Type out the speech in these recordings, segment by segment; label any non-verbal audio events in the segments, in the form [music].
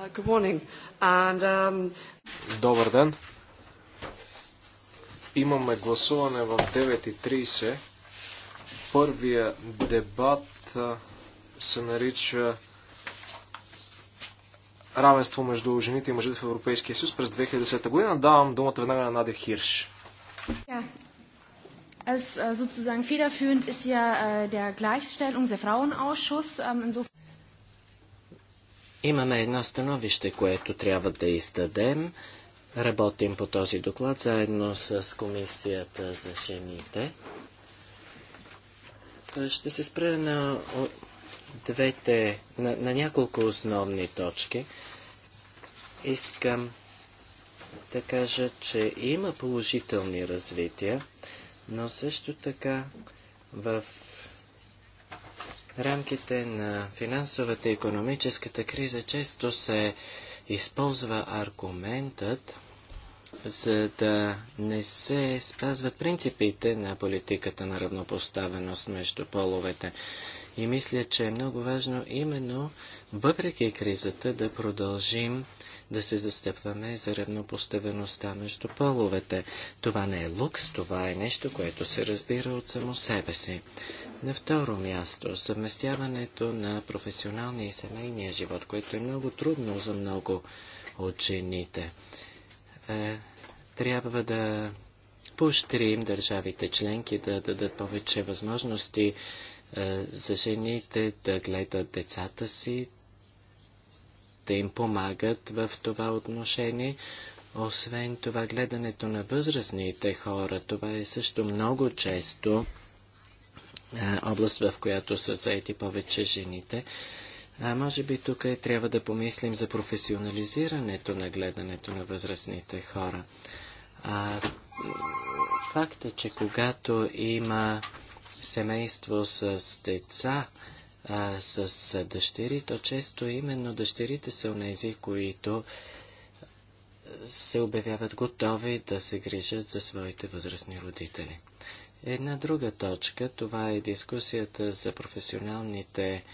Uh, And, um... Добър ден. Имаме гласуване в 9.30. Първия дебат се нарича равенство между жените и мъжете в Европейския съюз през 2010 година. Давам думата веднага на Надя Хирш. Yeah. Als äh, sozusagen federführend ist ja äh, der Gleichstellungs- der Frauenausschuss. Ähm, insofern Имаме едно становище, което трябва да издадем. Работим по този доклад заедно с Комисията за жените. Ще се спра на двете, на, на няколко основни точки. Искам да кажа, че има положителни развития, но също така в рамките на финансовата и економическата криза често се използва аргументът, за да не се спазват принципите на политиката на равнопоставеност между половете. И мисля, че е много важно именно въпреки кризата да продължим да се застъпваме за равнопоставеността между половете. Това не е лукс, това е нещо, което се разбира от само себе си. На второ място, съвместяването на професионалния и семейния живот, което е много трудно за много от жените. Е, трябва да поощрим държавите членки да дадат повече възможности е, за жените да гледат децата си, да им помагат в това отношение. Освен това, гледането на възрастните хора, това е също много често е, област, в която са заети повече жените. А може би тук е, трябва да помислим за професионализирането на гледането на възрастните хора. А, факт е, че когато има семейство с деца, а, с дъщери, то често именно дъщерите са у нези, които се обявяват готови да се грижат за своите възрастни родители. Една друга точка, това е дискусията за професионалните,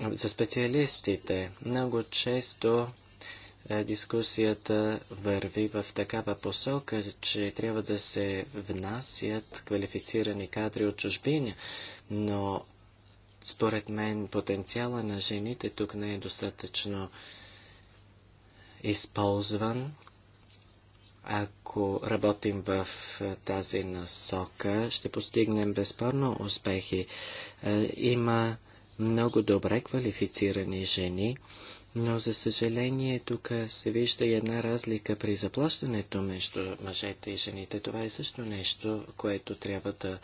за специалистите. Много често е, дискусията върви в такава посока, че трябва да се внасят квалифицирани кадри от чужбиня, но според мен потенциала на жените тук не е достатъчно използван. Ако работим в тази насока, ще постигнем безспорно успехи. Има много добре квалифицирани жени, но за съжаление тук се вижда и една разлика при заплащането между мъжете и жените. Това е също нещо, което трябва да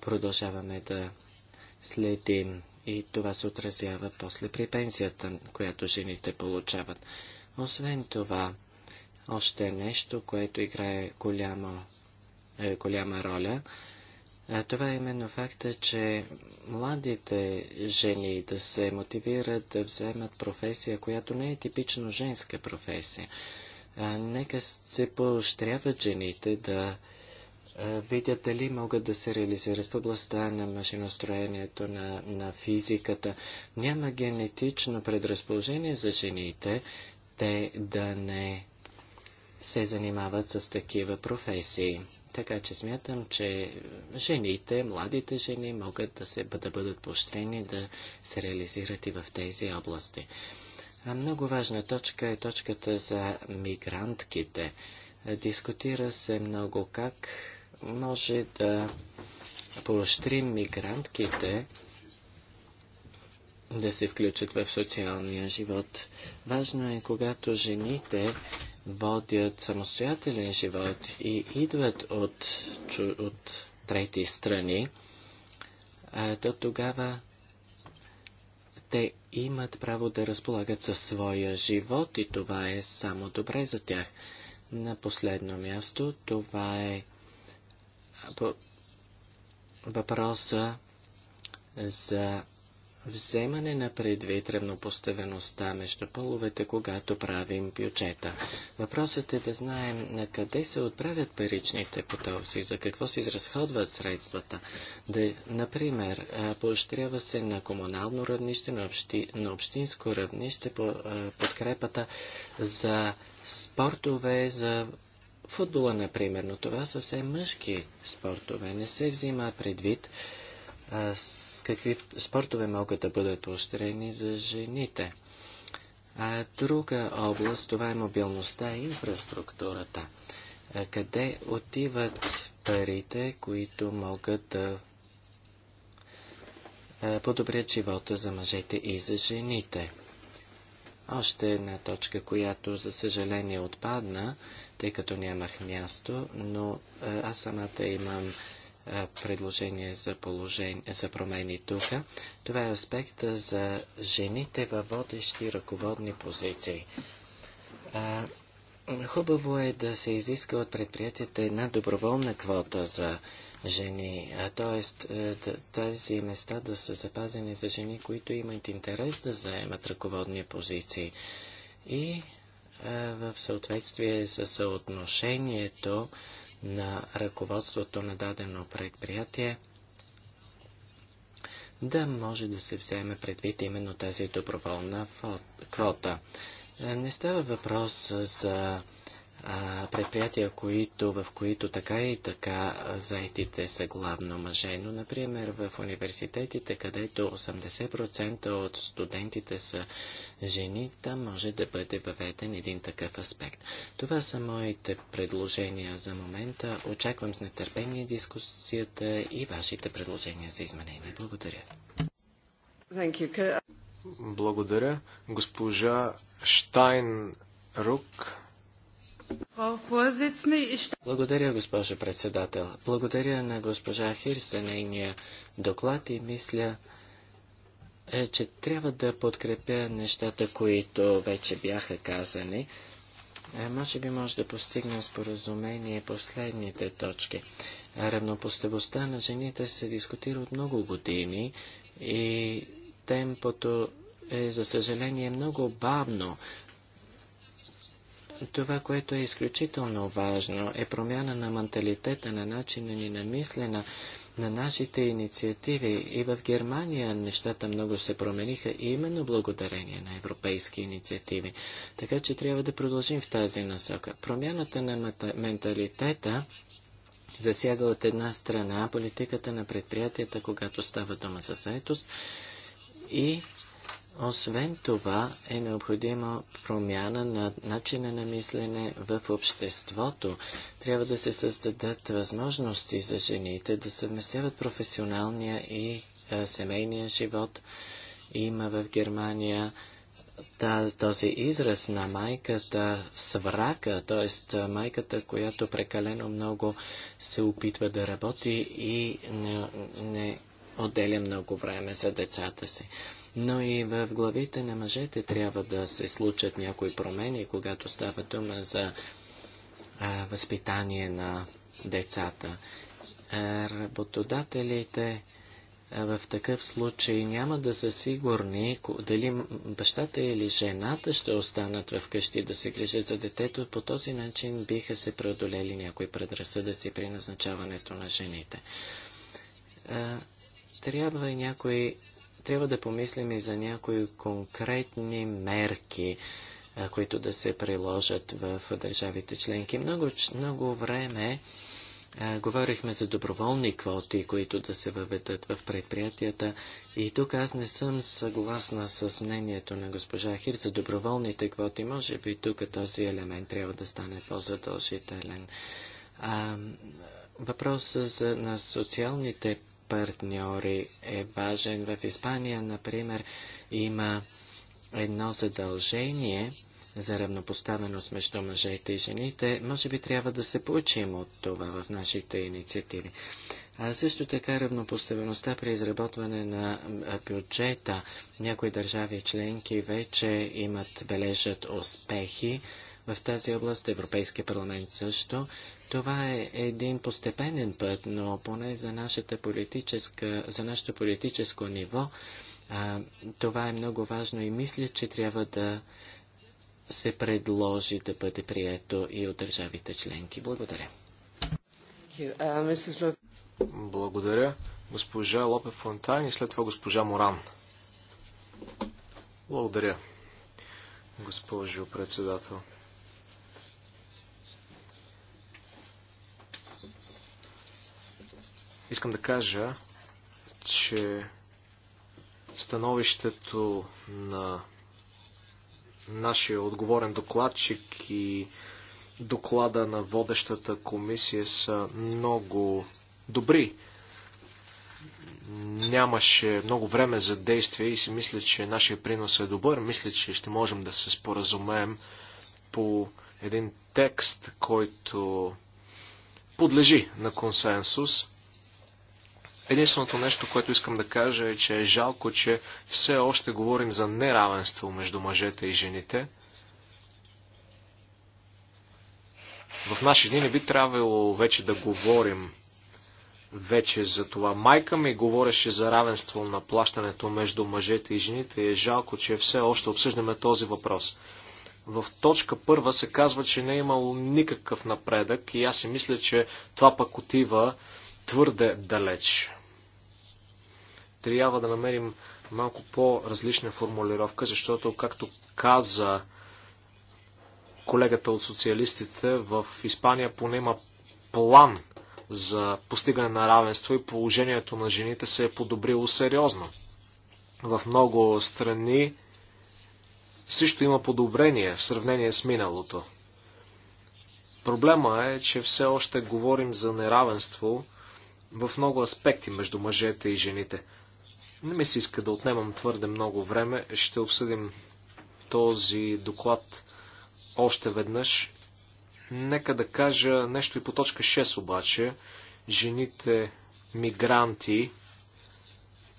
продължаваме да следим. И това се отразява после при пенсията, която жените получават. Освен това, още нещо, което играе голяма, е, голяма роля. А това е именно факта, че младите жени да се мотивират да вземат професия, която не е типично женска професия. А, нека се поощряват жените да а, видят дали могат да се реализират в областта на машиностроението, на, на физиката. Няма генетично предразположение за жените те да не се занимават с такива професии. Така че смятам, че жените, младите жени могат да, се, да бъдат поощрени да се реализират и в тези области. А много важна точка е точката за мигрантките. Дискутира се много как може да поощрим мигрантките да се включат в социалния живот. Важно е, когато жените водят самостоятелен живот и идват от, от трети страни, то тогава те имат право да разполагат със своя живот и това е само добре за тях. На последно място това е въпроса за вземане на предвид равнопоставеността между половете, когато правим бюджета. Въпросът е да знаем на къде се отправят паричните потоци, за какво се изразходват средствата. Да, например, поощрява се на комунално равнище, на, общи, на общинско равнище по, подкрепата за спортове, за футбола, например, но това са все мъжки спортове. Не се взима предвид а, какви спортове могат да бъдат поощрени за жените. А друга област, това е мобилността и инфраструктурата. Къде отиват парите, които могат да подобрят живота за мъжете и за жените? Още една точка, която за съжаление отпадна, тъй като нямах място, но аз самата имам предложение за, положение, за промени тук. Това е аспекта за жените във водещи ръководни позиции. А, хубаво е да се изиска от предприятията една доброволна квота за жени, а т.е. тези места да са запазени за жени, които имат интерес да заемат ръководни позиции. И а, в съответствие с съотношението на ръководството на дадено предприятие, да може да се вземе предвид именно тази доброволна квота. Е, не става въпрос за предприятия, които, в които така и така заетите са главно мъже, но например в университетите, където 80% от студентите са жени, там може да бъде въведен един такъв аспект. Това са моите предложения за момента. Очаквам с нетърпение дискусията и вашите предложения за изменение. Благодаря. Благодаря. Госпожа Штайн Рук благодаря, госпожо председател. Благодаря на госпожа Хир за нейния доклад и мисля, е, че трябва да подкрепя нещата, които вече бяха казани. Е, може би може да постигнем споразумение последните точки. Равнопоставостта на жените се дискутира от много години и темпото е, за съжаление, много бавно това, което е изключително важно, е промяна на менталитета, на начина ни на мислена, на нашите инициативи. И в Германия нещата много се промениха именно благодарение на европейски инициативи. Така че трябва да продължим в тази насока. Промяната на менталитета засяга от една страна политиката на предприятията, когато става дума за заетост и освен това е необходима промяна на начина на мислене в обществото. Трябва да се създадат възможности за жените да съвместяват професионалния и семейния живот. Има в Германия таз, този израз на майката сврака, т.е. майката, която прекалено много се опитва да работи и не, не отделя много време за децата си но и в главите на мъжете трябва да се случат някои промени, когато става дума за а, възпитание на децата. А, работодателите в такъв случай няма да са сигурни дали бащата или жената ще останат в къщи да се грижат за детето. По този начин биха се преодолели някои предразсъдъци при назначаването на жените. Трябва и някои трябва да помислим и за някои конкретни мерки, които да се приложат в държавите членки. Много, много време а, говорихме за доброволни квоти, които да се въведат в предприятията. И тук аз не съм съгласна с мнението на госпожа Хир за доброволните квоти. Може би тук този елемент трябва да стане по-задължителен. Въпросът за, на социалните партньори е важен. В Испания, например, има едно задължение за равнопоставеност между мъжете и жените. Може би трябва да се получим от това в нашите инициативи. А също така равнопоставеността при изработване на бюджета. Някои държави членки вече имат бележат успехи в тази област, Европейския парламент също. Това е един постепенен път, но поне за, нашата политическа, за нашето политическо ниво а, това е много важно и мисля, че трябва да се предложи да бъде прието и от държавите членки. Благодаря. Благодаря. Госпожа Лопе Фонтайн и след това госпожа Моран. Благодаря, госпожо председател. Искам да кажа, че становището на нашия отговорен докладчик и доклада на водещата комисия са много добри. Нямаше много време за действие и си мисля, че нашия принос е добър. Мисля, че ще можем да се споразумеем по един текст, който подлежи на консенсус. Единственото нещо, което искам да кажа е, че е жалко, че все още говорим за неравенство между мъжете и жените. В наши дни не би трябвало вече да говорим вече за това. Майка ми говореше за равенство на плащането между мъжете и жените и е жалко, че все още обсъждаме този въпрос. В точка първа се казва, че не е имало никакъв напредък и аз си мисля, че това пък отива твърде далеч трябва да намерим малко по-различна формулировка, защото, както каза колегата от социалистите, в Испания поне има план за постигане на равенство и положението на жените се е подобрило сериозно. В много страни също има подобрение в сравнение с миналото. Проблема е, че все още говорим за неравенство в много аспекти между мъжете и жените. Не ми се иска да отнемам твърде много време. Ще обсъдим този доклад още веднъж. Нека да кажа нещо и по точка 6 обаче. Жените мигранти.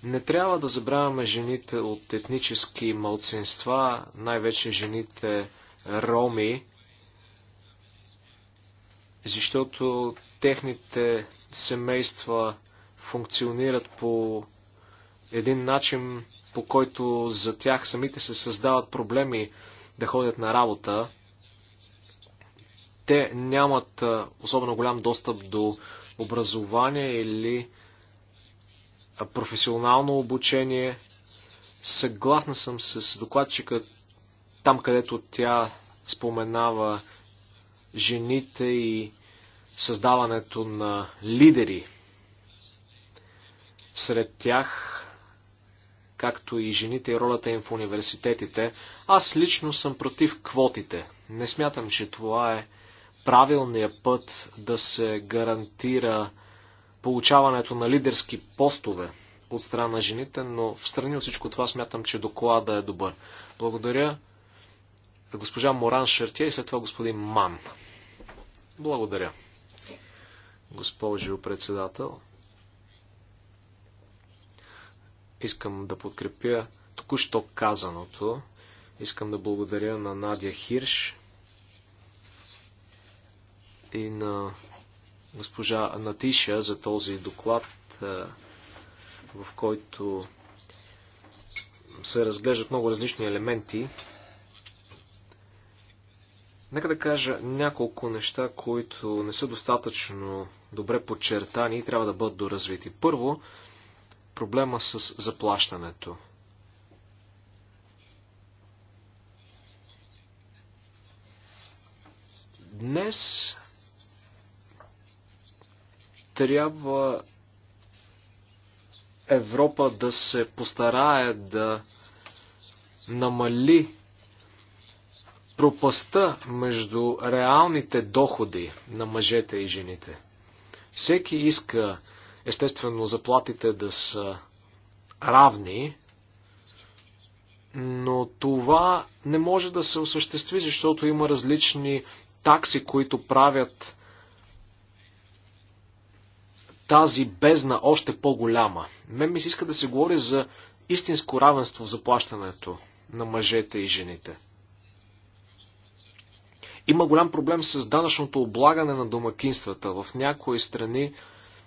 Не трябва да забравяме жените от етнически малцинства, най-вече жените роми, защото техните семейства функционират по един начин, по който за тях самите се създават проблеми да ходят на работа. Те нямат особено голям достъп до образование или професионално обучение. Съгласна съм с докладчика там, където тя споменава жените и създаването на лидери. Сред тях както и жените и ролята им в университетите. Аз лично съм против квотите. Не смятам, че това е правилният път да се гарантира получаването на лидерски постове от страна на жените, но в страни от всичко това смятам, че доклада е добър. Благодаря госпожа Моран Шартия и след това господин Ман. Благодаря. Госпожо председател, Искам да подкрепя току-що казаното. Искам да благодаря на Надя Хирш и на госпожа Натиша за този доклад, е, в който се разглеждат много различни елементи. Нека да кажа няколко неща, които не са достатъчно добре подчертани и трябва да бъдат доразвити. Първо, проблема с заплащането. Днес трябва Европа да се постарае да намали пропаста между реалните доходи на мъжете и жените. Всеки иска Естествено, заплатите да са равни, но това не може да се осъществи, защото има различни такси, които правят тази бездна още по-голяма. Мен ми се иска да се говори за истинско равенство в заплащането на мъжете и жените. Има голям проблем с данъчното облагане на домакинствата. В някои страни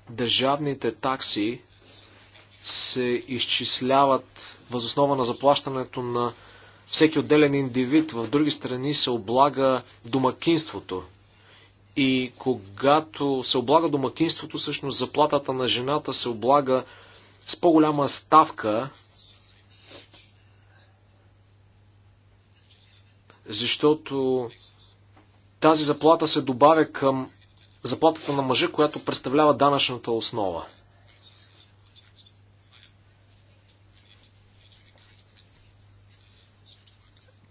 държавните такси се изчисляват възоснова на заплащането на всеки отделен индивид. В други страни се облага домакинството. И когато се облага домакинството, всъщност заплатата на жената се облага с по-голяма ставка, защото тази заплата се добавя към заплатата на мъжа, която представлява данъчната основа.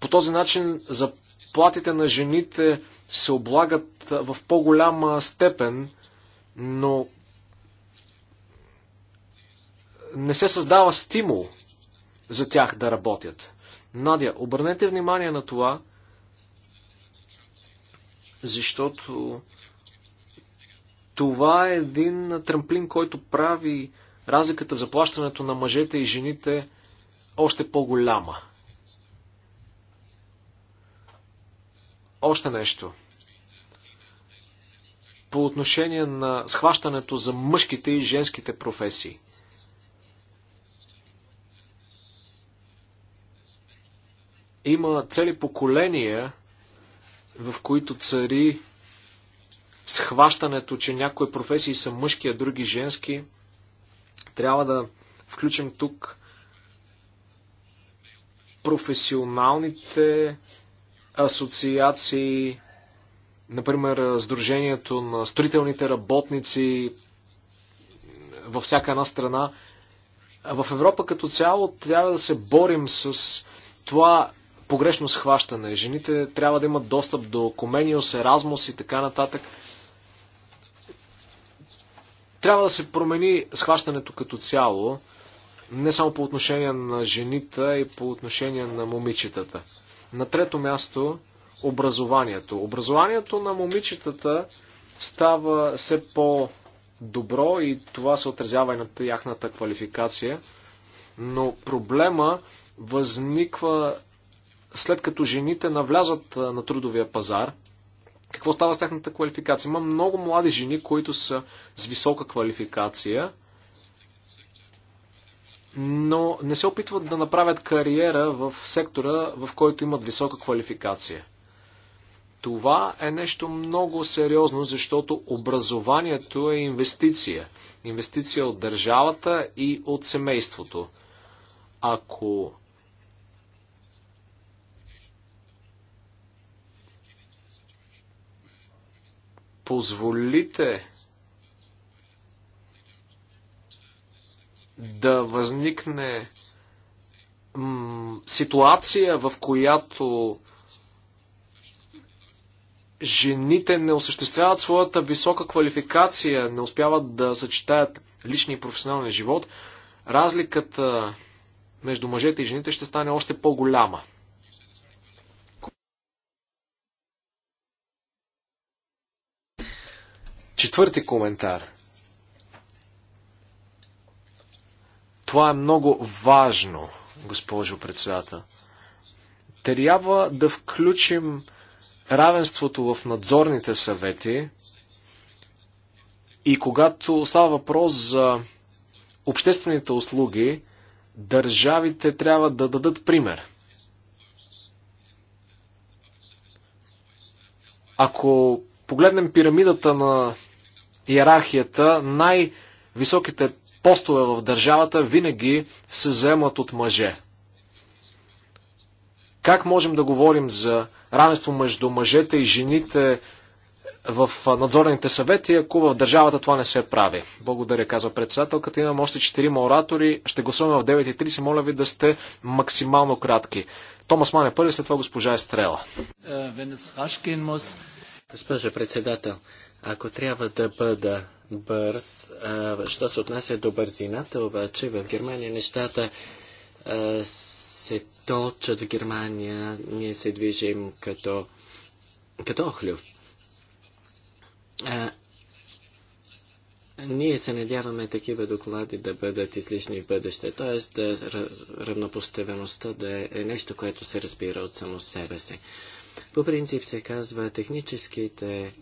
По този начин заплатите на жените се облагат в по-голяма степен, но не се създава стимул за тях да работят. Надя, обърнете внимание на това, защото това е един трамплин, който прави разликата за плащането на мъжете и жените още по-голяма. Още нещо. По отношение на схващането за мъжките и женските професии. Има цели поколения, в които цари схващането, че някои професии са мъжки, а други женски. Трябва да включим тук професионалните асоциации, например, Сдружението на строителните работници във всяка една страна. В Европа като цяло трябва да се борим с това погрешно схващане. Жените трябва да имат достъп до Комениус, Еразмус и така нататък. Трябва да се промени схващането като цяло, не само по отношение на жените, и по отношение на момичетата. На трето място, образованието. Образованието на момичетата става все по-добро и това се отразява и на тяхната квалификация. Но проблема възниква след като жените навлязат на трудовия пазар – какво става с тяхната квалификация? Има много млади жени, които са с висока квалификация, но не се опитват да направят кариера в сектора, в който имат висока квалификация. Това е нещо много сериозно, защото образованието е инвестиция. Инвестиция от държавата и от семейството. Ако позволите да възникне ситуация, в която жените не осъществяват своята висока квалификация, не успяват да съчетаят личния и професионалния живот, разликата между мъжете и жените ще стане още по-голяма. Четвърти коментар. Това е много важно, госпожо председател. Трябва да включим равенството в надзорните съвети и когато става въпрос за обществените услуги, държавите трябва да дадат пример. Ако погледнем пирамидата на иерархията, най-високите постове в държавата винаги се вземат от мъже. Как можем да говорим за равенство между мъжете и жените в надзорните съвети, ако в държавата това не се прави. Благодаря, казва председателката. Имам още 4 оратори. Ще гласуваме в 9.30. Моля ви да сте максимално кратки. Томас Мане първи, след това госпожа Естрела. Uh, Госпожо председател, ако трябва да бъда бърз, що се отнася до бързината, обаче в Германия нещата се точат в Германия, ние се движим като, като охлюв. ние се надяваме такива доклади да бъдат излишни в бъдеще, т.е. Да, равнопоставеността да е нещо, което се разбира от само себе си. Се. По принцип се казва, техническите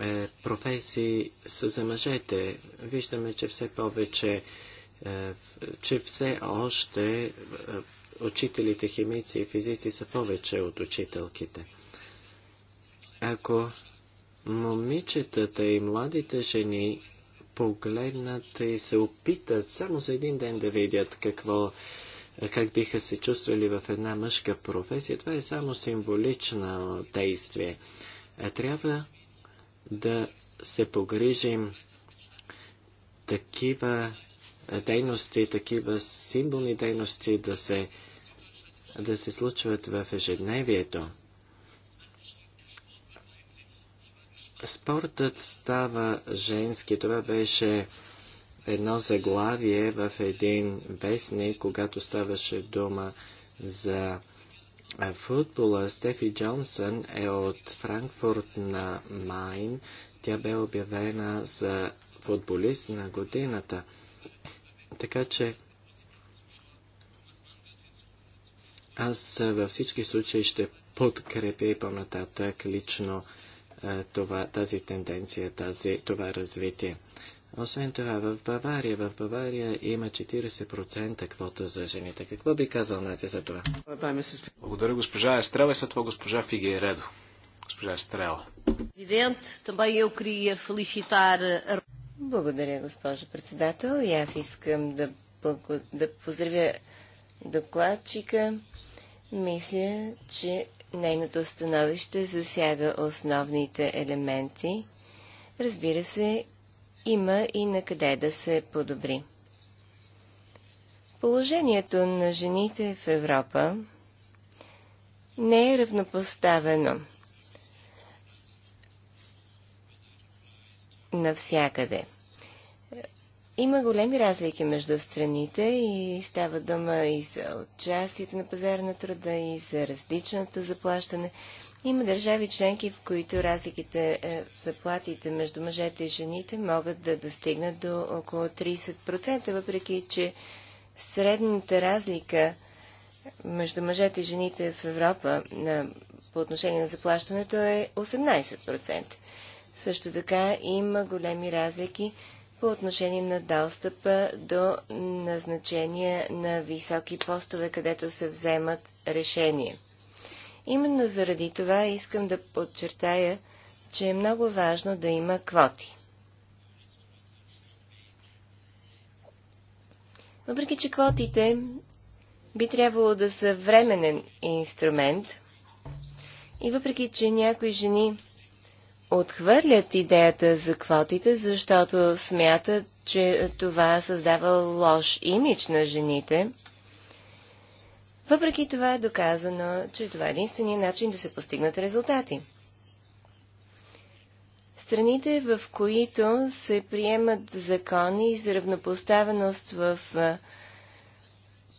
е, професии са за мъжете. Виждаме, че все повече, е, че все още е, учителите, химици и физици са повече от учителките. Ако момичетата и младите жени погледнат и се опитат само за един ден да видят какво е как биха се чувствали в една мъжка професия, това е само символично действие. Е, трябва да се погрижим такива е, дейности, такива символни дейности да се, да се случват в ежедневието. Спортът става женски. Това беше едно заглавие в един вестник, когато ставаше дума за футбола. Стефи Джонсън е от Франкфурт на Майн. Тя бе обявена за футболист на годината. Така че аз във всички случаи ще подкрепя и по-нататък лично това, тази тенденция, тази, това развитие. Освен това, в Бавария, в Бавария има 40% квота за жените. Какво би казал Нати за това? Благодаря госпожа Естрела и след това госпожа Фигейредо. Госпожа Естрела. Благодаря, госпожа председател. И аз искам да, да поздравя докладчика. Мисля, че нейното становище засяга основните елементи. Разбира се, има и на къде да се подобри. Положението на жените в Европа не е равнопоставено навсякъде. Има големи разлики между страните и става дума и за участието на пазара на труда, и за различното заплащане. Има държави членки, в които разликите е, в заплатите между мъжете и жените могат да достигнат до около 30%, въпреки че средната разлика между мъжете и жените в Европа на, по отношение на заплащането е 18%. Също така има големи разлики по отношение на достъпа до назначения на високи постове, където се вземат решения. Именно заради това искам да подчертая, че е много важно да има квоти. Въпреки, че квотите би трябвало да са временен инструмент и въпреки, че някои жени отхвърлят идеята за квотите, защото смятат, че това създава лош имидж на жените – въпреки това е доказано, че това е единствения начин да се постигнат резултати. Страните, в които се приемат закони за равнопоставеност в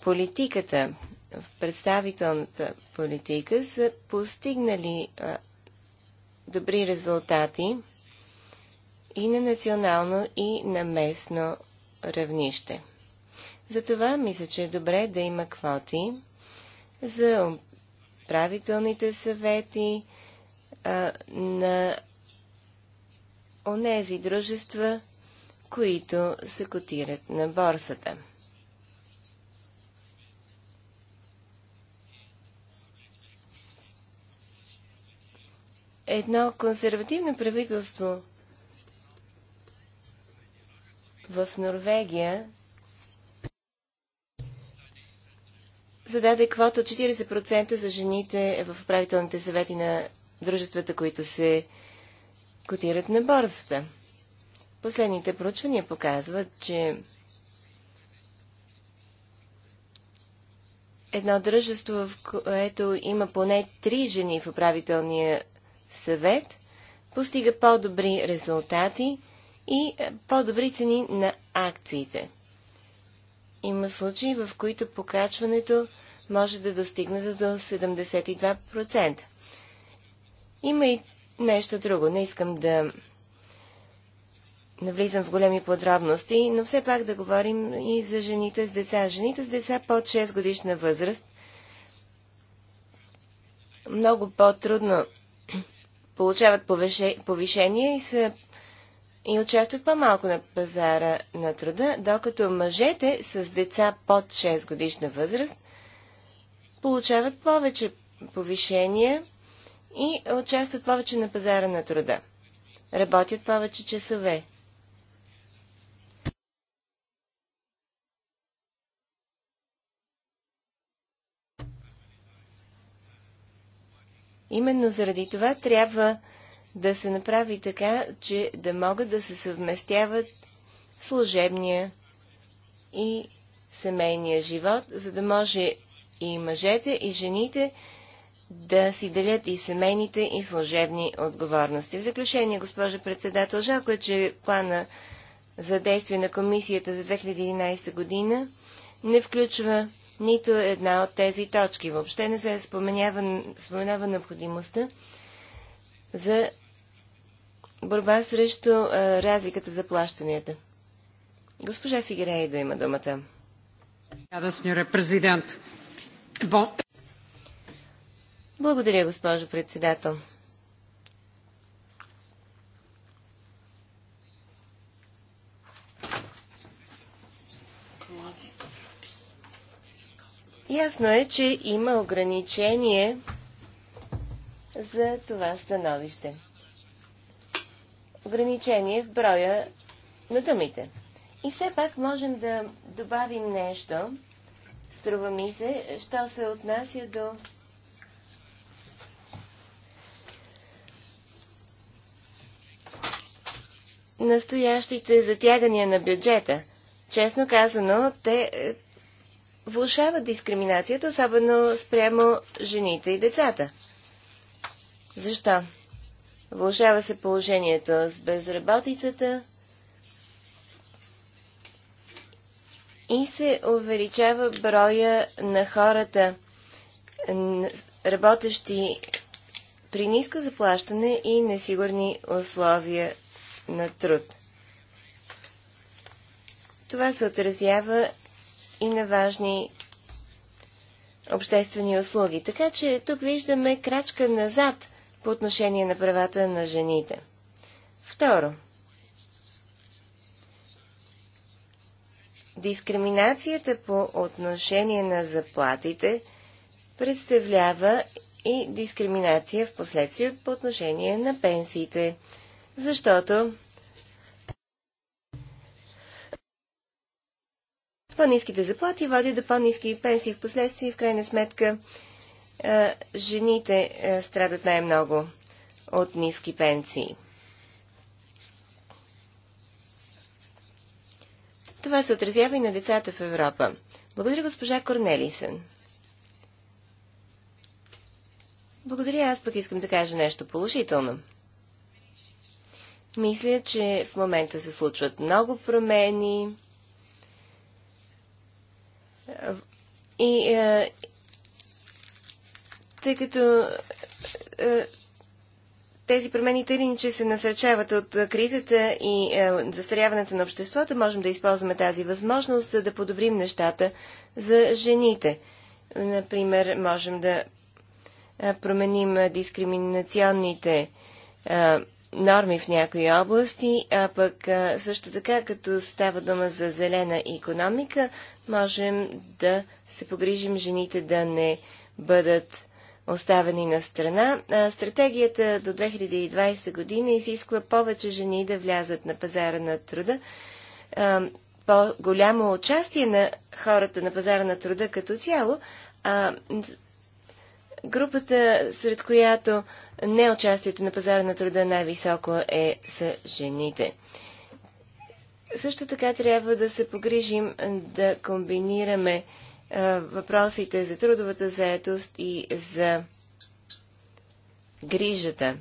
политиката, в представителната политика, са постигнали добри резултати и на национално, и на местно равнище. Затова мисля, че е добре да има квоти за правителните съвети а, на онези дружества, които се котират на борсата. Едно консервативно правителство в Норвегия зададе квота от 40% за жените в управителните съвети на дружествата, които се котират на борсата. Последните проучвания показват, че едно дружество, в което има поне три жени в управителния съвет, постига по-добри резултати и е, по-добри цени на акциите. Има случаи, в които покачването може да достигне до 72%. Има и нещо друго. Не искам да навлизам в големи подробности, но все пак да говорим и за жените с деца. Жените с деца под 6 годишна възраст много по-трудно получават повишение и, са, и участват по-малко на пазара на труда, докато мъжете с деца под 6 годишна възраст получават повече повишения и участват повече на пазара на труда. Работят повече часове. Именно заради това трябва да се направи така, че да могат да се съвместяват служебния и семейния живот, за да може и мъжете, и жените да си делят и семейните, и служебни отговорности. В заключение, госпожа председател, жалко е, че плана за действие на комисията за 2011 година не включва нито една от тези точки. Въобще не се споменява споменава необходимостта за борба срещу а, разликата в заплащанията. Госпожа да има думата. Obrigada, Sra. Благодаря, госпожо председател. Ясно е, че има ограничение за това становище. Ограничение в броя на думите. И все пак можем да добавим нещо, струва ми се, що се отнася до настоящите затягания на бюджета. Честно казано, те е, влушават дискриминацията, особено спрямо жените и децата. Защо? Влушава се положението с безработицата, и се увеличава броя на хората, работещи при ниско заплащане и несигурни условия на труд. Това се отразява и на важни обществени услуги. Така че тук виждаме крачка назад по отношение на правата на жените. Второ – Дискриминацията по отношение на заплатите представлява и дискриминация в последствие по отношение на пенсиите, защото по-низките заплати води до по-низки пенсии в последствие и в крайна сметка жените страдат най-много от ниски пенсии. Това се отразява и на децата в Европа. Благодаря госпожа Корнелисен. Благодаря, аз пък искам да кажа нещо положително. Мисля, че в момента се случват много промени и е, тъй като е, тези промени тъй че се насърчават от кризата и е, застаряването на обществото, можем да използваме тази възможност, за да подобрим нещата за жените. Например, можем да променим дискриминационните е, норми в някои области, а пък също така, като става дума за зелена економика, можем да се погрижим жените да не бъдат оставени на страна. Стратегията до 2020 година изисква повече жени да влязат на пазара на труда, по-голямо участие на хората на пазара на труда като цяло, а групата, сред която неучастието на пазара на труда най-високо е са жените. Също така трябва да се погрижим да комбинираме въпросите за трудовата заетост и за грижата.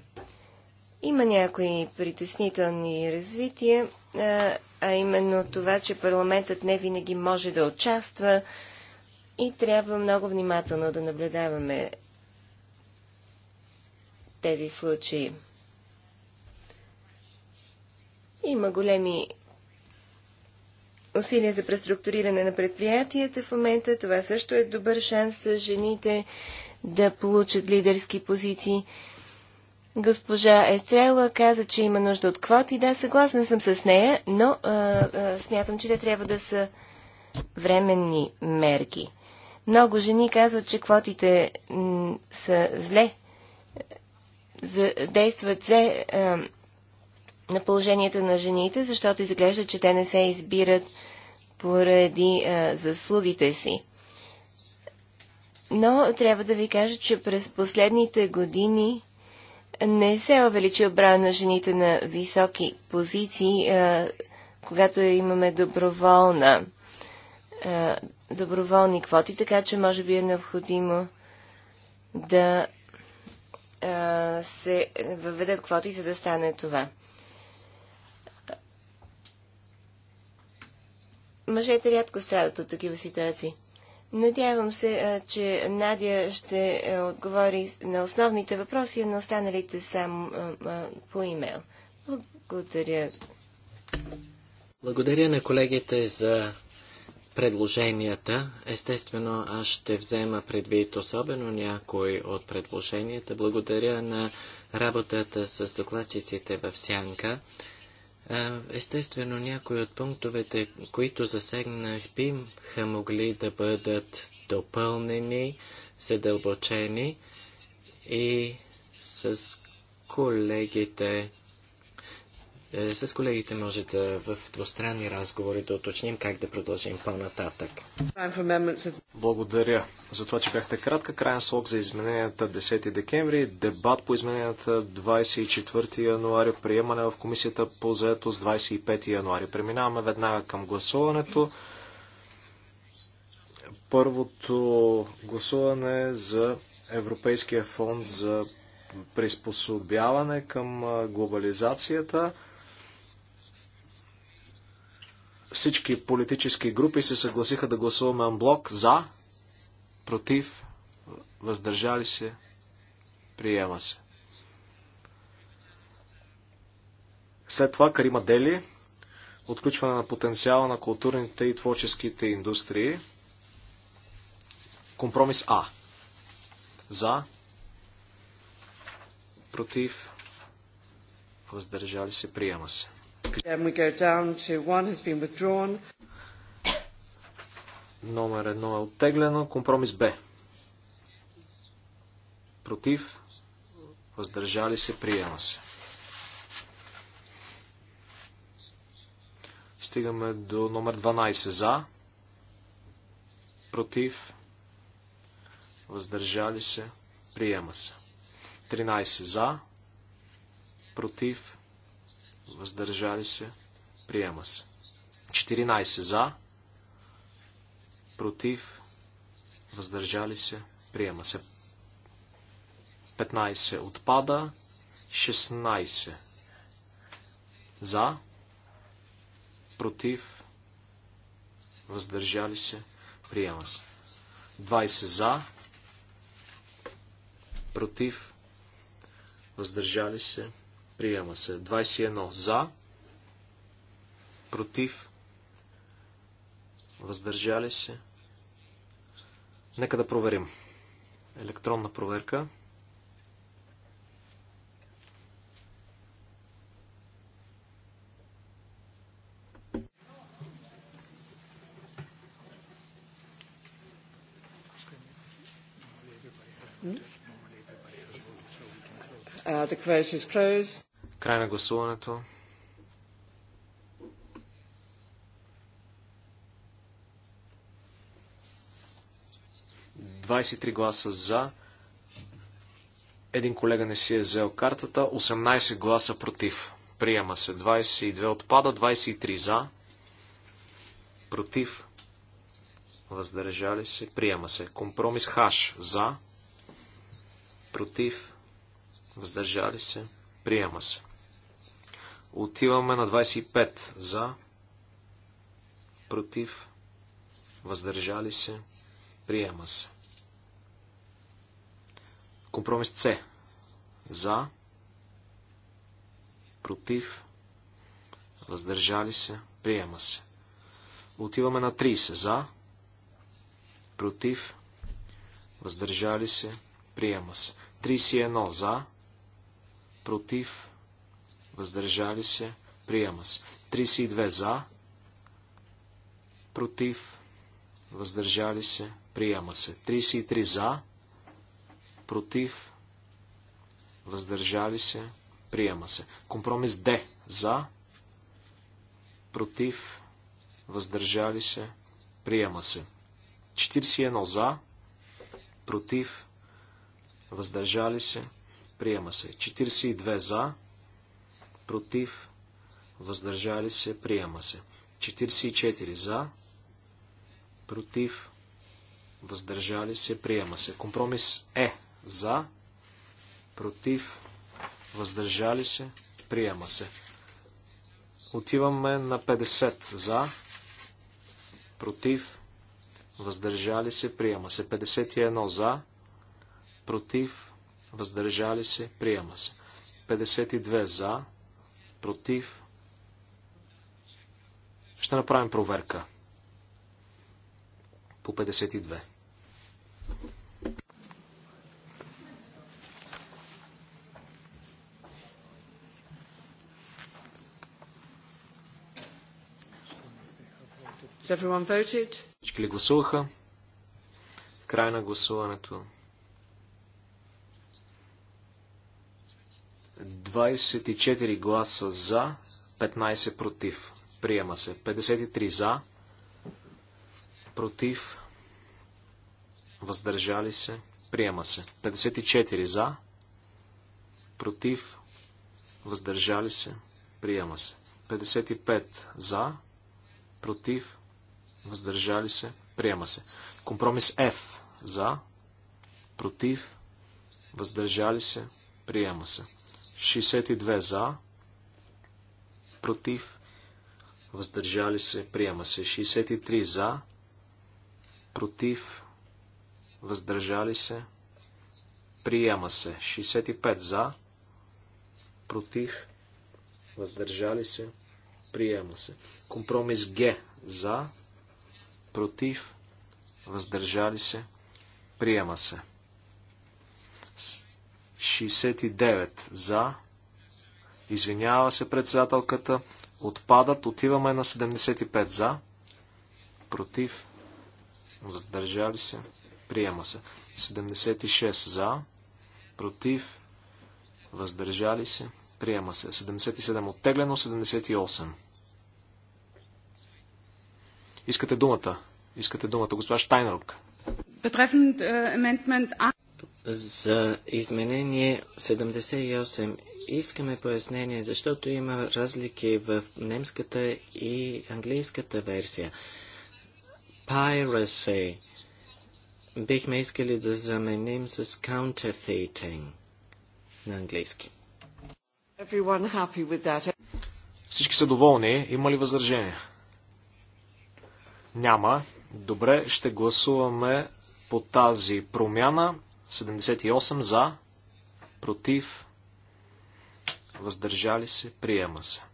Има някои притеснителни развития, а именно това, че парламентът не винаги може да участва и трябва много внимателно да наблюдаваме тези случаи. Има големи усилия за преструктуриране на предприятията в момента. Това също е добър шанс за жените да получат лидерски позиции. Госпожа Естрела каза, че има нужда от квоти. Да, съгласна съм с нея, но а, а, смятам, че те трябва да са временни мерки. Много жени казват, че квотите м, са зле, за, действат зле, на положението на жените, защото изглежда, че те не се избират поради а, заслугите си. Но трябва да ви кажа, че през последните години не се увеличи увеличил броя на жените на високи позиции, а, когато имаме доброволна, а, доброволни квоти, така че може би е необходимо да а, се въведат квоти, за да стане това. Мъжете рядко страдат от такива ситуации. Надявам се, че Надя ще отговори на основните въпроси, а на останалите само по имейл. Благодаря. Благодаря на колегите за предложенията. Естествено, аз ще взема предвид особено някой от предложенията. Благодаря на работата с докладчиците в Сянка. Естествено, някои от пунктовете, които засегнах, биха могли да бъдат допълнени, задълбочени и с колегите е, с колегите може да в двустранни разговори да уточним как да продължим по-нататък. Благодаря за това, че бяхте кратка. Крайен срок за измененията 10 декември, дебат по измененията 24 януари, приемане в комисията по с 25 януари. Преминаваме веднага към гласуването първото гласуване за Европейския фонд за приспособяване към глобализацията. Всички политически групи се съгласиха да гласуваме анблок за, против, въздържали се, приема се. След това Карима Дели, отключване на потенциала на културните и творческите индустрии. Компромис А. За. Против. Въздържали се. Приема се. Номер едно е оттеглено. Компромис Б. Против. Въздържали се. Приема се. Стигаме до номер 12. За. Против. Въздържали се. Приема се. 13 за. Против въздържали се, приема се. 14 за, против, въздържали се, приема се. 15 отпада, 16 за, против, въздържали се, приема се. 20 за, против, въздържали се, Приема се. 21 за. Против. Въздържали се. Нека да проверим. Електронна проверка. Uh, Край на гласуването. Двадесет три гласа за. Един колега не си е взел картата. 18 гласа против. Приема се. 22 отпада. 23 за. Против. Въздържали се. Приема се. Компромис Хаш. За. Против въздържали се, приема се. Отиваме на 25 за, против, въздържали се, приема се. Компромис С. За, против, въздържали се, приема се. Отиваме на 30. За, против, въздържали се, приема се. 31. За, против, въздържали се, приема се. 32 за, против, въздържали се, приема се. 33 за, против, въздържали се, приема се. Компромис Д за, против, въздържали се, приема се. 41 за, против, въздържали се, приема се. 42 за, против, въздържали се, приема се. 44 за, против, въздържали се, приема се. Компромис е за, против, въздържали се, приема се. Отиваме на 50 за, против, въздържали се, приема се. 51 за, против, въздържали се, приема се. 52 за, против. Ще направим проверка по 52. Всички ли гласуваха? В край на гласуването 24 гласа за, 15 против. Приема се. 53 за, против, въздържали се. Приема се. 54 за, против, въздържали се. Приема се. 55 за, против, въздържали се. Приема се. Компромис F за, против, въздържали се. Приема се. 62 за, против, въздържали се, приема се. 63 за, против, въздържали се, приема се. 65 за, против, въздържали се, приема се. Компромис Г за, против, въздържали се, приема се. 69 за. Извинява се председателката. Отпадат. Отиваме на 75 за. Против. Въздържали се. Приема се. 76 за. Против. Въздържали се. Приема се. 77 оттеглено. 78. Искате думата. Искате думата, госпожа Штайнрук за изменение 78 искаме пояснение, защото има разлики в немската и английската версия. Piracy бихме искали да заменим с counterfeiting на английски. Всички са доволни. Има ли възражения? Няма. Добре, ще гласуваме по тази промяна. 78 за, против, въздържали се, приема се.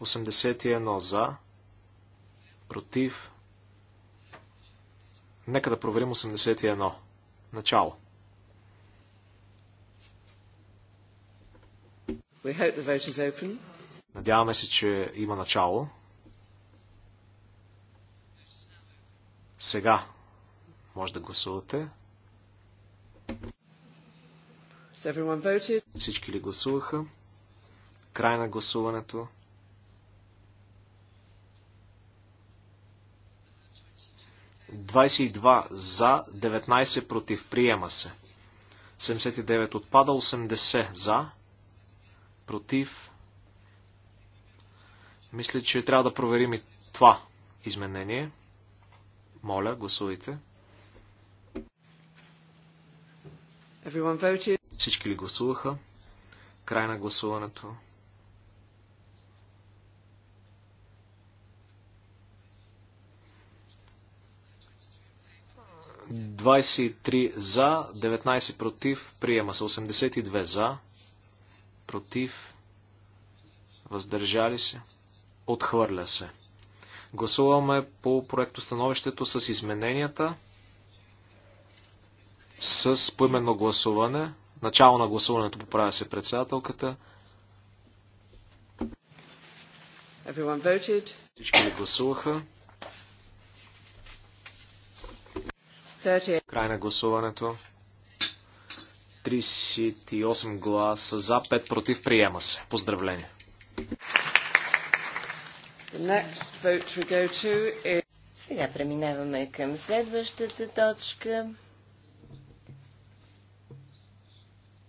81 за, против. Нека да проверим 81. Начало. Надяваме се, че има начало. Сега може да гласувате. Всички ли гласуваха? Край на гласуването. 22 за, 19 против. Приема се. 79 отпада, 80 за, против. Мисля, че трябва да проверим и това изменение. Моля, гласувайте. Всички ли гласуваха? Край на гласуването. Двадесет за, 19 против, приема се 82 за, против, въздържали се, отхвърля се. Гласуваме по становището с измененията, с поименно гласуване. Начало на гласуването поправя се председателката. Всички ли гласуваха? Край на гласуването. 38 гласа за, 5 против. Приема се. Поздравление. Сега преминаваме към следващата точка.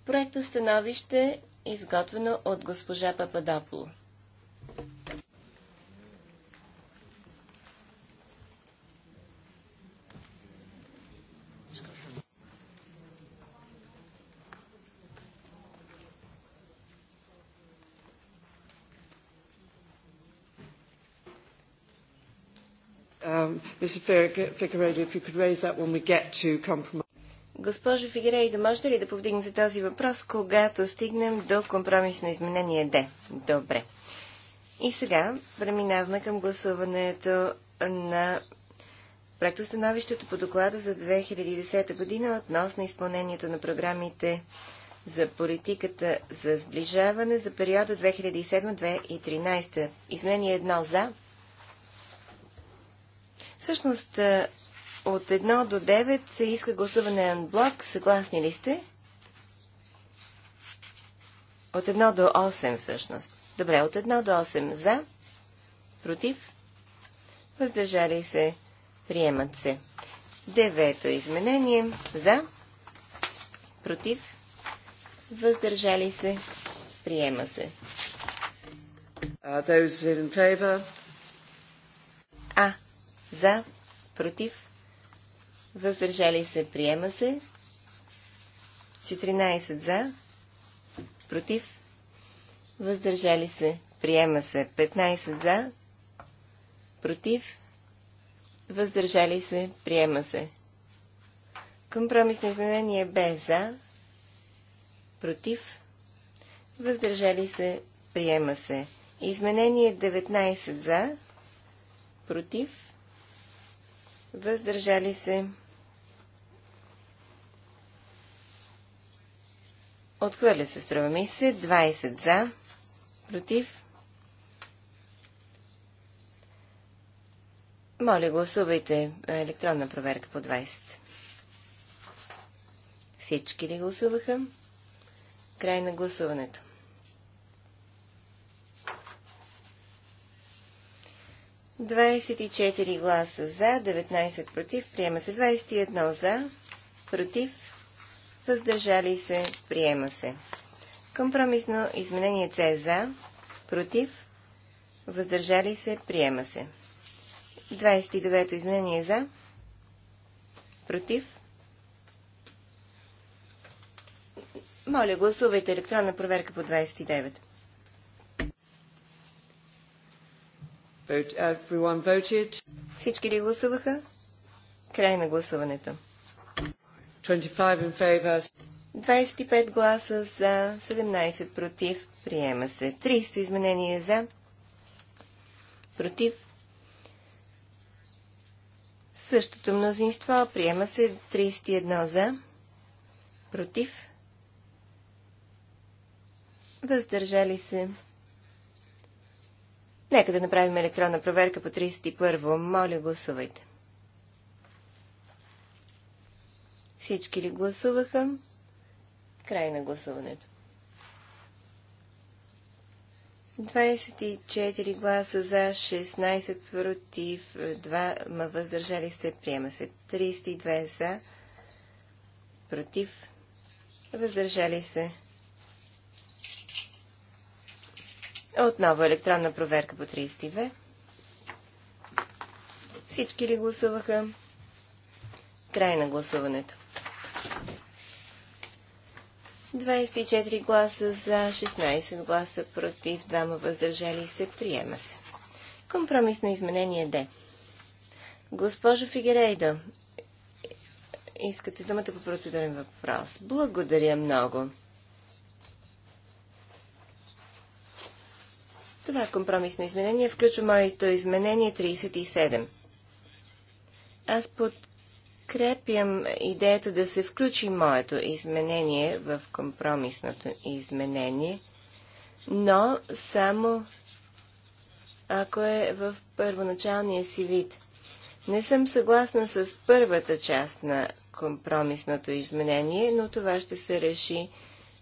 Проекто становище, изготвено от госпожа Um, Mr. Figueiredo, if you could raise that when we get to compromise. Госпожо да можете ли да повдигнете този въпрос, когато стигнем до компромисно изменение Д? Добре. И сега преминаваме към гласуването на проектостановището по доклада за 2010 година относно изпълнението на програмите за политиката за сближаване за периода 2007-2013. Изменение едно за. Всъщност, от 1 до 9 се иска гласуване на блок. Съгласни ли сте? От 1 до 8 всъщност. Добре, от 1 до 8 за, против, въздържали се, приемат се. Девето изменение за, против, въздържали се, приема се. А, за, против, въздържали се, приема се. 14 за, против, въздържали се, приема се. 15 за, против, въздържали се, приема се. Компромисно изменение Б за, против, въздържали се, приема се. Изменение 19 за, против, въздържали се, Отхвърля се, струва ми се. 20 за. Против. Моля, гласувайте електронна проверка по 20. Всички ли гласуваха? Край на гласуването. Двадесет и четири гласа за, 19 против, приема се 21 за, против, въздържали се, приема се. Компромисно изменение С за, против, въздържали се, приема се. 29-то изменение за, против. Моля, гласувайте електронна проверка по 29. Vote, voted. Всички ли гласуваха? Край на гласуването. 25 гласа за, 17 против. Приема се. 300 изменение за, против. Същото мнозинство. Приема се 31 за, против. Въздържали се. Нека да направим електронна проверка по 31. Моля, гласувайте. Всички ли гласуваха? Край на гласуването. 24 гласа за, 16 против, 2 ма въздържали се, приема се. 32 за, против, въздържали се. Отново електронна проверка по 32. Всички ли гласуваха? Край на гласуването. 24 гласа за, 16 гласа против, 2 въздържали се. Приема се. Компромисно изменение Д. Госпожо Фигерейда, искате думата по процедурен въпрос. Благодаря много. Това е компромисно изменение включва моето изменение 37. Аз под подкрепям идеята да се включи моето изменение в компромисното изменение, но само ако е в първоначалния си вид. Не съм съгласна с първата част на компромисното изменение, но това ще се реши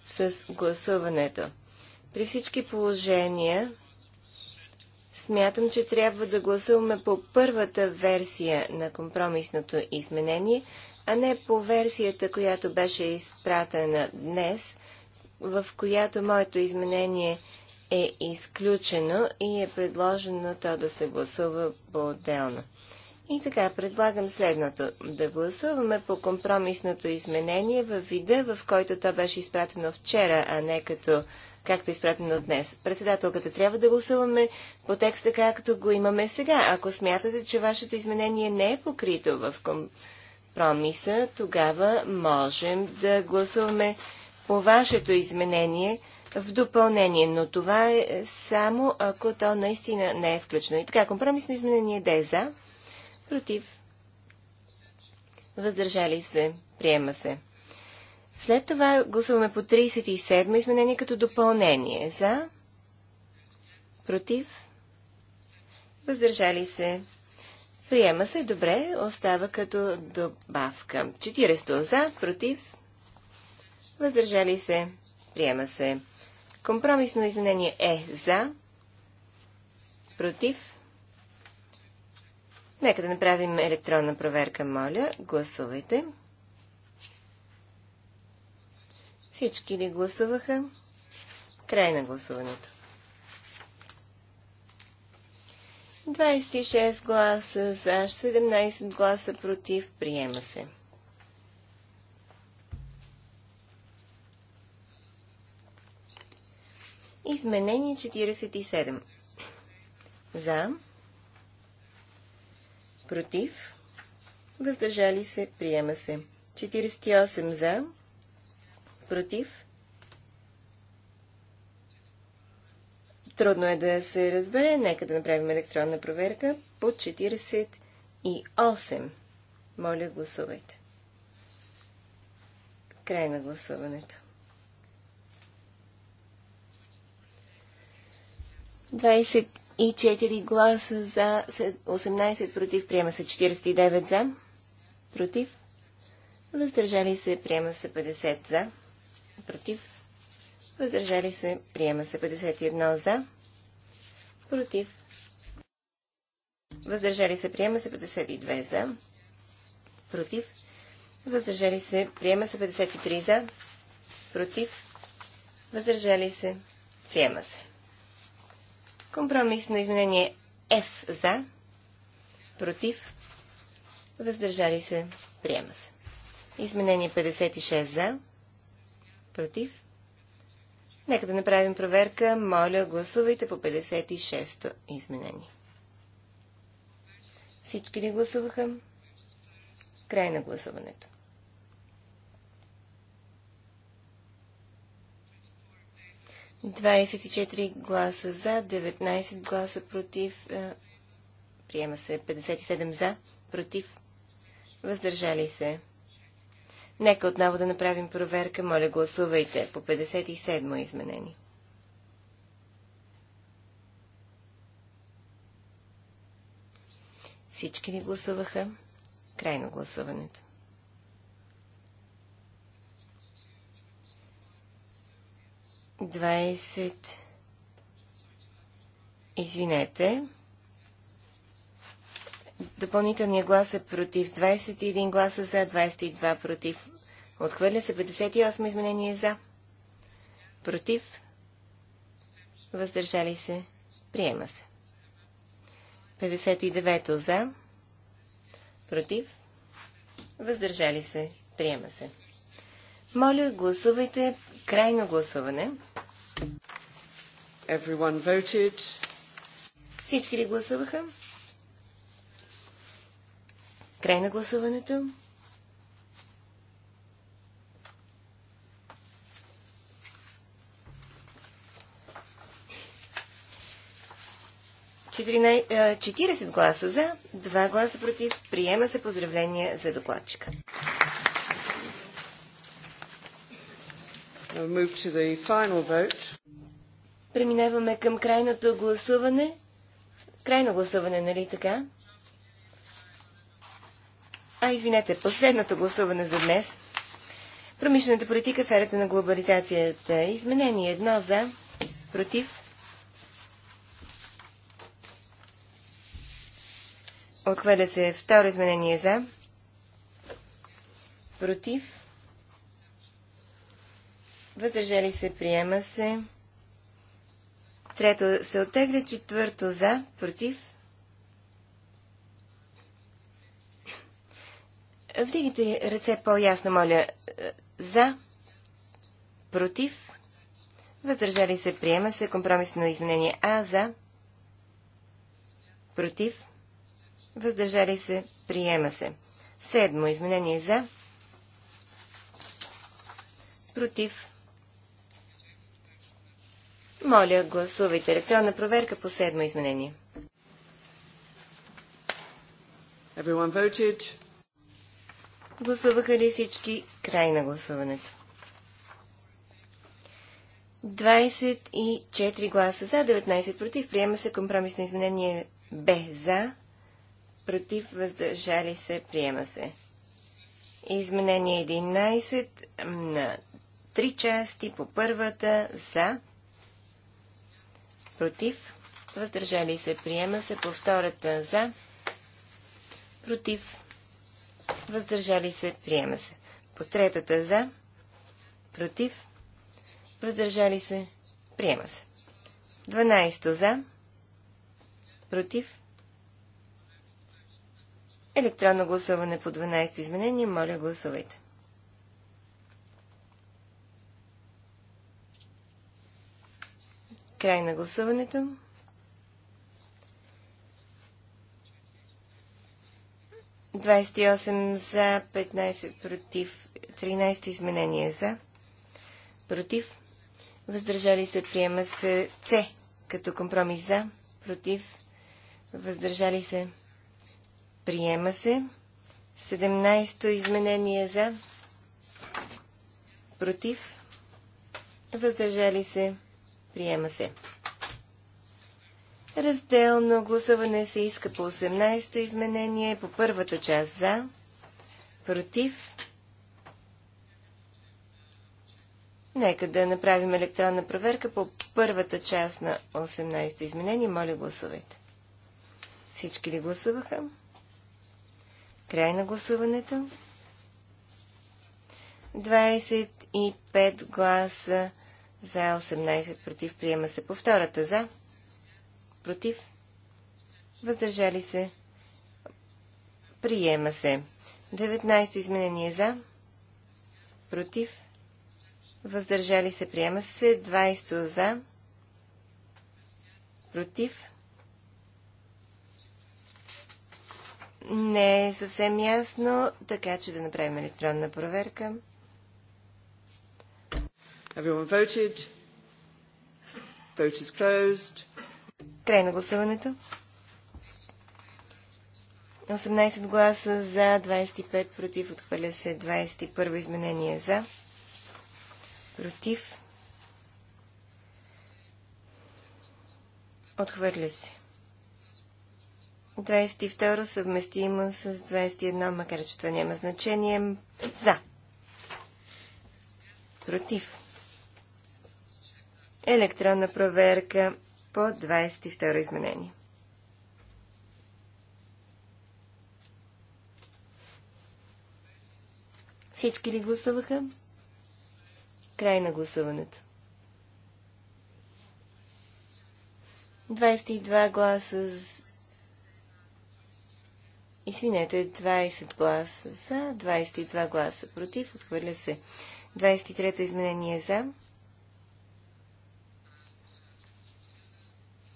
с гласуването. При всички положения Смятам, че трябва да гласуваме по първата версия на компромисното изменение, а не по версията, която беше изпратена днес, в която моето изменение е изключено и е предложено то да се гласува по-отделно. И така, предлагам следното. Да гласуваме по компромисното изменение във вида, в който то беше изпратено вчера, а не като както е изпратено днес. Председателката трябва да гласуваме по текста, както го имаме сега. Ако смятате, че вашето изменение не е покрито в компромиса, тогава можем да гласуваме по вашето изменение в допълнение, но това е само ако то наистина не е включено. И така, компромисно изменение да е за, против, въздържали се, приема се. След това гласуваме по 37 изменение като допълнение. За? Против? Въздържали се? Приема се добре, остава като добавка. 40 за, против, въздържали се, приема се. Компромисно изменение е за, против. Нека да направим електронна проверка, моля. Гласувайте. Всички ли гласуваха? Край на гласуването. 26 гласа за, 17 гласа против. Приема се. Изменение 47. За. Против. Въздържали се. Приема се. 48 за Против. Трудно е да се разбере. Нека да направим електронна проверка по 48. Моля, гласувайте. Край на гласуването. 24 гласа за, 18 против, приема се 49 за, против, въздържали се, приема се 50 за против, въздържали се, приема се 51 за, против, въздържали се, приема се 52 за, против, въздържали се, приема се 53 за, против, въздържали се, приема се. Компромисно изменение F за, против, въздържали се, приема се. Изменение 56 за, Против? Нека да направим проверка. Моля, гласувайте по 56-то изменение. Всички ли гласуваха? Край на гласуването. 24 гласа за, 19 гласа против. Е, приема се 57 за, против. Въздържали се Нека отново да направим проверка. Моля, гласувайте по 57-мо изменение. Всички ли гласуваха? Крайно гласуването. 20. Извинете. Допълнителният глас е против 21 гласа за, 22 против. Отхвърля се 58 изменение е за. Против. Въздържали се. Приема се. 59 за. Против. Въздържали се. Приема се. Моля, гласувайте крайно гласуване. Everyone voted. Всички ли гласуваха? Край на гласуването. Четирина... 40 е, гласа за, 2 гласа против. Приема се поздравление за докладчика. Преминаваме към крайното гласуване. Крайно гласуване, нали така? а извинете, последното гласуване за днес. Промишлената политика в ерата на глобализацията. Изменение едно за, против. Отхвърля се второ изменение за, против. Въздържали се, приема се. Трето се оттегля, четвърто за, против. Вдигайте ръце по-ясно, моля. Е, за, против, въздържали се, приема се компромисно изменение А за, против, въздържали се, приема се. Седмо изменение за, против. Моля, гласувайте електронна проверка по седмо изменение. Everyone voted. Гласуваха ли всички? Край на гласуването. 24 гласа за, 19 против. Приема се компромисно изменение Б за, против, въздържали се, приема се. Изменение 11 на 3 части по първата за, против, въздържали се, приема се по втората за, против, въздържали се, приема се. По третата за, против, въздържали се, приема се. 12 за, против, електронно гласуване по 12 изменение, моля гласувайте. Край на гласуването. 28 за, 15 против, 13 изменения за, против, въздържали се, приема се С като компромис за, против, въздържали се, приема се. 17 изменение за, против, въздържали се, приема се. Разделно гласуване се иска по 18-то изменение, по първата част за, против. Нека да направим електронна проверка по първата част на 18-то изменение. Моля, гласувайте. Всички ли гласуваха? Край на гласуването. 25 гласа за, 18 против. Приема се по втората за против, въздържали се, приема се. 19 изменение за, против, въздържали се, приема се. 20 за, против. Не е съвсем ясно, така че да направим електронна проверка. Everyone voted. Vote is closed. Край на гласуването. 18 гласа за, 25 против, отхвърля се 21 изменение за, против, отхвърля се. 22 съвместимо с 21, макар че това няма значение, за, против. Електронна проверка по 22 изменение. Всички ли гласуваха? Край на гласуването. 22 гласа с... Извинете, 20 гласа за, 22 гласа против, отхвърля се. 23-то изменение за,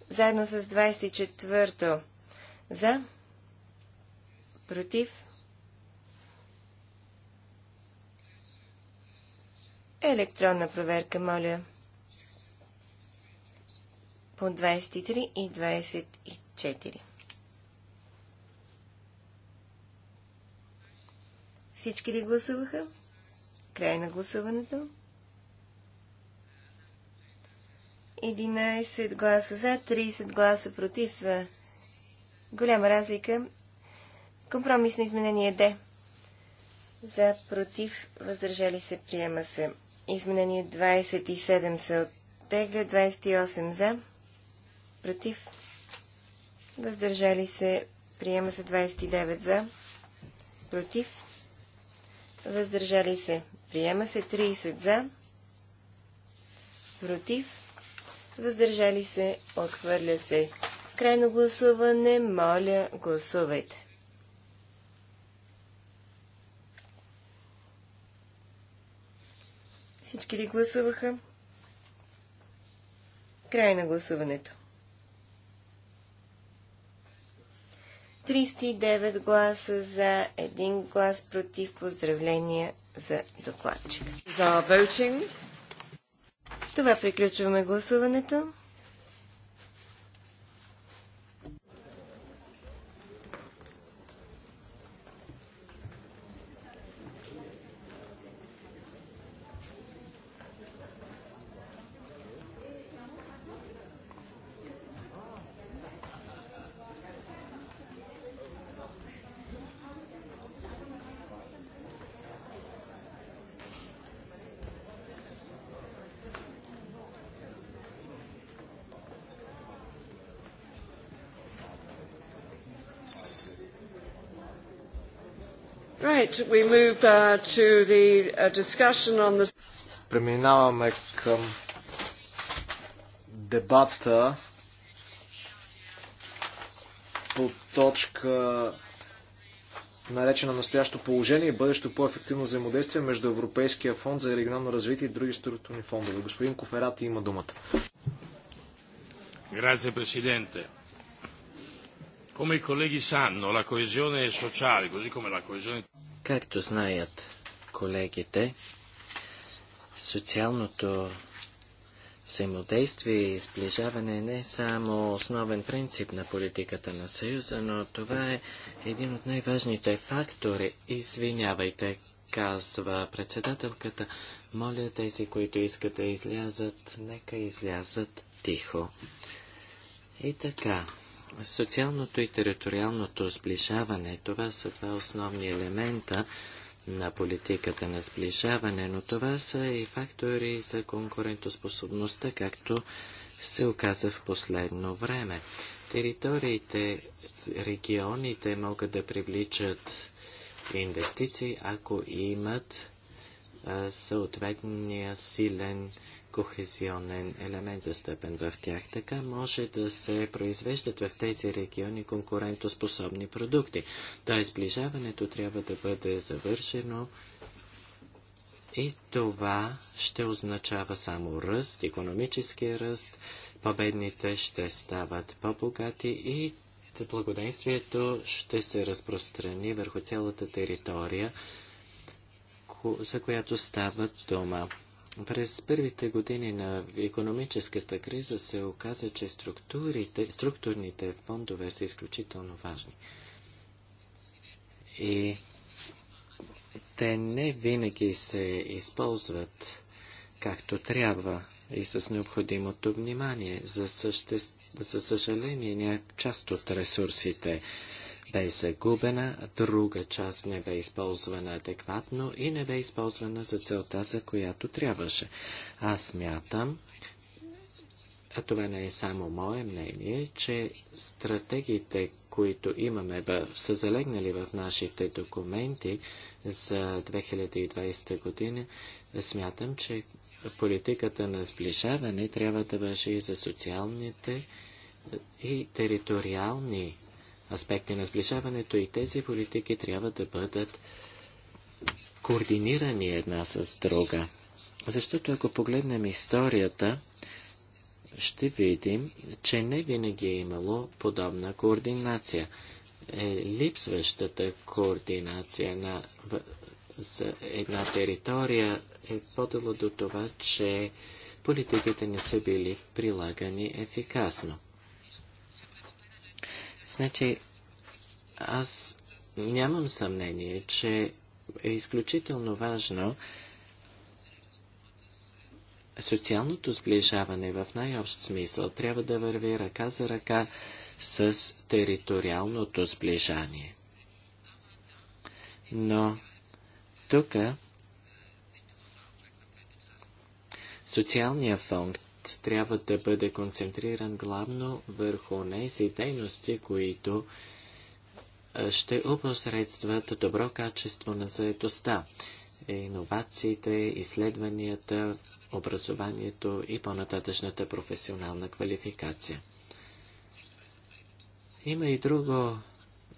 заедно с 24-то. За, против, електронна проверка, моля, по 23 и 24. Всички ли гласуваха? Край на гласуването. 11 гласа за, 30 гласа против. Е, голяма разлика. Компромисно изменение Д. За, против, въздържали се, приема се. Изменение 27 се оттегля, 28 за, против, въздържали се, приема се 29 за, против, въздържали се, приема се 30 за, против, въздържали се, отхвърля се. Крайно гласуване, моля, гласувайте. Всички ли гласуваха? Край на гласуването. 39 гласа за, 1 глас против. Поздравления за докладчика. За voting това приключваме гласуването. Right, we move uh, to the uh, discussion on the... Преминаваме към дебата по точка наречена настоящо положение и бъдещо по-ефективно взаимодействие между Европейския фонд за регионално развитие и други структурни фондове. Господин Коферати има думата. Grazie Presidente. Come i colleghi sanno, la coesione sociale, così come la coesione... Както знаят колегите, социалното взаимодействие и сближаване е не само основен принцип на политиката на Съюза, но това е един от най-важните фактори. Извинявайте, казва председателката. Моля тези, които искат да излязат, нека излязат тихо. И така, Социалното и териториалното сближаване, това са два основни елемента на политиката на сближаване, но това са и фактори за конкурентоспособността, както се оказа в последно време. Териториите, регионите могат да привличат инвестиции, ако имат съответния силен кохезионен елемент застъпен в тях. Така може да се произвеждат в тези региони конкурентоспособни продукти. Т.е. сближаването трябва да бъде завършено и това ще означава само ръст, економически ръст, победните ще стават по-богати и благоденствието ще се разпространи върху цялата територия за която става дома. През първите години на економическата криза се оказа, че структурите, структурните фондове са изключително важни. И те не винаги се използват както трябва и с необходимото внимание. За, съществ... за съжаление, част от ресурсите бе загубена, друга част не бе използвана адекватно и не бе използвана за целта, за която трябваше. Аз мятам, а това не е само мое мнение, че стратегиите, които имаме, са залегнали в нашите документи за 2020 година, смятам, че политиката на сближаване трябва да върши и за социалните и териториални аспекти на сближаването и тези политики трябва да бъдат координирани една с друга. Защото ако погледнем историята, ще видим, че не винаги е имало подобна координация. Е, липсващата координация на, в, за една територия е подало до това, че политиките не са били прилагани ефикасно. Значи, аз нямам съмнение, че е изключително важно социалното сближаване в най-общ смисъл трябва да върви ръка за ръка с териториалното сближание. Но тук социалния фонд трябва да бъде концентриран главно върху тези дейности, които ще опосредстват добро качество на заетостта, е, иновациите, изследванията, образованието и по-нататъчната професионална квалификация. Има и друго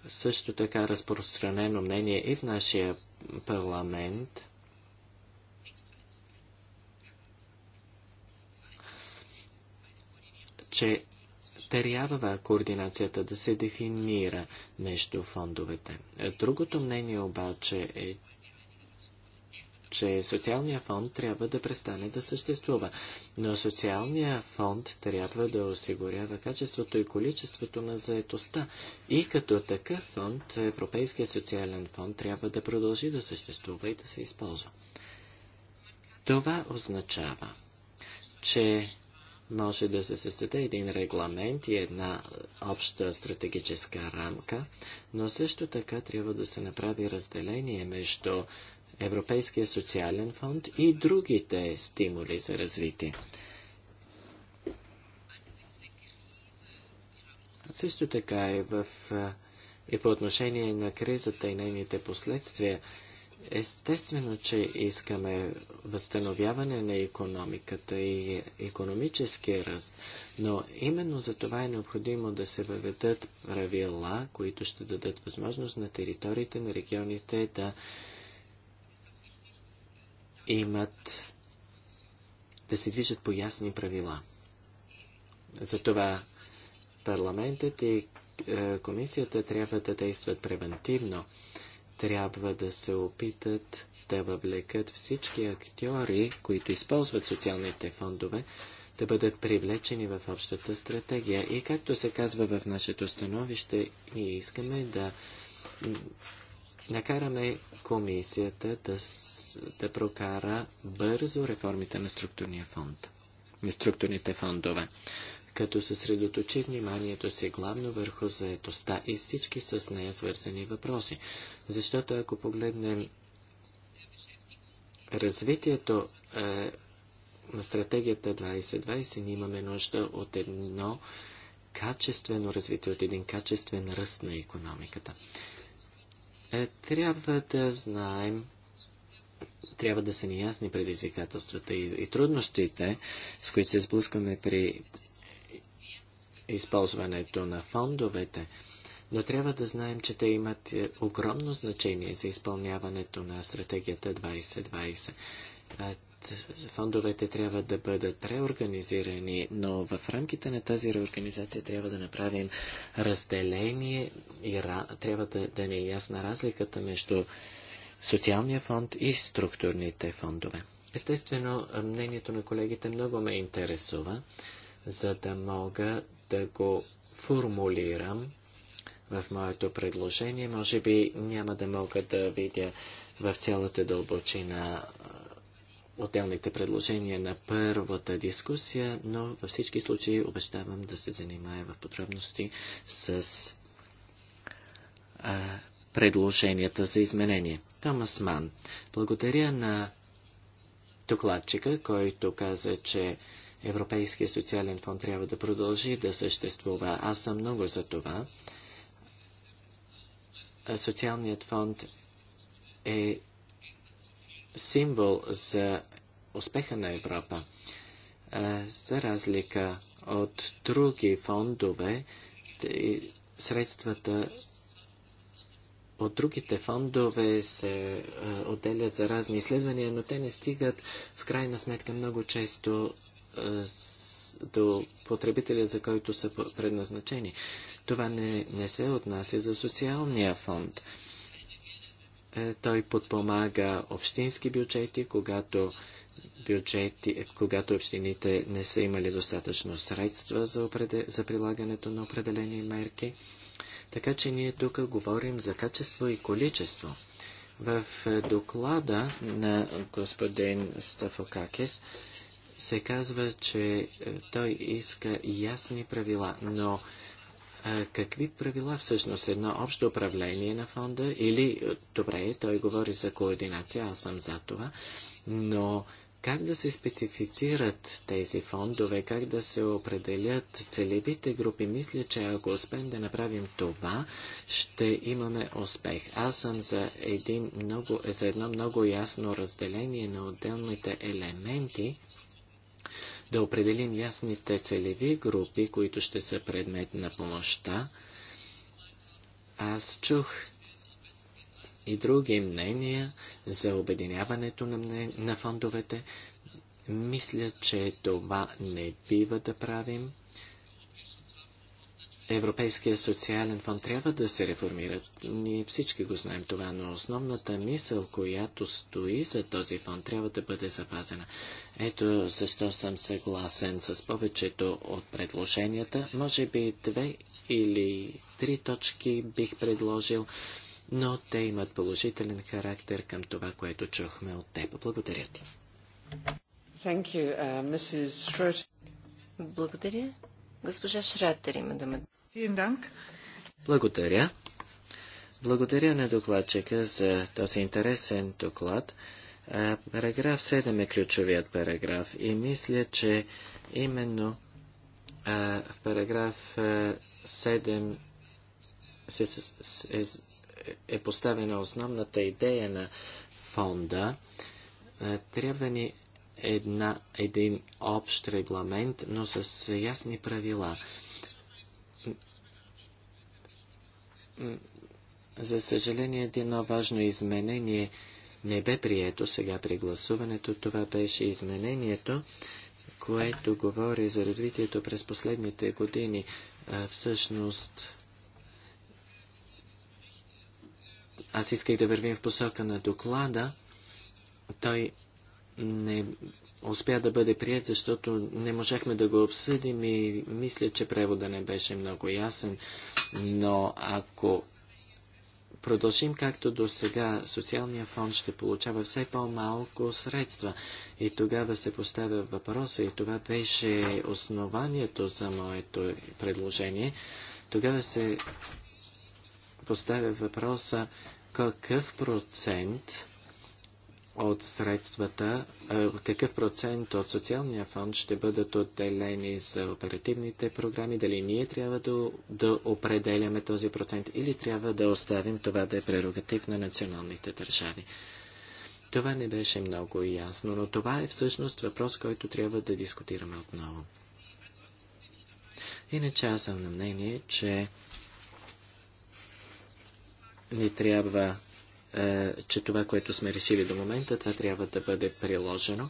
също така разпространено мнение и в нашия парламент – че трябва координацията да се дефинира между фондовете. Другото мнение обаче е, че социалния фонд трябва да престане да съществува. Но социалния фонд трябва да осигурява качеството и количеството на заетостта. И като такъв фонд, Европейския социален фонд трябва да продължи да съществува и да се използва. Това означава, че може да се създаде един регламент и една обща стратегическа рамка, но също така трябва да се направи разделение между Европейския социален фонд и другите стимули за развитие. Също така и е в и е по отношение на кризата и нейните последствия, Естествено, че искаме възстановяване на економиката и економическия ръст, но именно за това е необходимо да се въведат правила, които ще дадат възможност на териториите на регионите да имат да се движат по ясни правила. Затова парламентът и е, комисията трябва да действат превентивно – трябва да се опитат да въвлекат всички актьори, които използват социалните фондове, да бъдат привлечени в общата стратегия. И както се казва в нашето становище, ние искаме да накараме комисията да, да прокара бързо реформите на структурния фонд, на структурните фондове като съсредоточи вниманието си главно върху заетостта и всички с нея свързани въпроси. Защото ако погледнем развитието е, на стратегията 2020, ние имаме нужда от едно качествено развитие, от един качествен ръст на економиката. Е, трябва да знаем трябва да са ни ясни предизвикателствата и, и трудностите, с които се сблъскваме при използването на фондовете, но трябва да знаем, че те имат е, огромно значение за изпълняването на стратегията 2020. Фондовете трябва да бъдат реорганизирани, но в рамките на тази реорганизация трябва да направим разделение и трябва да, да ни е ясна разликата между социалния фонд и структурните фондове. Естествено, мнението на колегите много ме интересува, за да мога да го формулирам в моето предложение. Може би няма да мога да видя в цялата дълбочина отделните предложения на първата дискусия, но във всички случаи обещавам да се занимая в подробности с а, предложенията за изменение. Томас Ман, благодаря на докладчика, който каза, че Европейския социален фонд трябва да продължи да съществува. Аз съм много за това. Социалният фонд е символ за успеха на Европа. За разлика от други фондове, средствата от другите фондове се отделят за разни изследвания, но те не стигат в крайна сметка много често до потребителя, за който са предназначени. Това не, не се отнася за социалния фонд. Е, той подпомага общински бюджети, когато, бюджети, когато общините не са имали достатъчно средства за, определ... за прилагането на определени мерки. Така че ние тук говорим за качество и количество. В е, доклада на господин Стафокакис се казва, че е, той иска ясни правила, но а, е, какви правила всъщност? Едно общо управление на фонда или, е, добре, той говори за координация, аз съм за това, но как да се специфицират тези фондове, как да се определят целевите групи. Мисля, че ако успеем да направим това, ще имаме успех. Аз съм за, един много, за едно много ясно разделение на отделните елементи да определим ясните целеви групи, които ще са предмет на помощта. Аз чух и други мнения за обединяването на, мнение, на фондовете. Мисля, че това не бива да правим. Европейския социален фонд трябва да се реформира. Ние всички го знаем това, но основната мисъл, която стои за този фонд, трябва да бъде запазена. Ето защо съм съгласен с повечето от предложенията. Може би две или три точки бих предложил, но те имат положителен характер към това, което чухме от теб. Благодаря ти. Thank you, uh, Mrs. Благодаря. Госпожа Шратер има да ме... Благодаря. Благодаря на докладчика за този интересен доклад. Параграф 7 е ключовият параграф и мисля, че именно а, в параграф 7 се, се, е поставена основната идея на фонда. А, трябва ни една, един общ регламент, но с ясни правила. За съжаление, едно важно изменение не бе прието сега при гласуването. Това беше изменението, което говори за развитието през последните години. А, всъщност, аз исках да вървим в посока на доклада. Той не успя да бъде прият, защото не можахме да го обсъдим и мисля, че превода не беше много ясен. Но ако продължим както до сега, социалния фонд ще получава все по-малко средства. И тогава се поставя въпроса, и това беше основанието за моето предложение. Тогава се поставя въпроса какъв процент от средствата, какъв процент от социалния фонд ще бъдат отделени за оперативните програми, дали ние трябва да, да определяме този процент или трябва да оставим това да е прерогатив на националните държави. Това не беше много ясно, но това е всъщност въпрос, който трябва да дискутираме отново. Иначе аз съм на мнение, че ни трябва е, че това, което сме решили до момента, това трябва да бъде приложено.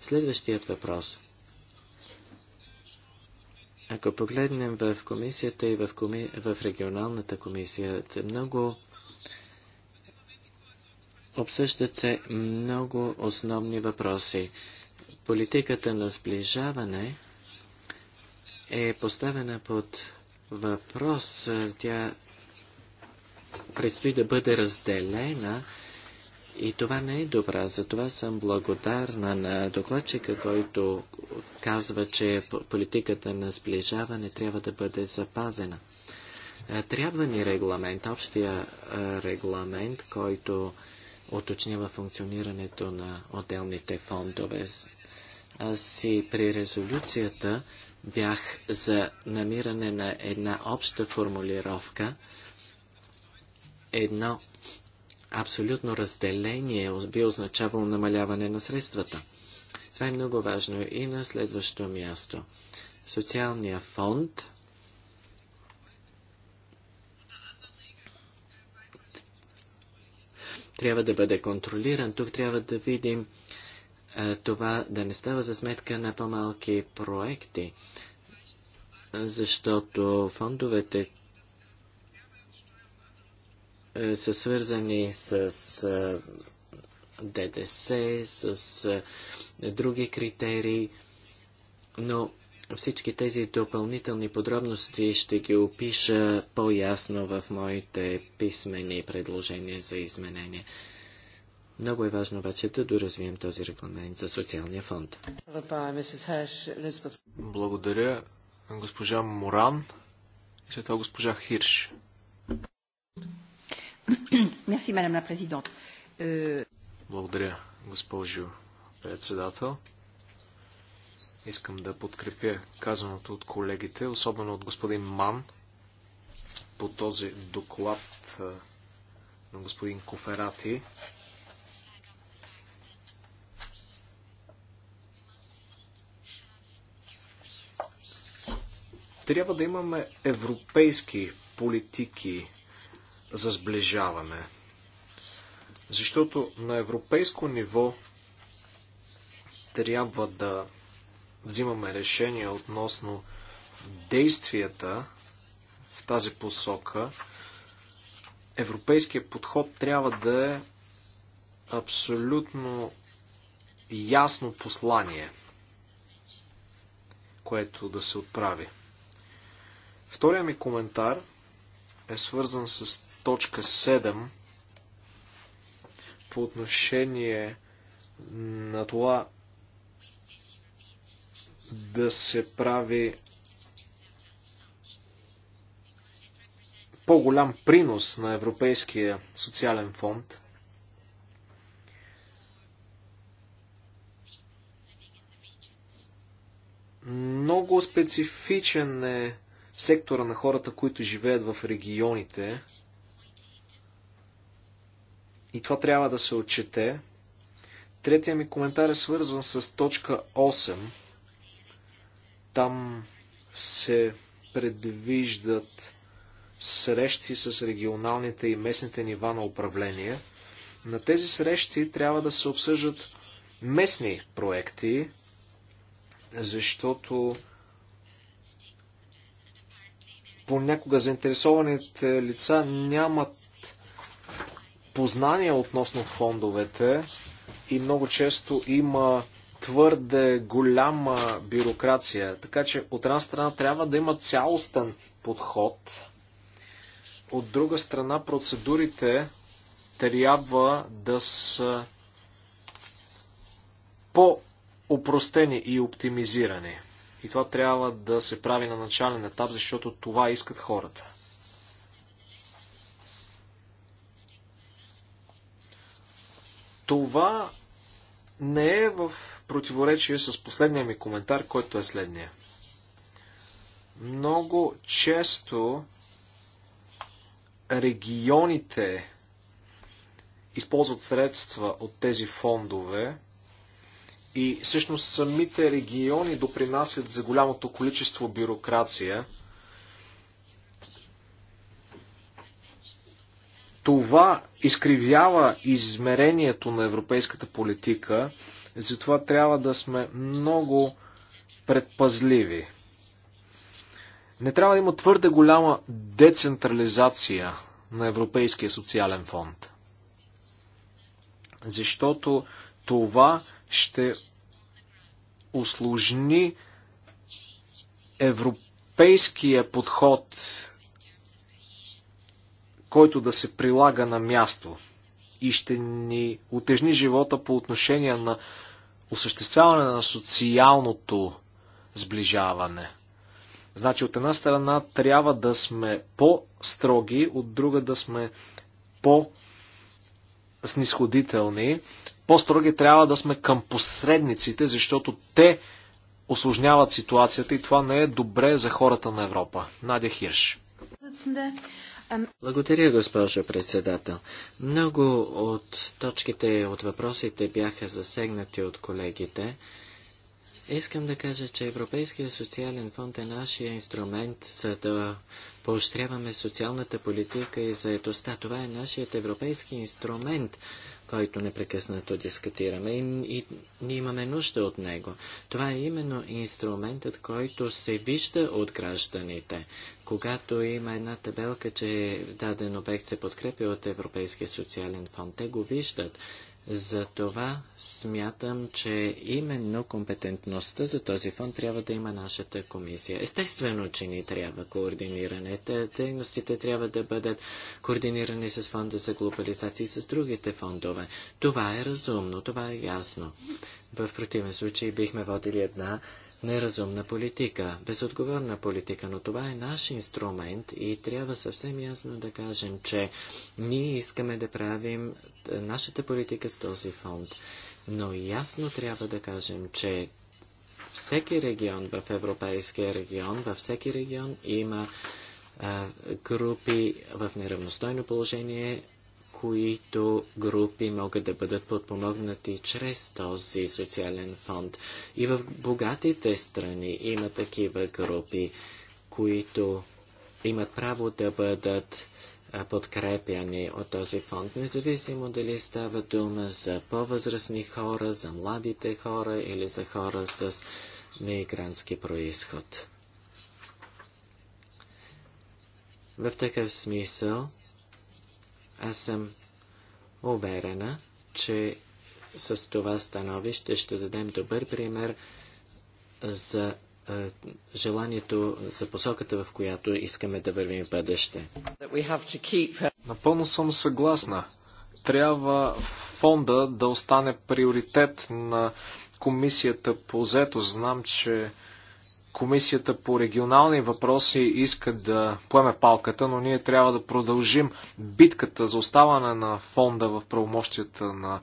Следващият въпрос. Ако погледнем в комисията и в, коми... в регионалната комисия, много обсъждат се много основни въпроси. Политиката на сближаване е поставена под въпрос. Тя предстои да бъде разделена и това не е добра. Затова съм благодарна на докладчика, който казва, че политиката на сближаване трябва да бъде запазена. Е, трябва ни регламент, общия е, регламент, който уточнява функционирането на отделните фондове. Аз си при резолюцията бях за намиране на една обща формулировка – едно абсолютно разделение би означавало намаляване на средствата. Това е много важно. И на следващото място. Социалния фонд трябва да бъде контролиран. Тук трябва да видим а, това да не става за сметка на по-малки проекти, защото фондовете, е, са свързани с е, ДДС, с е, други критерии, но всички тези допълнителни подробности ще ги опиша по-ясно в моите писмени предложения за изменения. Много е важно обаче да доразвием този регламент за социалния фонд. Благодаря госпожа Моран и след това госпожа Хирш. [coughs] Euh, Благодаря, госпожо председател. Искам да подкрепя казаното от колегите, особено от господин Ман, по този доклад на господин Коферати. Трябва да имаме европейски политики за сближаване. Защото на европейско ниво трябва да взимаме решение относно действията в тази посока. Европейският подход трябва да е абсолютно ясно послание, което да се отправи. Втория ми коментар е свързан с точка 7 по отношение на това да се прави по-голям принос на Европейския социален фонд. Много специфичен е сектора на хората, които живеят в регионите. И това трябва да се отчете. Третия ми коментар е свързан с точка 8. Там се предвиждат срещи с регионалните и местните нива на управление. На тези срещи трябва да се обсъждат местни проекти, защото понякога заинтересованите лица нямат познания относно фондовете и много често има твърде голяма бюрокрация. Така че от една страна трябва да има цялостен подход, от друга страна процедурите трябва да са по-опростени и оптимизирани. И това трябва да се прави на начален етап, защото това искат хората. Това не е в противоречие с последния ми коментар, който е следния. Много често регионите използват средства от тези фондове и всъщност самите региони допринасят за голямото количество бюрокрация – Това изкривява измерението на европейската политика, затова трябва да сме много предпазливи. Не трябва да има твърде голяма децентрализация на Европейския социален фонд. Защото това ще усложни европейския подход който да се прилага на място и ще ни отежни живота по отношение на осъществяване на социалното сближаване. Значи от една страна трябва да сме по-строги, от друга да сме по-снисходителни. По-строги трябва да сме към посредниците, защото те осложняват ситуацията и това не е добре за хората на Европа. Надя Хирш. Благодаря, госпожо председател. Много от точките, от въпросите бяха засегнати от колегите. Искам да кажа, че Европейския социален фонд е нашия инструмент за да поощряваме социалната политика и заедостта. Това е нашият европейски инструмент който непрекъснато дискутираме и, и ние имаме нужда от него. Това е именно инструментът, който се вижда от гражданите. Когато има една табелка, че даден обект се подкрепи от Европейския социален фонд, те го виждат. Затова смятам, че именно компетентността за този фонд трябва да има нашата комисия. Естествено, че ни трябва координиране. Те, дейностите трябва да бъдат координирани с фонда за глобализация и с другите фондове. Това е разумно, това е ясно. В противен случай бихме водили една неразумна политика, безотговорна политика, но това е наш инструмент и трябва съвсем ясно да кажем, че ние искаме да правим нашата политика с този фонд. Но ясно трябва да кажем, че всеки регион в Европейския регион, във всеки регион има групи в неравностойно положение, които групи могат да бъдат подпомогнати чрез този социален фонд. И в богатите страни има такива групи, които имат право да бъдат подкрепяни от този фонд, независимо дали става дума за по-възрастни хора, за младите хора или за хора с мигрантски происход. В такъв смисъл аз съм уверена, че с това становище ще дадем добър пример за е, желанието, за посоката, в която искаме да вървим в бъдеще. Напълно съм съгласна. Трябва фонда да остане приоритет на комисията по зето. Знам, че Комисията по регионални въпроси иска да поеме палката, но ние трябва да продължим битката за оставане на фонда в правомощията на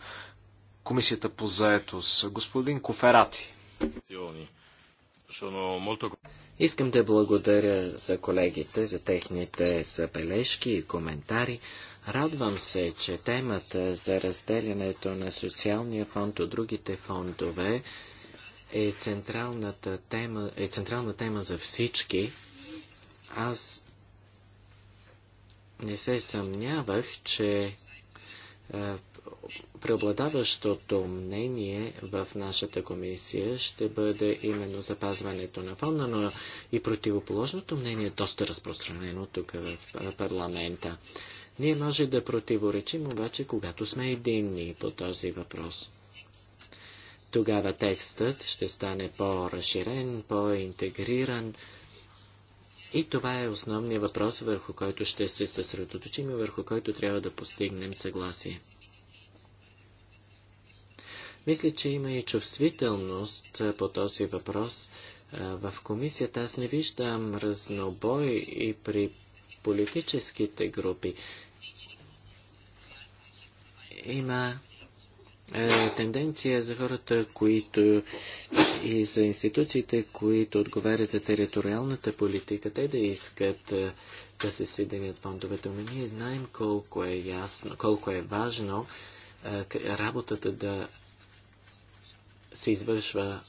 Комисията по заетост. Господин Коферати. Искам да благодаря за колегите, за техните забележки и коментари. Радвам се, че темата за разделянето на социалния фонд от другите фондове е централната тема, е централна тема за всички, аз не се съмнявах, че преобладаващото мнение в нашата комисия ще бъде именно запазването на фонда, но и противоположното мнение е доста разпространено тук в парламента. Ние може да противоречим обаче, когато сме единни по този въпрос. Тогава текстът ще стане по-разширен, по-интегриран. И това е основният въпрос, върху който ще се съсредоточим и върху който трябва да постигнем съгласие. Мисля, че има и чувствителност по този въпрос. В комисията аз не виждам разнобой и при политическите групи. Има е, тенденция за хората, които и за институциите, които отговарят за териториалната политика, те да искат е, да се съединят фондовете. Но ами ние знаем колко е ясно, колко е важно е, работата да се извършва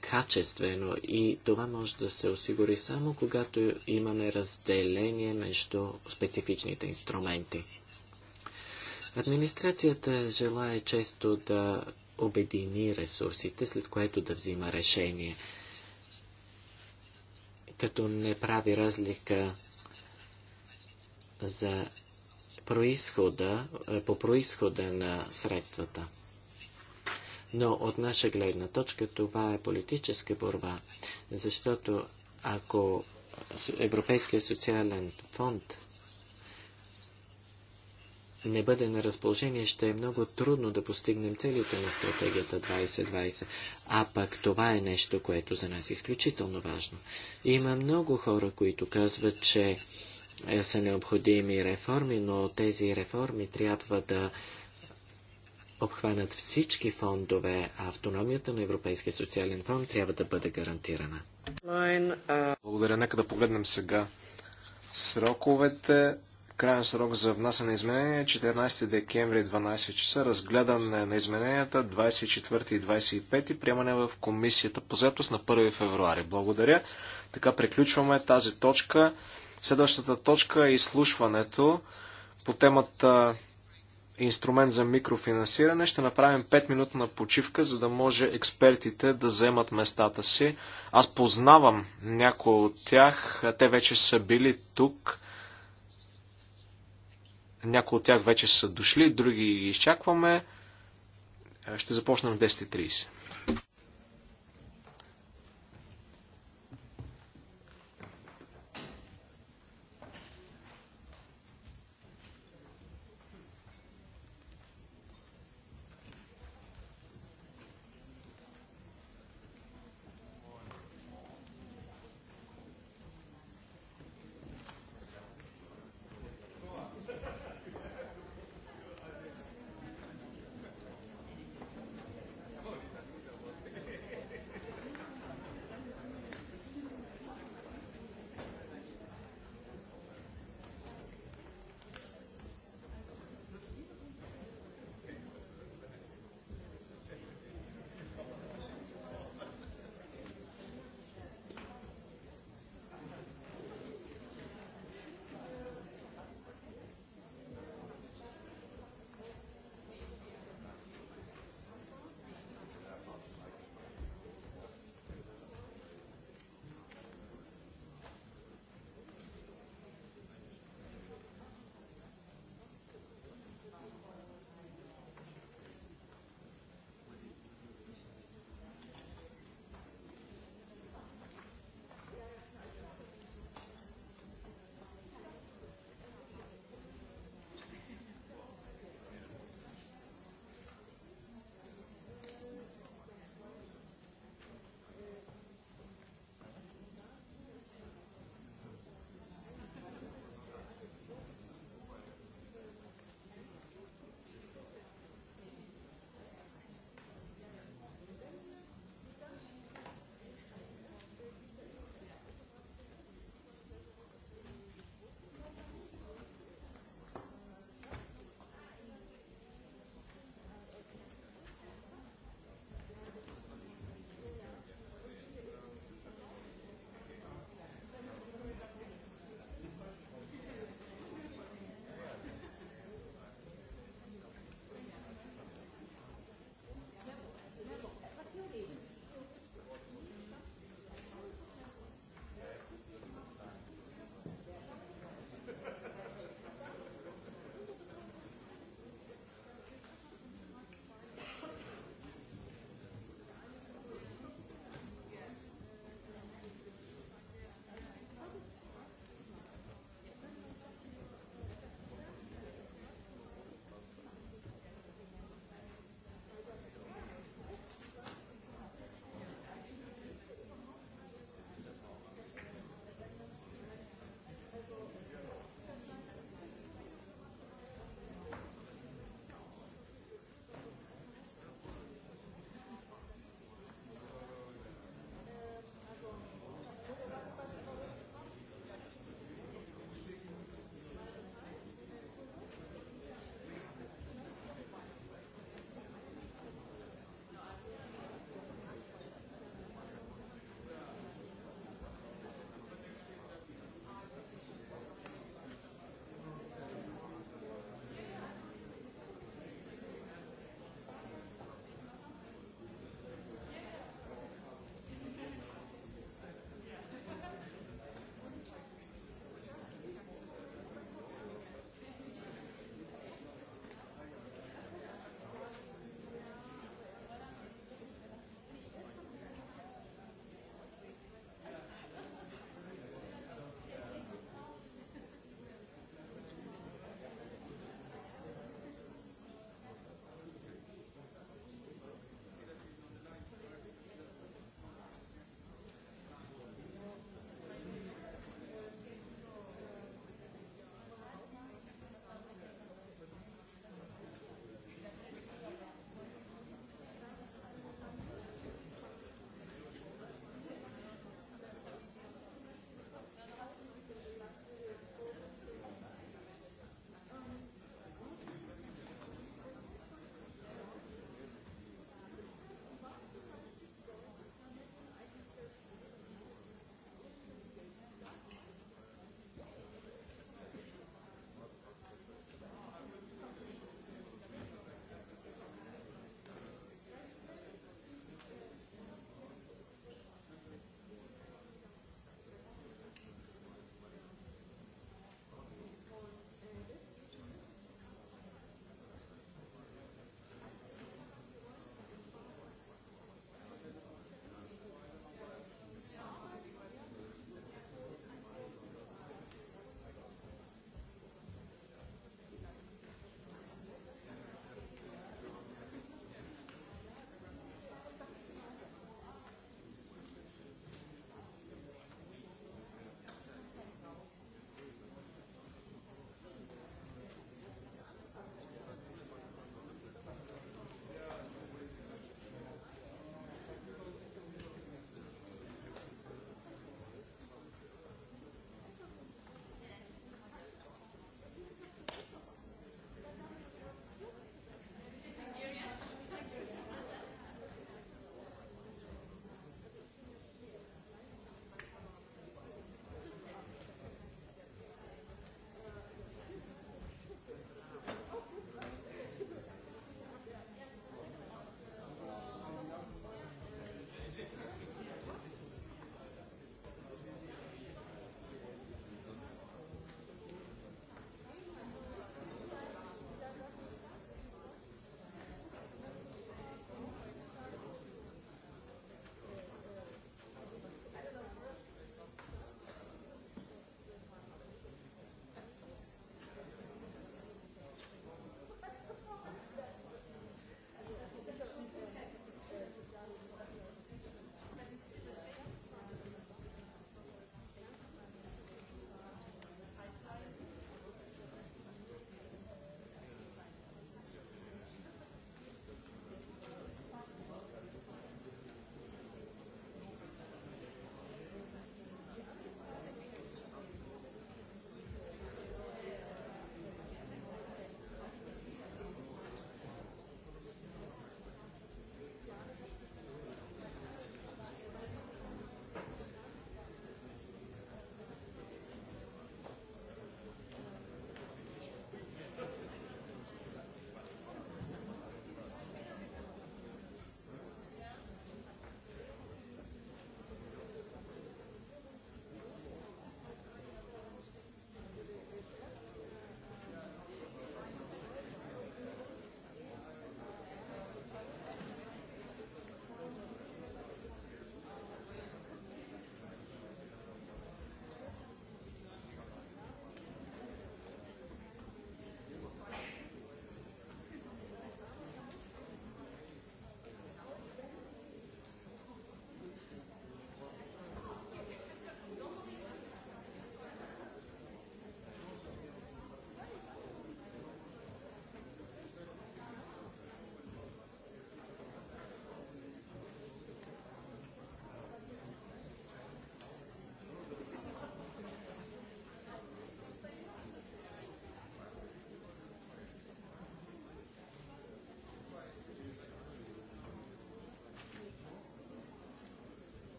качествено и това може да се осигури само когато имаме разделение между специфичните инструменти. Администрацията желая често да обедини ресурсите, след което да взима решение, като не прави разлика за происхода, е, по происхода на средствата. Но от наша гледна точка това е политическа борба, защото ако Европейския социален фонд не бъде на разположение, ще е много трудно да постигнем целите на стратегията 2020. А пък това е нещо, което за нас е изключително важно. Има много хора, които казват, че е, са необходими реформи, но тези реформи трябва да обхванат всички фондове, а автономията на Европейския социален фонд трябва да бъде гарантирана. Благодаря. Нека да погледнем сега сроковете Крайен срок за внасяне на изменения 14 е декември 12 часа, разгледане на измененията 24 и 25 и приемане в комисията по заетост на 1 февруари. Благодаря. Така приключваме тази точка. Следващата точка е изслушването по темата инструмент за микрофинансиране. Ще направим 5-минутна почивка, за да може експертите да вземат местата си. Аз познавам някои от тях. Те вече са били тук някои от тях вече са дошли, други изчакваме. Ще започнем в 10.30.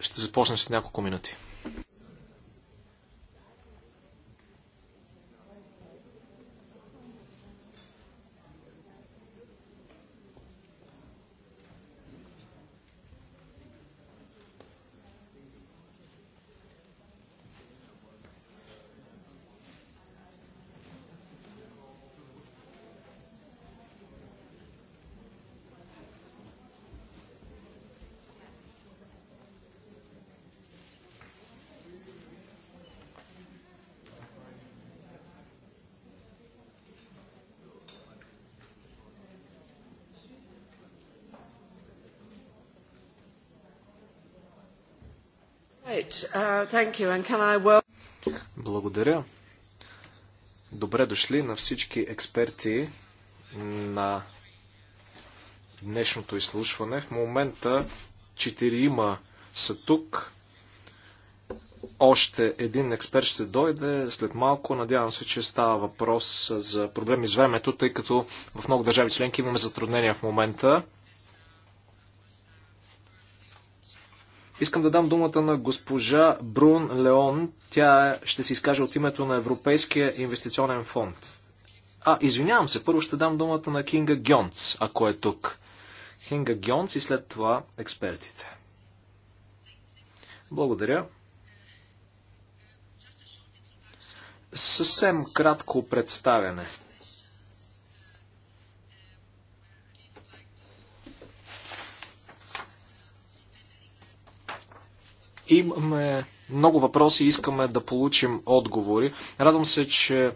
Ще започнем с няколко минути. Uh, Благодаря. Добре дошли на всички експерти на днешното изслушване. В момента четирима са тук. Още един експерт ще дойде след малко. Надявам се, че става въпрос за проблеми с времето, тъй като в много държави членки имаме затруднения в момента. Искам да дам думата на госпожа Брун Леон. Тя ще се изкаже от името на Европейския инвестиционен фонд. А, извинявам се, първо ще дам думата на Кинга Гьонц, ако е тук. Кинга Гьонц и след това експертите. Благодаря. Съвсем кратко представяне. Имаме много въпроси и искаме да получим отговори. Радвам се, че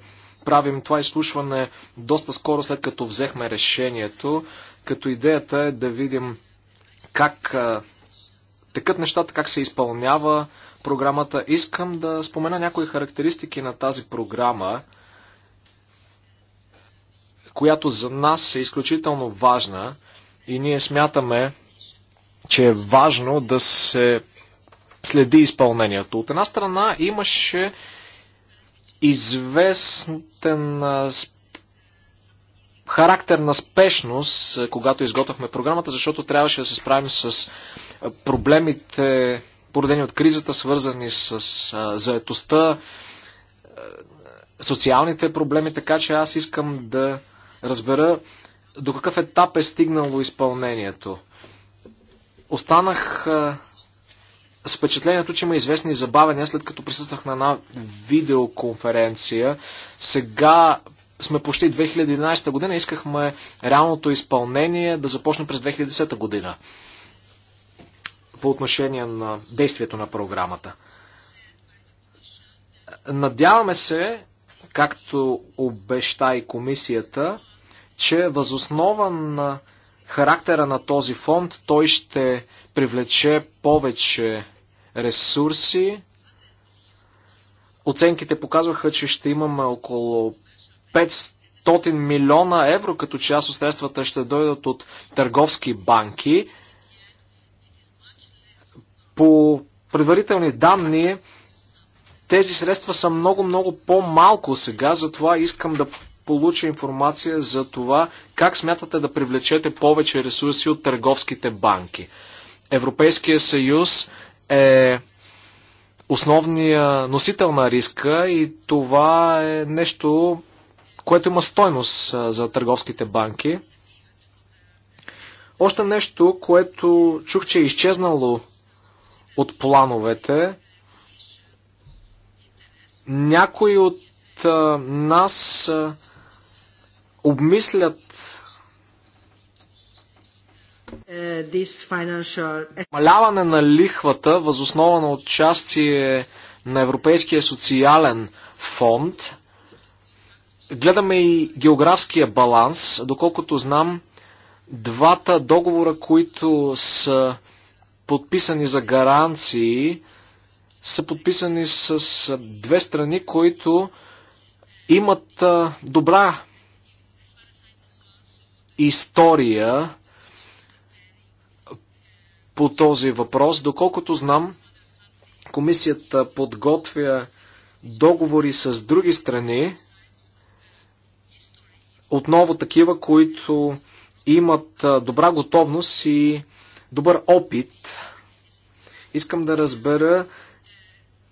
правим това изслушване доста скоро след като взехме решението, като идеята е да видим как текат нещата, как се изпълнява програмата. Искам да спомена някои характеристики на тази програма, която за нас е изключително важна и ние смятаме, че е важно да се следи изпълнението. От една страна имаше известен характер на спешност, когато изготвяхме програмата, защото трябваше да се справим с проблемите, породени от кризата, свързани с заетостта, социалните проблеми, така че аз искам да разбера до какъв етап е стигнало изпълнението. Останах с впечатлението, че има известни забавения, след като присъствах на една видеоконференция. Сега сме почти 2011 година, искахме реалното изпълнение да започне през 2010 година по отношение на действието на програмата. Надяваме се, както обеща и комисията, че възоснова на характера на този фонд той ще привлече повече ресурси. Оценките показваха, че ще имаме около 500 милиона евро, като част от средствата ще дойдат от търговски банки. По предварителни данни, тези средства са много-много по-малко сега, затова искам да получа информация за това как смятате да привлечете повече ресурси от търговските банки. Европейския съюз е основния носител на риска и това е нещо, което има стойност за търговските банки. Още нещо, което чух, че е изчезнало от плановете. Някои от нас обмислят Uh, Маляване на лихвата възоснова на участие на Европейския социален фонд. Гледаме и географския баланс. Доколкото знам, двата договора, които са подписани за гаранции, са подписани с две страни, които имат добра история по този въпрос. Доколкото знам, комисията подготвя договори с други страни, отново такива, които имат добра готовност и добър опит. Искам да разбера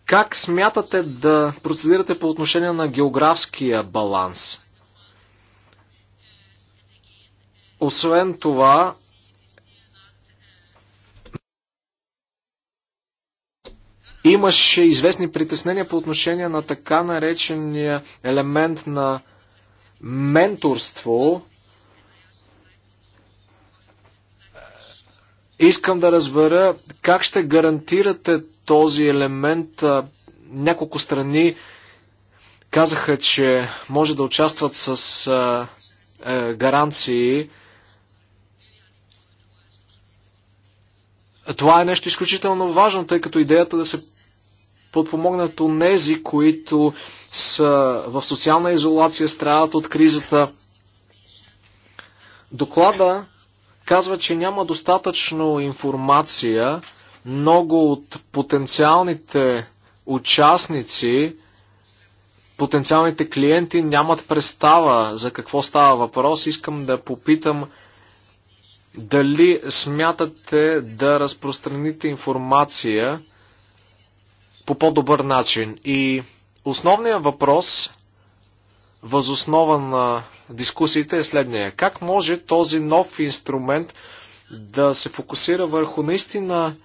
как смятате да процедирате по отношение на географския баланс. Освен това, Имаше известни притеснения по отношение на така наречения елемент на менторство. Искам да разбера как ще гарантирате този елемент. Няколко страни казаха, че може да участват с гаранции. Това е нещо изключително важно, тъй като идеята да се подпомогнат нези, които са в социална изолация, страдат от кризата. Доклада казва, че няма достатъчно информация. Много от потенциалните участници, потенциалните клиенти нямат представа за какво става въпрос. Искам да попитам дали смятате да разпространите информация по по-добър начин. И основният въпрос, възоснова на дискусиите е следния. Как може този нов инструмент да се фокусира върху наистина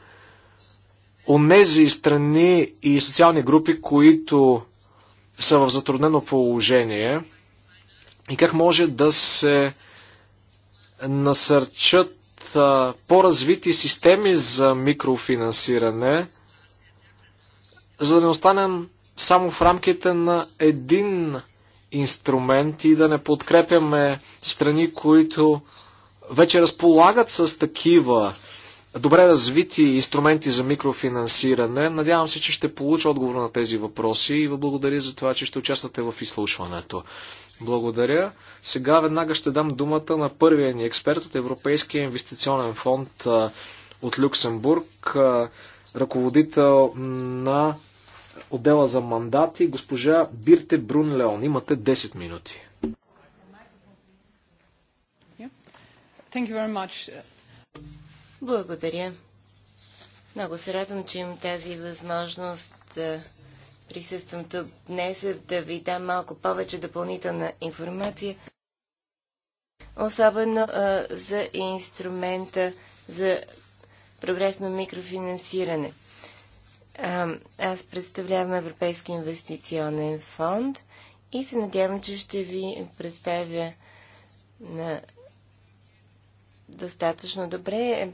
онези страни и социални групи, които са в затруднено положение и как може да се насърчат по-развити системи за микрофинансиране – за да не останем само в рамките на един инструмент и да не подкрепяме страни, които вече разполагат с такива добре развити инструменти за микрофинансиране. Надявам се, че ще получа отговор на тези въпроси и ви благодаря за това, че ще участвате в изслушването. Благодаря. Сега веднага ще дам думата на първия ни експерт от Европейския инвестиционен фонд от Люксембург, ръководител на отдела за мандати, госпожа Бирте Брун Леон, Имате 10 минути. Благодаря. Много се радвам, че имам тази възможност да присъствам тук днес, да ви дам малко повече допълнителна информация, особено а, за инструмента за прогресно микрофинансиране. Аз представлявам Европейски инвестиционен фонд и се надявам, че ще ви представя на достатъчно добре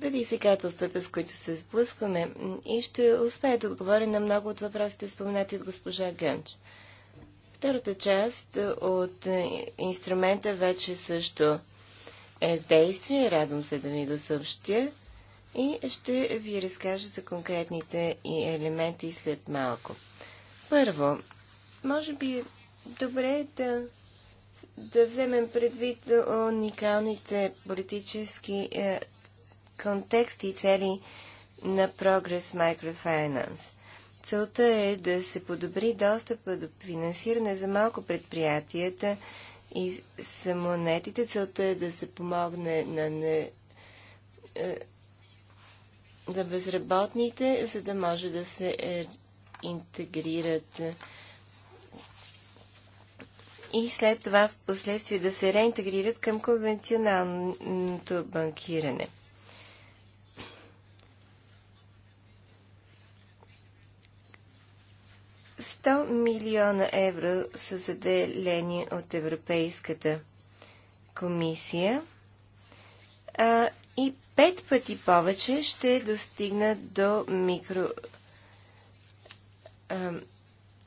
предизвикателствата, с които се сблъскваме и ще успея да отговоря на много от въпросите, споменати от госпожа Гънч. Втората част от инструмента вече също е в действие. Радвам се да ви го съобщя и ще ви разкажа за конкретните елементи след малко. Първо, може би е добре е да, да вземем предвид уникалните политически е, контексти и цели на Progress Microfinance. Целта е да се подобри достъпа до финансиране за малко предприятията и самонетите. Целта е да се помогне на не, е, за безработните, за да може да се е, интегрират и след това в последствие да се реинтегрират към конвенционалното банкиране. Сто милиона евро са заделени от Европейската комисия, а и пет пъти повече ще достигнат до микро... А,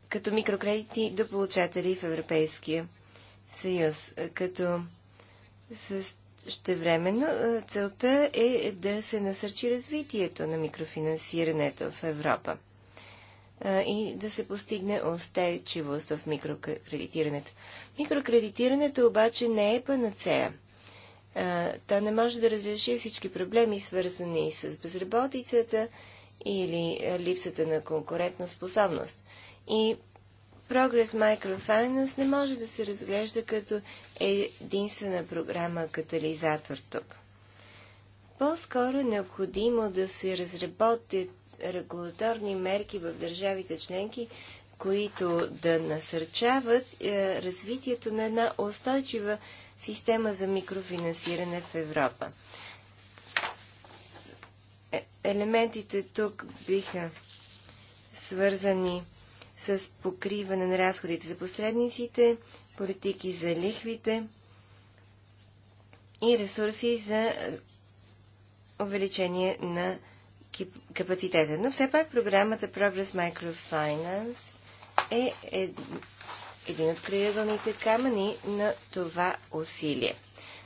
като микрокредити до получатели в Европейския съюз. Като същевременно целта е да се насърчи развитието на микрофинансирането в Европа и да се постигне устойчивост в микрокредитирането. Микрокредитирането обаче не е панацея – то не може да разреши всички проблеми, свързани с безработицата или липсата на конкурентна способност. И Progress Microfinance не може да се разглежда като единствена програма катализатор тук. По-скоро е необходимо да се разработят регулаторни мерки в държавите членки, които да насърчават е, развитието на една устойчива система за микрофинансиране в Европа. Е, елементите тук биха свързани с покриване на разходите за посредниците, политики за лихвите и ресурси за е, увеличение на капацитета. Но все пак програмата Progress Microfinance е един от крайъгълните камъни на това усилие.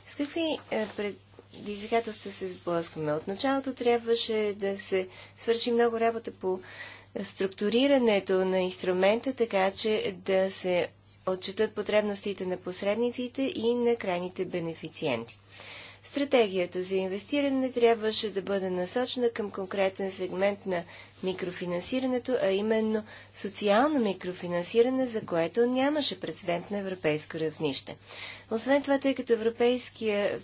С какви е, предизвикателства се сблъскваме? От началото трябваше да се свърши много работа по структурирането на инструмента, така че да се отчитат потребностите на посредниците и на крайните бенефициенти. Стратегията за инвестиране трябваше да бъде насочена към конкретен сегмент на микрофинансирането, а именно социално микрофинансиране, за което нямаше прецедент на европейско равнище. Освен това, тъй като европейския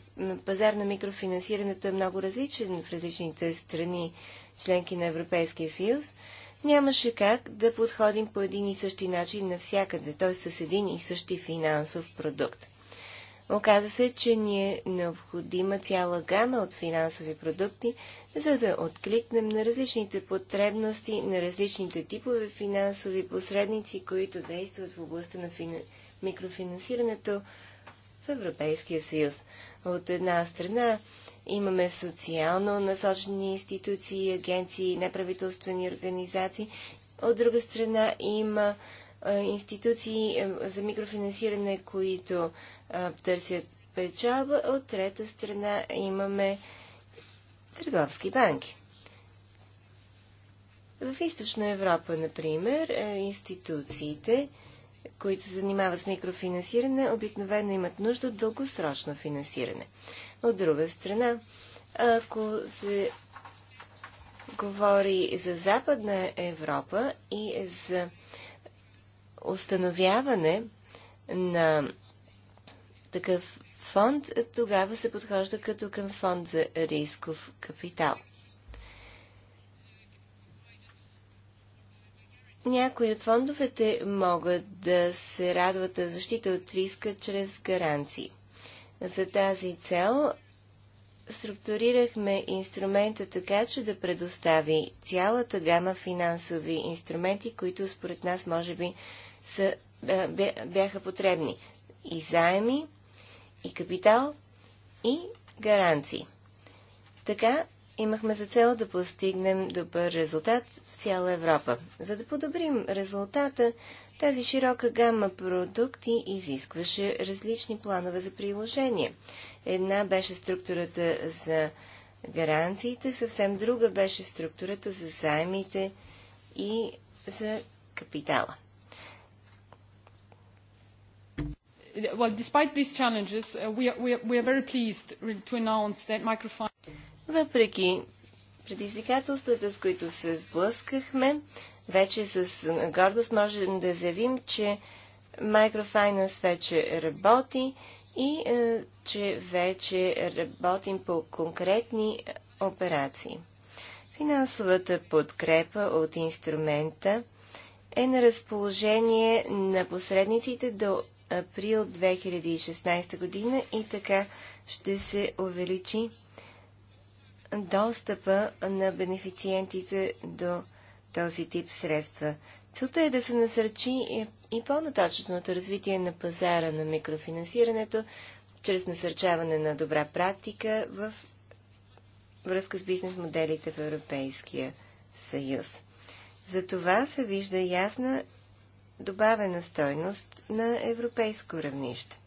пазар на микрофинансирането е много различен в различните страни, членки на Европейския съюз, нямаше как да подходим по един и същи начин навсякъде, т.е. с един и същи финансов продукт. Оказа се, че ни е необходима цяла гама от финансови продукти, за да откликнем на различните потребности, на различните типове финансови посредници, които действат в областта на фин... микрофинансирането в Европейския съюз. От една страна имаме социално насочени институции, агенции, неправителствени организации. От друга страна има институции за микрофинансиране, които търсят печалба. От трета страна имаме търговски банки. В Източна Европа, например, институциите, които се занимават с микрофинансиране, обикновено имат нужда от дългосрочно финансиране. От друга страна, ако се говори за Западна Европа и за установяване на такъв фонд, тогава се подхожда като към фонд за рисков капитал. Някои от фондовете могат да се радват на защита от риска чрез гаранции. За тази цел структурирахме инструмента така, че да предостави цялата гама финансови инструменти, които според нас може би са, бяха потребни и заеми, и капитал, и гаранции. Така имахме за цел да постигнем добър резултат в цяла Европа. За да подобрим резултата, тази широка гама продукти изискваше различни планове за приложение. Една беше структурата за гаранциите, съвсем друга беше структурата за заемите и за капитала. well, despite these challenges, uh, we, are, we, are, we are very pleased to announce that Въпреки предизвикателствата, с които се сблъскахме, вече с гордост можем да заявим, че Microfinance вече работи и е, че вече работим по конкретни операции. Финансовата подкрепа от инструмента е на разположение на посредниците до април 2016 година и така ще се увеличи достъпа на бенефициентите до този тип средства. Целта е да се насърчи и по-нататъчното развитие на пазара на микрофинансирането чрез насърчаване на добра практика в връзка с бизнес моделите в Европейския съюз. За това се вижда ясна добавена стойност на европейско равнище.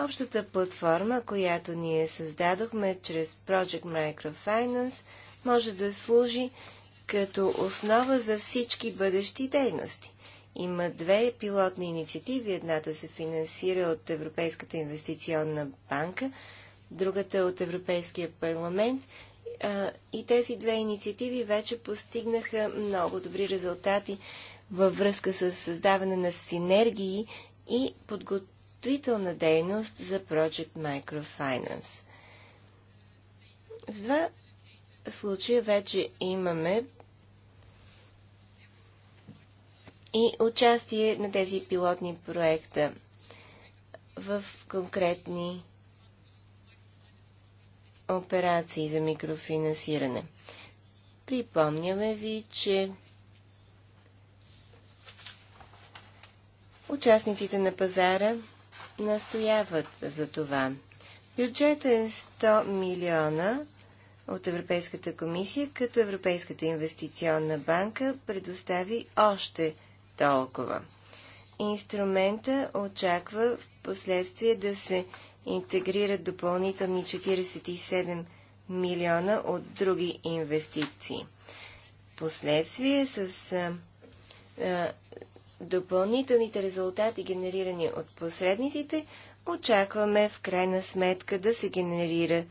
Общата платформа, която ние създадохме чрез Project Microfinance, може да служи като основа за всички бъдещи дейности. Има две пилотни инициативи. Едната се финансира от Европейската инвестиционна банка, другата от Европейския парламент. И тези две инициативи вече постигнаха много добри резултати във връзка с създаване на синергии и подготвителна дейност за Project Microfinance. В два случая вече имаме и участие на тези пилотни проекта в конкретни операции за микрофинансиране. Припомняме ви, че Участниците на пазара настояват за това. Бюджетът е 100 милиона от Европейската комисия, като Европейската инвестиционна банка предостави още толкова. Инструмента очаква в последствие да се интегрират допълнителни 47 милиона от други инвестиции. Последствие с допълнителните резултати, генерирани от посредниците, очакваме в крайна сметка да се генерира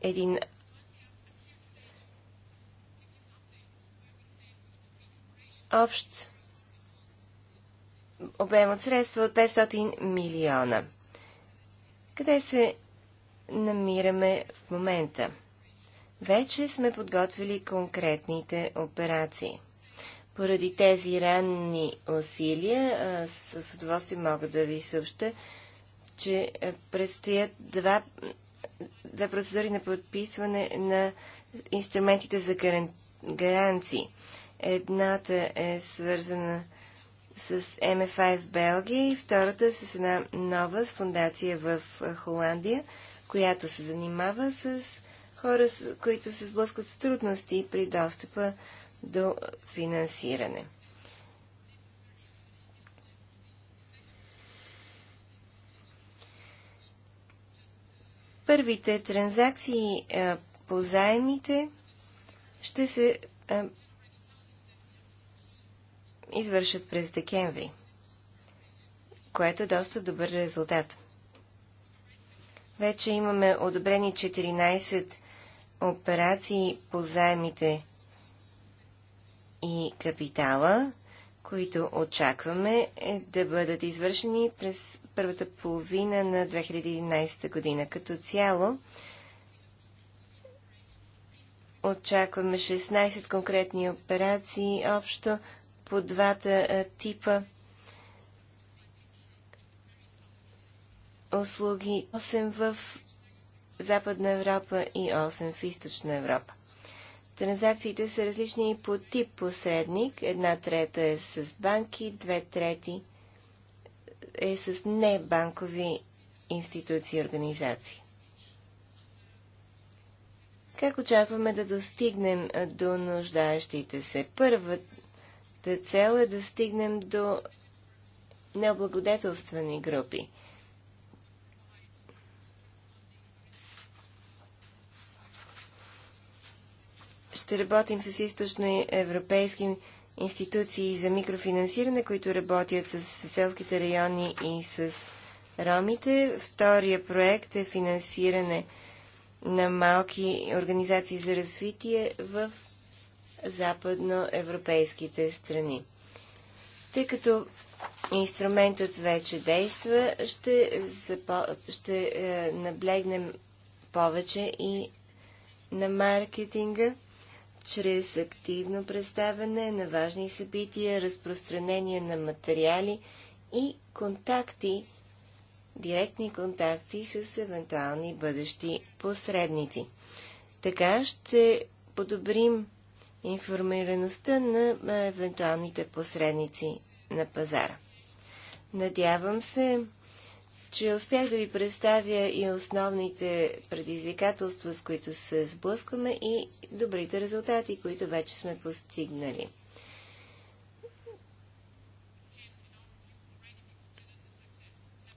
един общ обем от средства от 500 милиона. Къде се намираме в момента? Вече сме подготвили конкретните операции. Поради тези ранни усилия с удоволствие мога да ви съобща, че предстоят два, два процедури на подписване на инструментите за гаран... гаранции. Едната е свързана с МФА в Белгия и втората е с една нова фундация в Холандия, която се занимава с хора, които се сблъскват с трудности при достъпа до финансиране. Първите транзакции е, по заемите ще се е, извършат през декември, което е доста добър резултат. Вече имаме одобрени 14 операции по заемите и капитала, които очакваме е да бъдат извършени през първата половина на 2011 година. Като цяло очакваме 16 конкретни операции общо по двата типа услуги 8 в Западна Европа и 8 в Източна Европа. Транзакциите са различни по тип посредник. Една трета е с банки, две трети е с небанкови институции и организации. Как очакваме да достигнем до нуждаещите се? Първата цел е да стигнем до необлагодетелствани групи – ще работим с източноевропейски институции за микрофинансиране, които работят с селските райони и с ромите. Втория проект е финансиране на малки организации за развитие в западноевропейските страни. Тъй като инструментът вече действа, ще, запо... ще е, наблегнем повече и на маркетинга чрез активно представяне на важни събития, разпространение на материали и контакти, директни контакти с евентуални бъдещи посредници. Така ще подобрим информираността на евентуалните посредници на пазара. Надявам се че успях да ви представя и основните предизвикателства, с които се сблъскваме и добрите резултати, които вече сме постигнали.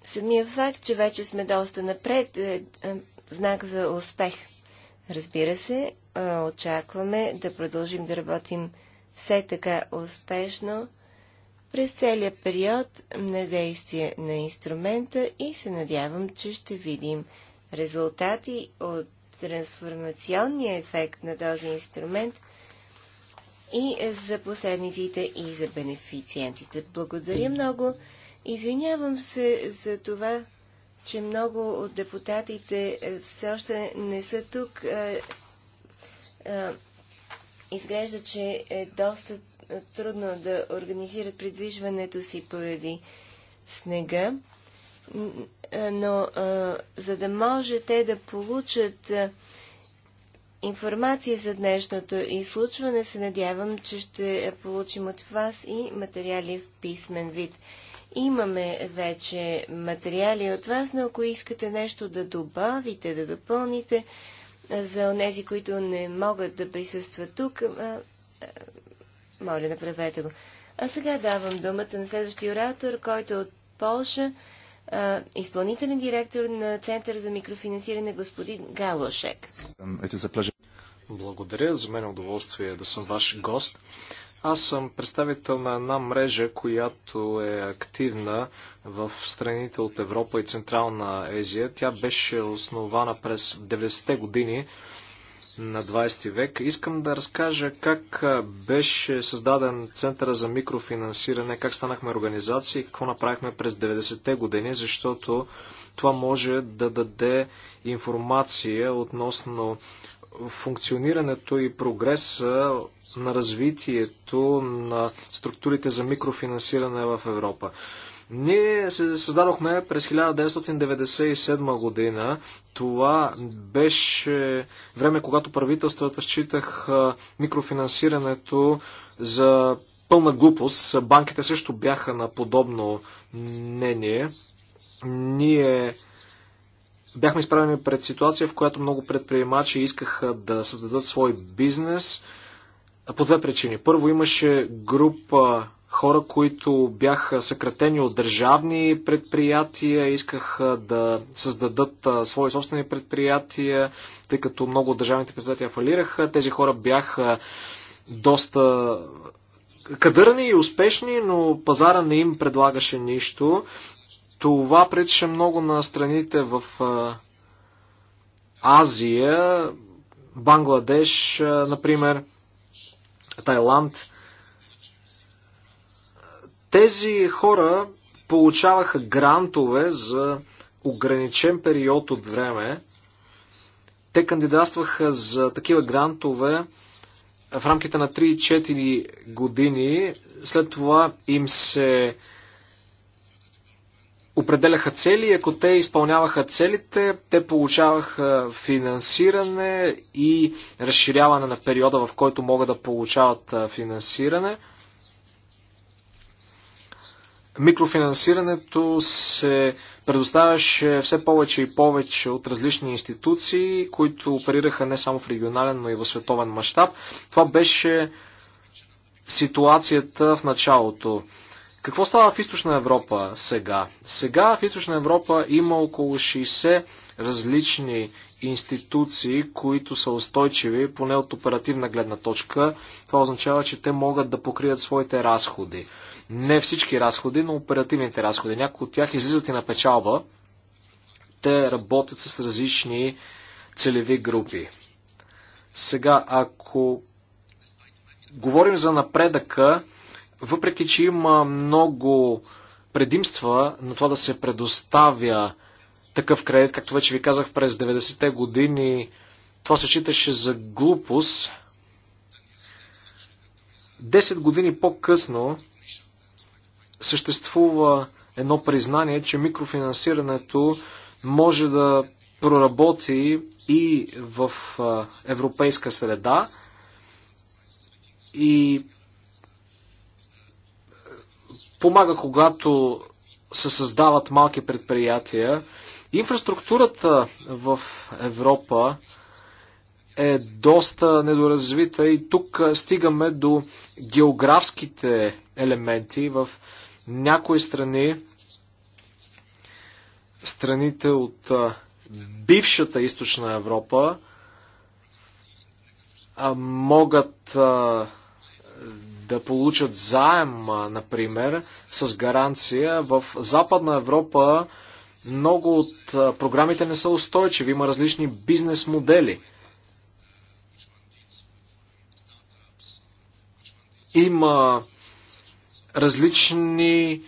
Самия факт, че вече сме доста напред, е, е знак за успех. Разбира се, е, очакваме да продължим да работим все така успешно през целия период на действие на инструмента и се надявам, че ще видим резултати от трансформационния ефект на този инструмент и за последниците и за бенефициентите. Благодаря много. Извинявам се за това, че много от депутатите е, все още не са тук. Е, е, изглежда, че е доста трудно да организират придвижването си поради снега, но за да може те да получат информация за днешното изслучване, се надявам, че ще получим от вас и материали в писмен вид. Имаме вече материали от вас, но ако искате нещо да добавите, да допълните, за онези, които не могат да присъстват тук, моля, направете го. А сега давам думата на следващия оратор, който е от Полша, а, изпълнителен директор на Център за микрофинансиране, господин Галошек. Благодаря. За мен е удоволствие да съм ваш гост. Аз съм представител на една мрежа, която е активна в страните от Европа и Централна Азия. Тя беше основана през 90-те години на 20 век. Искам да разкажа как беше създаден Центъра за микрофинансиране, как станахме организация и какво направихме през 90-те години, защото това може да даде информация относно функционирането и прогреса на развитието на структурите за микрофинансиране в Европа. Ние се създадохме през 1997 година. Това беше време, когато правителствата считах микрофинансирането за пълна глупост. Банките също бяха на подобно мнение. Ние бяхме изправени пред ситуация, в която много предприемачи искаха да създадат свой бизнес по две причини. Първо имаше група хора, които бяха съкратени от държавни предприятия, искаха да създадат свои собствени предприятия, тъй като много от държавните предприятия фалираха. Тези хора бяха доста кадърни и успешни, но пазара не им предлагаше нищо. Това пречеше много на страните в Азия, Бангладеш, например, Тайланд – тези хора получаваха грантове за ограничен период от време. Те кандидатстваха за такива грантове в рамките на 3-4 години. След това им се определяха цели. Ако те изпълняваха целите, те получаваха финансиране и разширяване на периода, в който могат да получават финансиране – Микрофинансирането се предоставяше все повече и повече от различни институции, които оперираха не само в регионален, но и в световен мащаб. Това беше ситуацията в началото. Какво става в Източна Европа сега? Сега в Източна Европа има около 60 различни институции, които са устойчиви, поне от оперативна гледна точка. Това означава, че те могат да покрият своите разходи. Не всички разходи, но оперативните разходи. Някои от тях излизат и на печалба. Те работят с различни целеви групи. Сега, ако говорим за напредъка, въпреки че има много предимства на това да се предоставя такъв кредит, както вече ви казах, през 90-те години това се считаше за глупост. 10 години по-късно съществува едно признание, че микрофинансирането може да проработи и в европейска среда и помага, когато се създават малки предприятия. Инфраструктурата в Европа е доста недоразвита и тук стигаме до географските елементи в някои страни, страните от бившата източна Европа, могат да получат заем, например, с гаранция. В Западна Европа много от програмите не са устойчиви, има различни бизнес модели. Има различни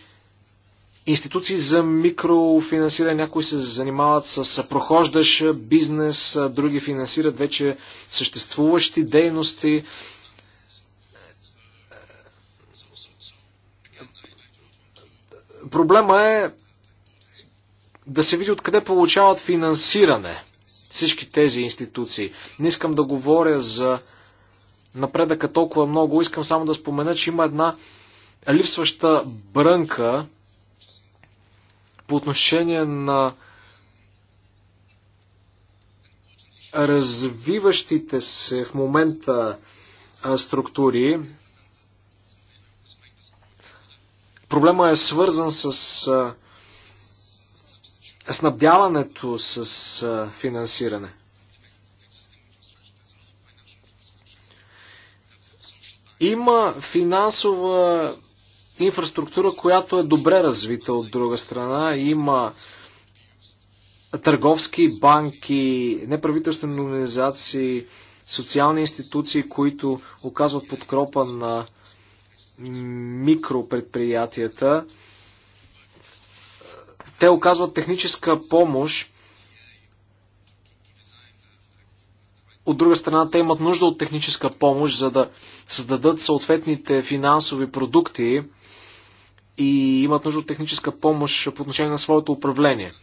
институции за микрофинансиране. Някои се занимават с прохождащ бизнес, други финансират вече съществуващи дейности. Проблема е да се види откъде получават финансиране всички тези институции. Не искам да говоря за напредъка толкова много, искам само да спомена, че има една липсваща брънка по отношение на развиващите се в момента структури. Проблема е свързан с снабдяването с финансиране. Има финансова инфраструктура, която е добре развита от друга страна. Има търговски банки, неправителствени организации, социални институции, които оказват подкропа на микропредприятията. Те оказват техническа помощ. От друга страна, те имат нужда от техническа помощ, за да създадат съответните финансови продукти, и имат нужда от техническа помощ по отношение на своето управление.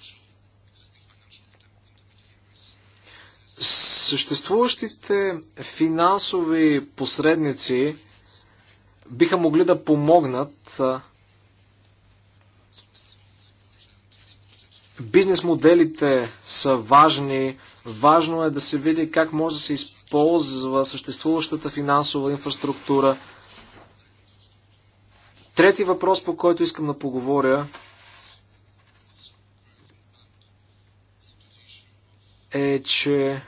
Съществуващите финансови посредници биха могли да помогнат бизнес моделите са важни. Важно е да се види как може да се използва съществуващата финансова инфраструктура – Трети въпрос, по който искам да поговоря, е, че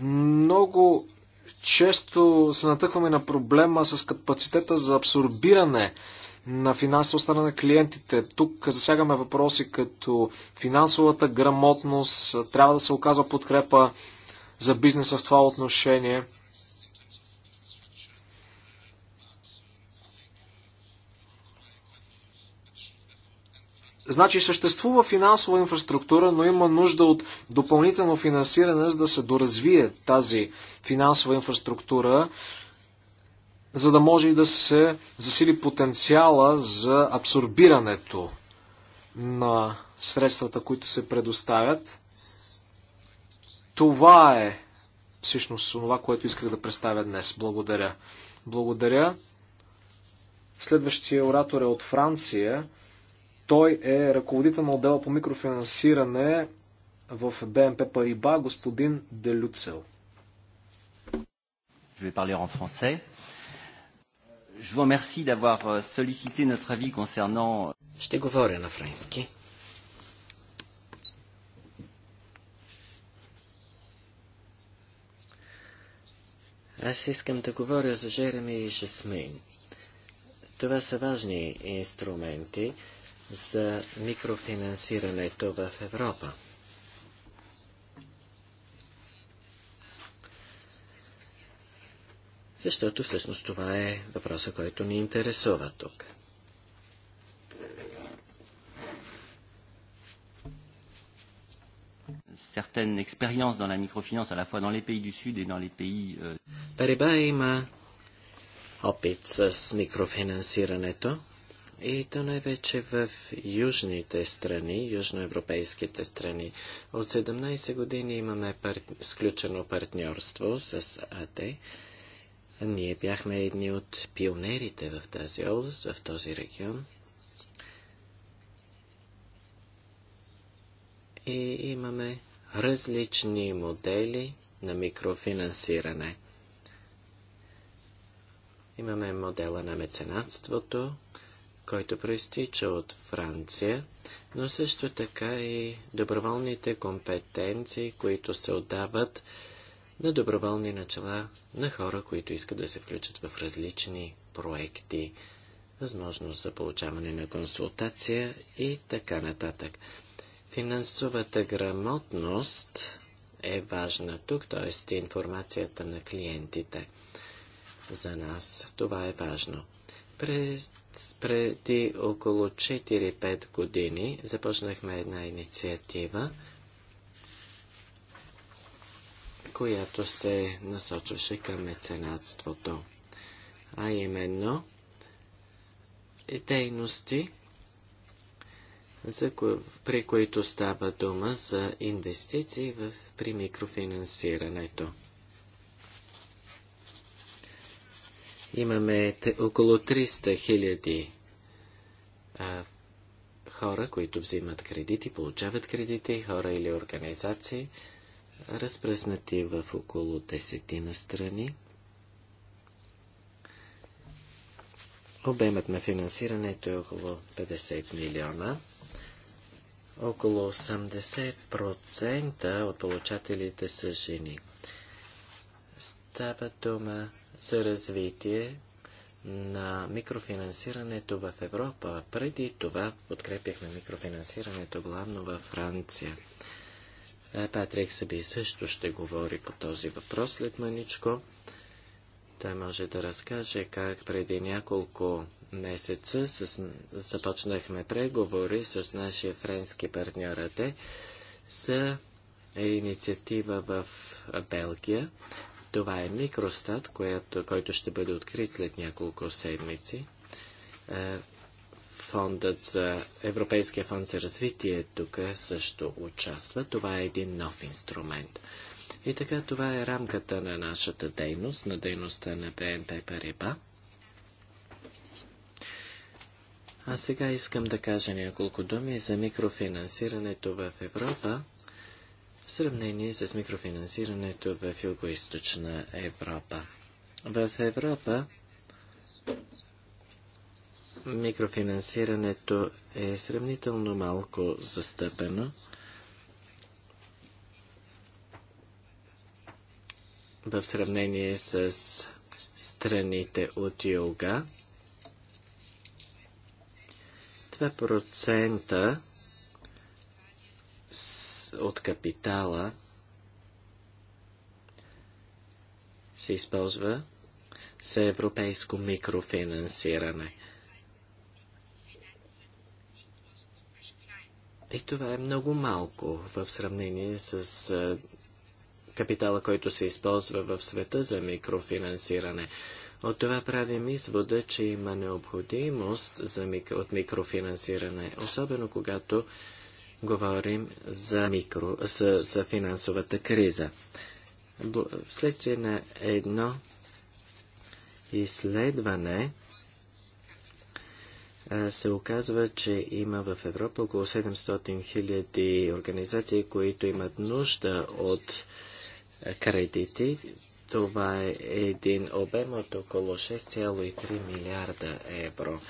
много често се натъкваме на проблема с капацитета за абсорбиране на финансова страна на клиентите. Тук засягаме въпроси като финансовата грамотност, трябва да се оказва подкрепа за бизнеса в това отношение – Значи съществува финансова инфраструктура, но има нужда от допълнително финансиране, за да се доразвие тази финансова инфраструктура, за да може и да се засили потенциала за абсорбирането на средствата, които се предоставят. Това е всъщност това, което исках да представя днес. Благодаря. Благодаря. Следващия оратор е от Франция. Той е ръководител на отдела по микрофинансиране в БМП Париба, господин Делюцел. Je vais parler en français. Je vous remercie d'avoir euh, sollicité notre avis concernant... Euh, Ще говоря на френски. Аз искам да говоря за Жереми и Жасмин. Това са важни инструменти, за микрофинансирането в Европа. Защото всъщност това е въпроса, който ни интересува тук. certaines expériences dans la microfinance, à la fois dans les pays du Sud et dans les pays... Euh, Париба има опит с микрофинансирането и то най-вече в южните страни, южноевропейските страни. От 17 години имаме пар... сключено партньорство с АТ. Ние бяхме едни от пионерите в тази област, в този регион. И имаме различни модели на микрофинансиране. Имаме модела на меценатството, който проистича от Франция, но също така и доброволните компетенции, които се отдават на доброволни начала на хора, които искат да се включат в различни проекти, възможност за получаване на консултация и така нататък. Финансовата грамотност е важна тук, т.е. информацията на клиентите. За нас това е важно. През преди около 4-5 години започнахме една инициатива, която се насочваше към меценатството, а именно дейности, за ко... при които става дума за инвестиции в, при микрофинансирането. Имаме около 300 хиляди хора, които взимат кредити, получават кредити, хора или организации, разпръснати в около десетина страни. Обемът на финансирането е около 50 милиона. Около 80% от получателите са жени. Става дума за развитие на микрофинансирането в Европа. Преди това подкрепяхме микрофинансирането главно във Франция. Е, Патрик Саби също ще говори по този въпрос след маничко. Той може да разкаже как преди няколко месеца с... започнахме преговори с нашия френски партньор АТ за е инициатива в Белгия, това е микростат, която, който ще бъде открит след няколко седмици. Е, фондът за Европейския фонд за развитие тук също участва. Това е един нов инструмент. И така, това е рамката на нашата дейност, на дейността на БНП Париба. А сега искам да кажа няколко думи за микрофинансирането в Европа в сравнение с микрофинансирането в Юго-Источна Европа. В Европа микрофинансирането е сравнително малко застъпено. в сравнение с страните от юга. 2% от капитала се използва за европейско микрофинансиране. И това е много малко в сравнение с капитала, който се използва в света за микрофинансиране. От това правим извода, че има необходимост за, от микрофинансиране, особено когато говорим за, микро, за, за финансовата криза. Вследствие на едно изследване се оказва, че има в Европа около 700 хиляди организации, които имат нужда от кредити. Това е един обем от около 6,3 милиарда евро.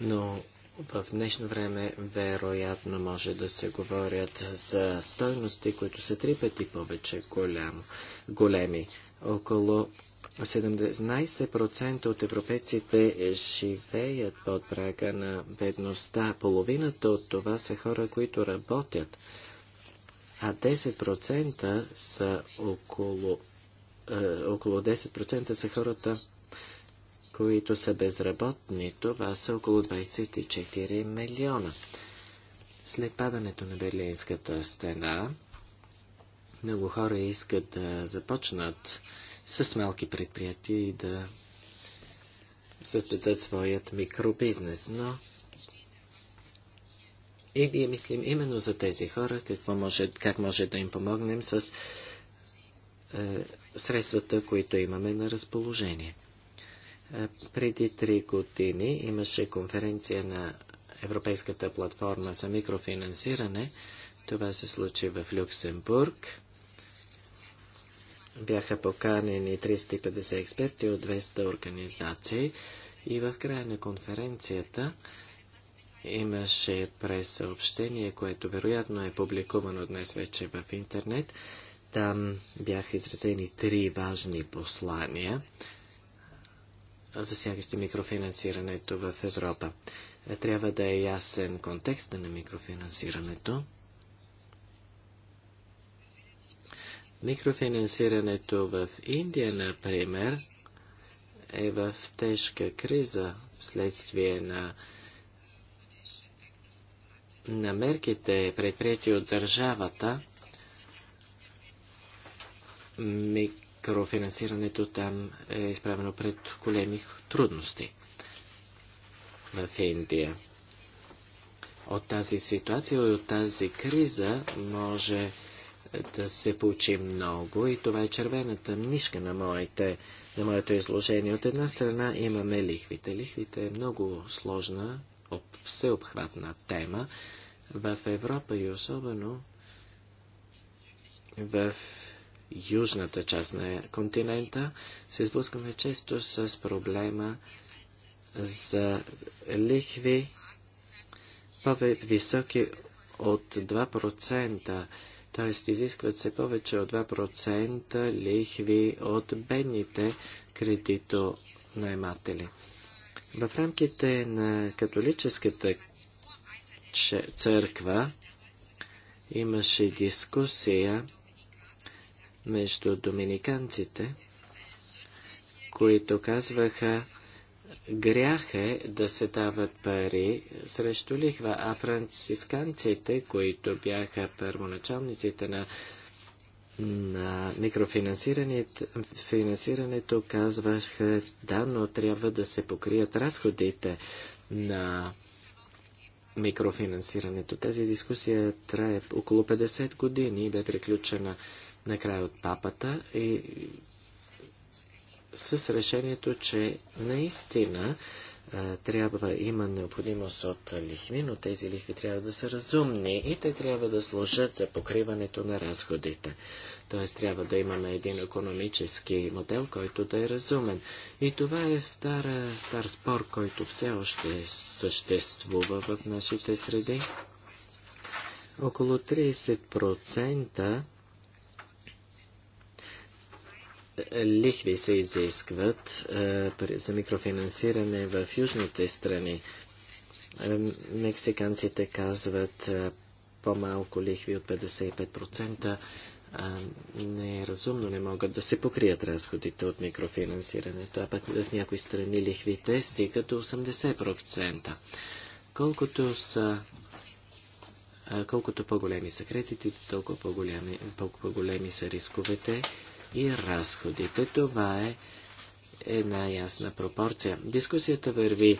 Но в днешно време вероятно може да се говорят за стойности, които са три пъти повече голям, големи. Около 17% от европейците живеят под прага на бедността. Половината от това са хора, които работят, а 10% са около, е, около 10% са хората, които са безработни, това са около 24 милиона. След падането на Берлинската стена, много хора искат да започнат с малки предприятия и да създадат своят микробизнес, но и ние мислим именно за тези хора, какво може, как може да им помогнем с е, средствата, които имаме на разположение. Е, преди три години имаше конференция на Европейската платформа за микрофинансиране. Това се случи в Люксембург. Бяха поканени 350 експерти от 200 организации и в края на конференцията имаше пресъобщение, което вероятно е публикувано днес вече в интернет. Там бяха изразени три важни послания засягащи микрофинансирането в Европа. Е, трябва да е ясен контекста на микрофинансирането. Микрофинансирането в Индия, например, е в тежка криза вследствие на, на мерките, предприяти от държавата финансирането там е изправено пред големи трудности в Индия. От тази ситуация и от тази криза може да се получи много и това е червената нишка на, моите, на моето изложение. От една страна имаме лихвите. Лихвите е много сложна, всеобхватна тема в Европа и особено в южната част на континента, се сблъскваме често с проблема за лихви по-високи от 2%, т.е. изискват се повече от 2% лихви от бедните кредитонаематели. В рамките на католическата църква имаше дискусия между доминиканците, които казваха, грях е да се дават пари срещу лихва, а францисканците, които бяха първоначалниците на, на микрофинансирането, казваха, да, но трябва да се покрият разходите на микрофинансирането. Тази дискусия трае около 50 години и бе приключена накрая от папата и е с решението, че наистина а, трябва, има необходимост от лихви, но тези лихви трябва да са разумни и те трябва да служат за покриването на разходите. Тоест трябва да имаме един економически модел, който да е разумен. И това е стар, стар спор, който все още съществува в нашите среди. Около 30% лихви се изискват е, за микрофинансиране в южните страни. Е, мексиканците казват е, по-малко лихви от 55%. Не е разумно, не могат да се покрият разходите от микрофинансирането, а пък в някои страни лихвите стигат до 80%. Колкото са колкото по-големи са кредитите, толкова по-големи, по-големи са рисковете и разходите. Това е една ясна пропорция. Дискусията върви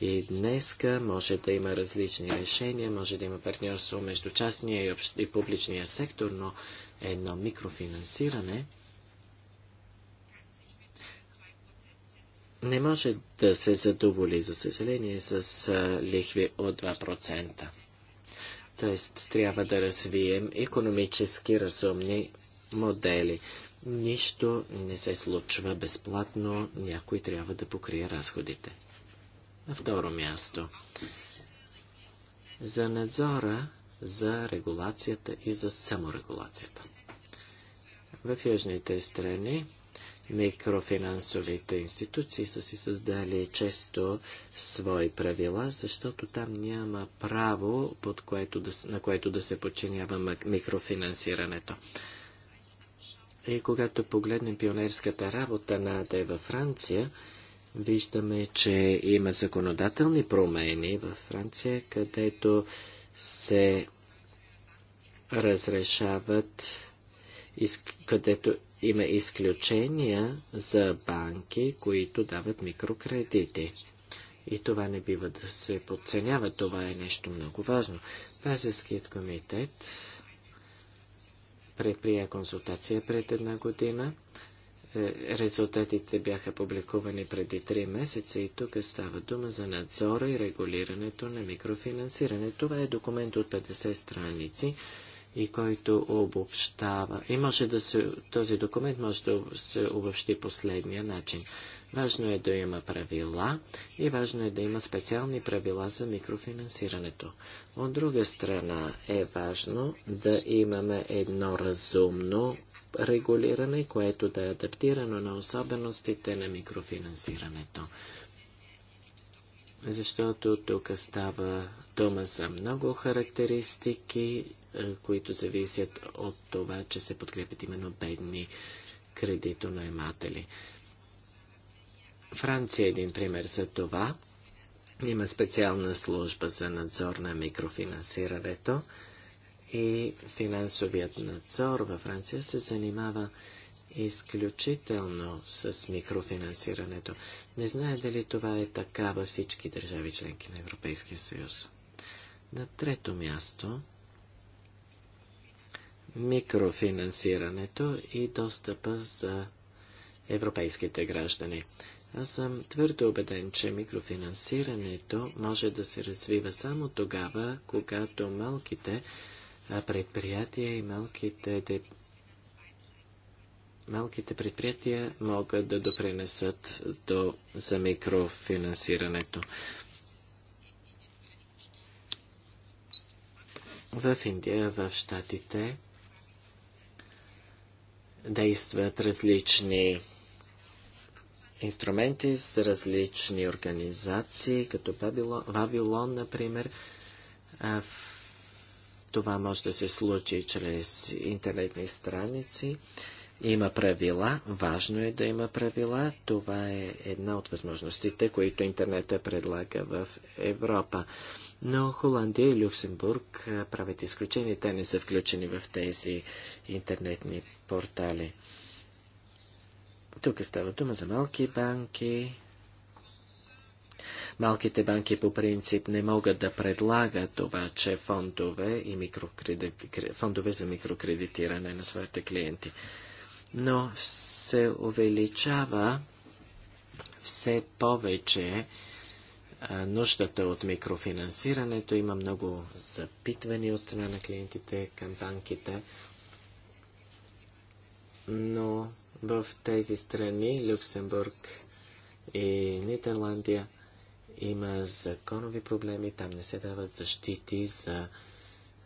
и днеска може да има различни решения, може да има партньорство между частния и, общ... и публичния сектор, но едно микрофинансиране не може да се задоволи, за съжаление, с лихви от 2%. Тоест, трябва да развием економически разумни модели. Нищо не се случва безплатно, някой трябва да покрие разходите. На второ място. За надзора, за регулацията и за саморегулацията. В южните страни микрофинансовите институции са си създали често свои правила, защото там няма право, под което да, на което да се подчинява микрофинансирането е, когато погледнем пионерската работа на АД във Франция, виждаме, че има законодателни промени във Франция, където се разрешават, където има изключения за банки, които дават микрокредити. И това не бива да се подценява. Това е нещо много важно. Базиският комитет предприе консултация пред една година. Е, резултатите бяха публикувани преди три месеца и тук става дума за надзора и регулирането на микрофинансиране. Това е документ от 50 страници и който обобщава. И може да се, този документ може да се обобщи последния начин. Важно е да има правила и важно е да има специални правила за микрофинансирането. От друга страна е важно да имаме едно разумно регулиране, което да е адаптирано на особеностите на микрофинансирането защото тук става дума за много характеристики, е, които зависят от това, че се подкрепят именно бедни кредитонаематели. Франция е един пример за това. Има специална служба за надзор на микрофинансирането и финансовият надзор във Франция се занимава изключително с микрофинансирането. Не знае дали това е така във всички държави членки на Европейския съюз. На трето място микрофинансирането и достъпа за европейските граждани. Аз съм твърдо убеден, че микрофинансирането може да се развива само тогава, когато малките предприятия и малките малките предприятия могат да допринесат до, за микрофинансирането. В Индия, в Штатите действат различни инструменти с различни организации, като Вавилон, например. в това може да се случи чрез интернетни страници. Има правила, важно е да има правила. Това е една от възможностите, които интернета предлага в Европа. Но Холандия и Люксембург правят изключение. Те не са включени в тези интернетни портали. Тук е става дума за малки банки. Малките банки по принцип не могат да предлагат обаче фондове, и микрокредит... фондове за микрокредитиране на своите клиенти но се увеличава все повече нуждата от микрофинансирането. Има много запитвания от страна на клиентите към банките, но в тези страни, Люксембург и Нидерландия, има законови проблеми, там не се дават защити за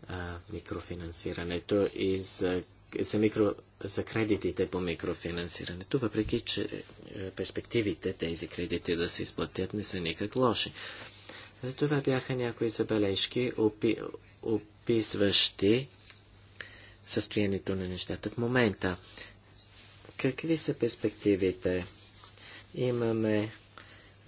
а, микрофинансирането и за, за микро за кредитите по микрофинансирането, въпреки че е, перспективите тези кредити да се изплатят не са никак лоши. Това бяха някои забележки, опи, описващи състоянието на нещата в момента. Какви са перспективите? Имаме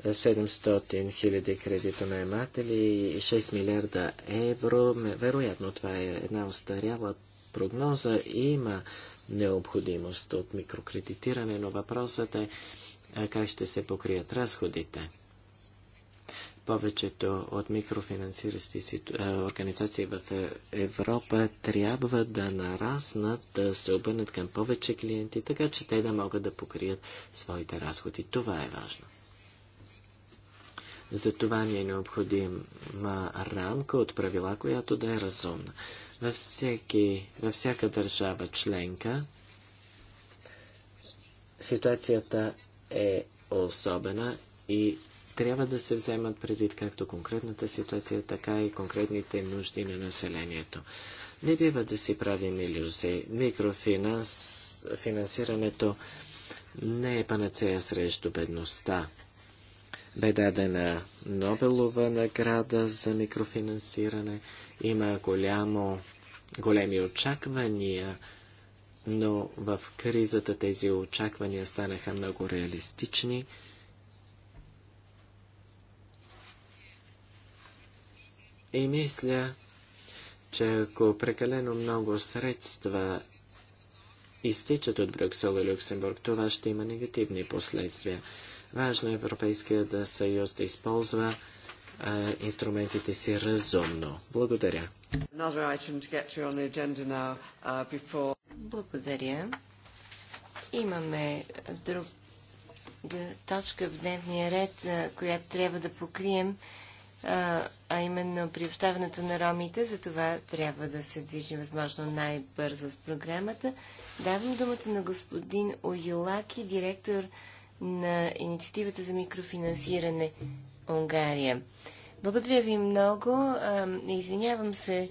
700 е, хиляди кредитонаематели и 6 милиарда евро. Вероятно това е една остаряла прогноза. Има необходимост от микрокредитиране, но въпросът е как ще се покрият разходите. Повечето от микрофинансиращи организации в е, Европа трябва да нараснат, да се обърнат към повече клиенти, така че те да могат да покрият своите разходи. Това е важно. Затова ни е необходима рамка от правила, която да е разумна във, всеки, във всяка държава членка ситуацията е особена и трябва да се вземат предвид както конкретната ситуация, така и конкретните нужди на населението. Не бива да си правим иллюзии. Микрофинансирането не е панацея срещу бедността бе дадена Нобелова награда за микрофинансиране. Има голямо, големи очаквания, но в кризата тези очаквания станаха много реалистични. И мисля, че ако прекалено много средства изтичат от Брюксел и Люксембург, това ще има негативни последствия. Важно е Европейския да съюз да използва а, е, инструментите си разумно. Благодаря. Uh, Благодаря. Имаме друг точка в дневния ред, която трябва да покрием, а именно приобщаването на ромите. За това трябва да се движи възможно най-бързо с програмата. Давам думата на господин Ойолаки, директор на инициативата за микрофинансиране Унгария. Благодаря ви много. Извинявам се,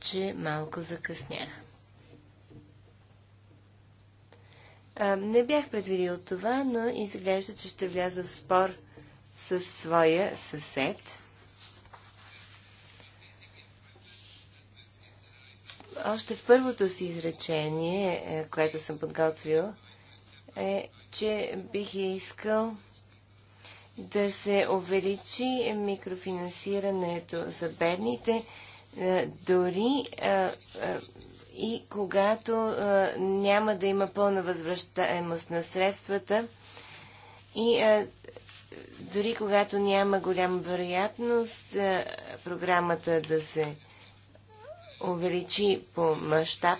че малко закъснях. Не бях предвидил това, но изглежда, че ще вляза в спор с своя съсед. Още в първото си изречение, е, което съм подготвил, е че бих искал да се увеличи микрофинансирането за бедните, е, дори е, е, и когато няма да има пълна възвръщаемост на средствата и дори когато няма голяма вероятност програмата да се увеличи по мащаб,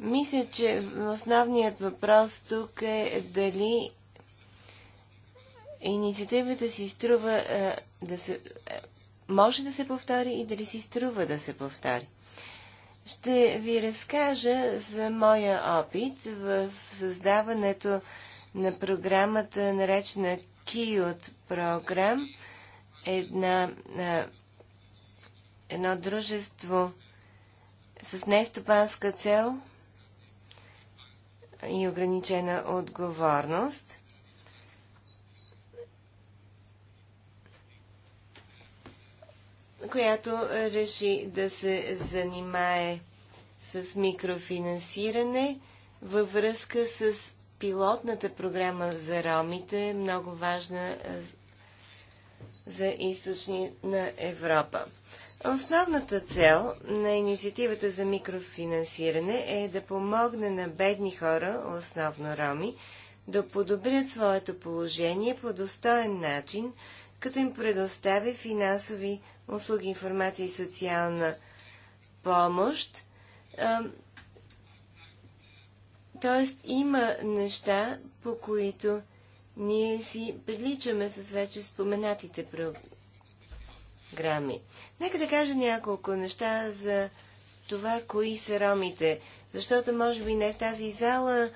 мисля, че основният въпрос тук е дали инициативата си струва е, да се. Е, може да се повтори и дали си струва да се повтори. Ще ви разкажа за моя опит в създаването на програмата, наречена Киот програм, една, е, едно дружество с нестопанска цел – и ограничена отговорност. която реши да се занимае с микрофинансиране във връзка с пилотната програма за ромите, много важна за източни на Европа. Основната цел на инициативата за микрофинансиране е да помогне на бедни хора, основно роми, да подобрят своето положение по достоен начин, като им предостави финансови услуги, информация и социална помощ. Тоест има неща, по които ние си приличаме с вече споменатите грами. Нека да кажа няколко неща за това, кои са ромите. Защото, може би, не в тази зала,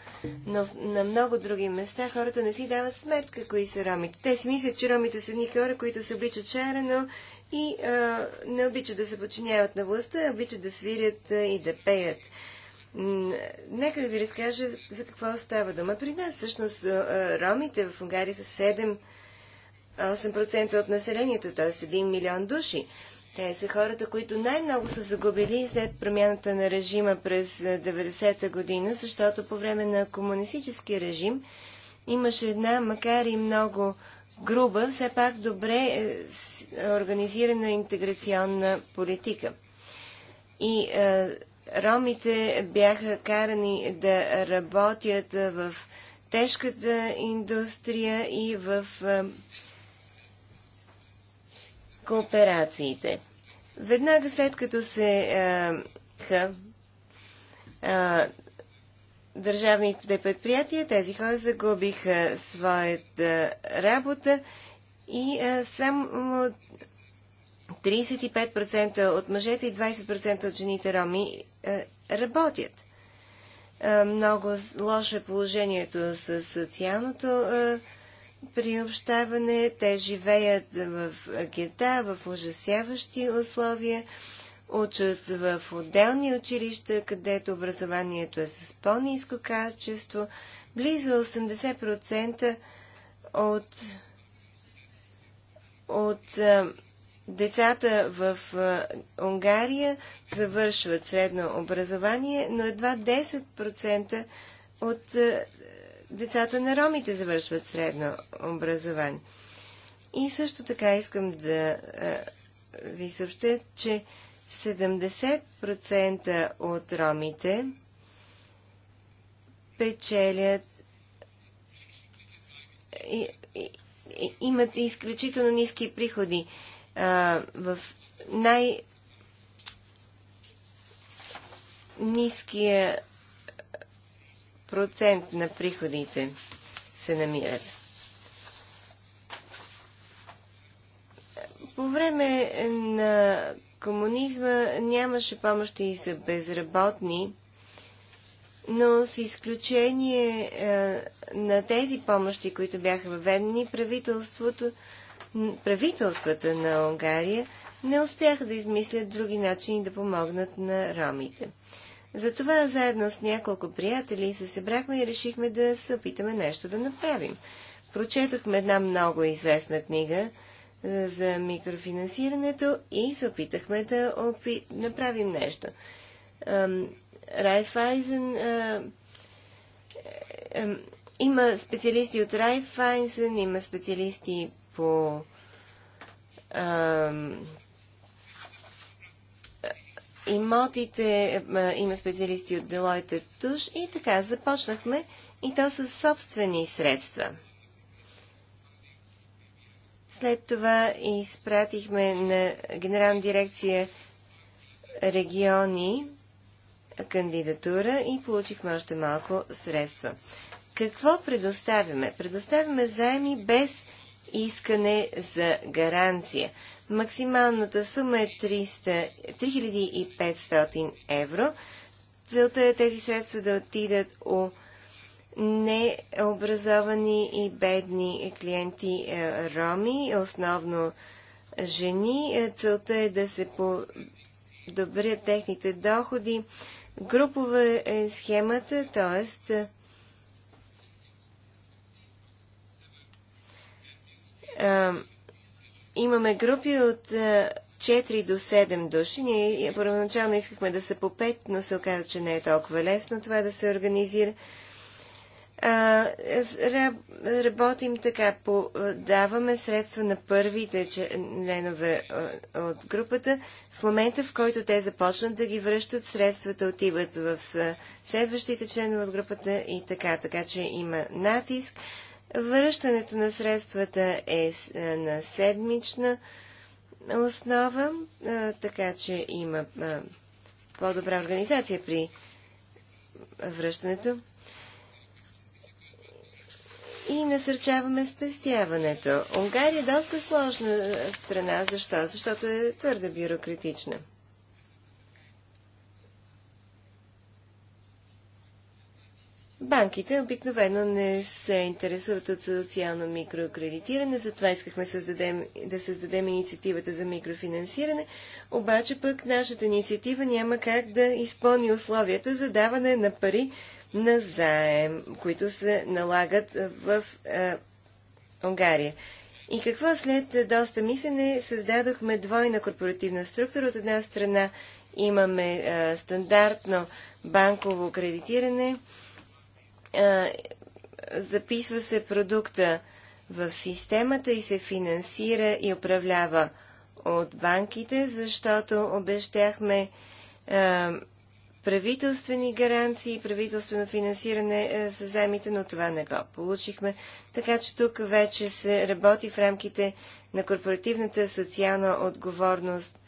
но на много други места хората не си дават сметка, кои са ромите. Те си мислят, че ромите са едни хора, които се обичат шарено и а, не обичат да се подчиняват на властта, а обичат да свирят и да пеят. Нека да ви разкажа за какво става дума. При нас всъщност ромите в Унгария са 7 8% от населението, т.е. 1 милион души. Те са хората, които най-много са загубили след промяната на режима през 90-та е, година, защото по време на комунистически режим имаше една, макар и много груба, все пак добре е, организирана интеграционна политика. И е, ромите бяха карани да работят е, в тежката индустрия и в е, кооперациите. Веднага след като се е, а, а, е, държавните предприятия, тези хора загубиха своята работа и а, е, само 35% от мъжете и 20% от жените роми а, работят. А, много лошо е положението с социалното а, приобщаване. Те живеят в гета, в ужасяващи условия, учат в отделни училища, където образованието е с по-низко качество. Близо 80% от, от децата в а, Унгария завършват средно образование, но едва 10% от децата на ромите завършват средно образование. И също така искам да ви съобща, че 70% от ромите печелят и, и, и, имат изключително ниски приходи. А, в най- ниския процент на приходите се намират. По време на комунизма нямаше помощи и за безработни, но с изключение е, на тези помощи, които бяха въведени, правителството, правителствата на Унгария не успяха да измислят други начини да помогнат на ромите. Затова заедно с няколко приятели се събрахме и решихме да се опитаме нещо да направим. Прочетохме една много известна книга е, за микрофинансирането и се опитахме да опи... направим нещо. Райфайзен е, има специалисти от Райфайзен, има специалисти по имотите, има специалисти от Делойте Туш и така започнахме и то с собствени средства. След това изпратихме на Генерална дирекция региони кандидатура и получихме още малко средства. Какво предоставяме? Предоставяме заеми без искане за гаранция. Максималната сума е 300, 3500 евро. Целта е тези средства да отидат у необразовани и бедни клиенти е, роми, основно жени. Е, целта е да се подобрят техните доходи. Групова е схемата, т.е. Uh, Имаме групи от 4 е, до 7 души. Ние първоначално искахме да са по 5, но се оказа, че не е толкова лесно това да се организира. А, работим така. Е, даваме средства на първите членове е, от групата. В момента, в който те започнат да ги връщат, средствата отиват в следващите членове от групата и така. Така че има натиск. Връщането на средствата е, е на седмична основа, е, така че има е, по-добра организация при връщането. И насърчаваме спестяването. Унгария е доста сложна страна. Защо? Защото е твърде бюрократична. Банките обикновено не се интересуват от социално микрокредитиране, затова искахме създадем, да създадем инициативата за микрофинансиране, обаче пък нашата инициатива няма как да изпълни условията за даване на пари на заем, които се налагат в е, Унгария. И какво след доста мислене създадохме двойна корпоративна структура. От една страна имаме е, стандартно банково кредитиране, записва се продукта в системата и се финансира и управлява от банките, защото обещахме правителствени гаранции, правителствено финансиране за заемите, но това не го получихме. Така че тук вече се работи в рамките на корпоративната социална отговорност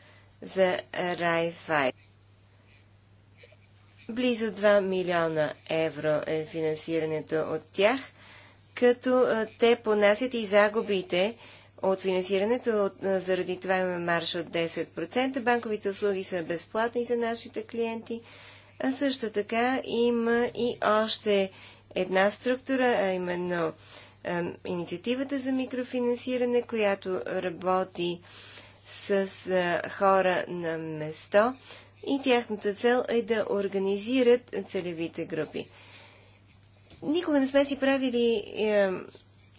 за Райфай. Близо 2 милиона евро е финансирането от тях, като те понасят и загубите от финансирането. Заради това имаме марш от 10%. Банковите услуги са безплатни за нашите клиенти. А също така има и още една структура, а именно инициативата за микрофинансиране, която работи с хора на место, и тяхната цел е да организират целевите групи. Никога не сме си правили е,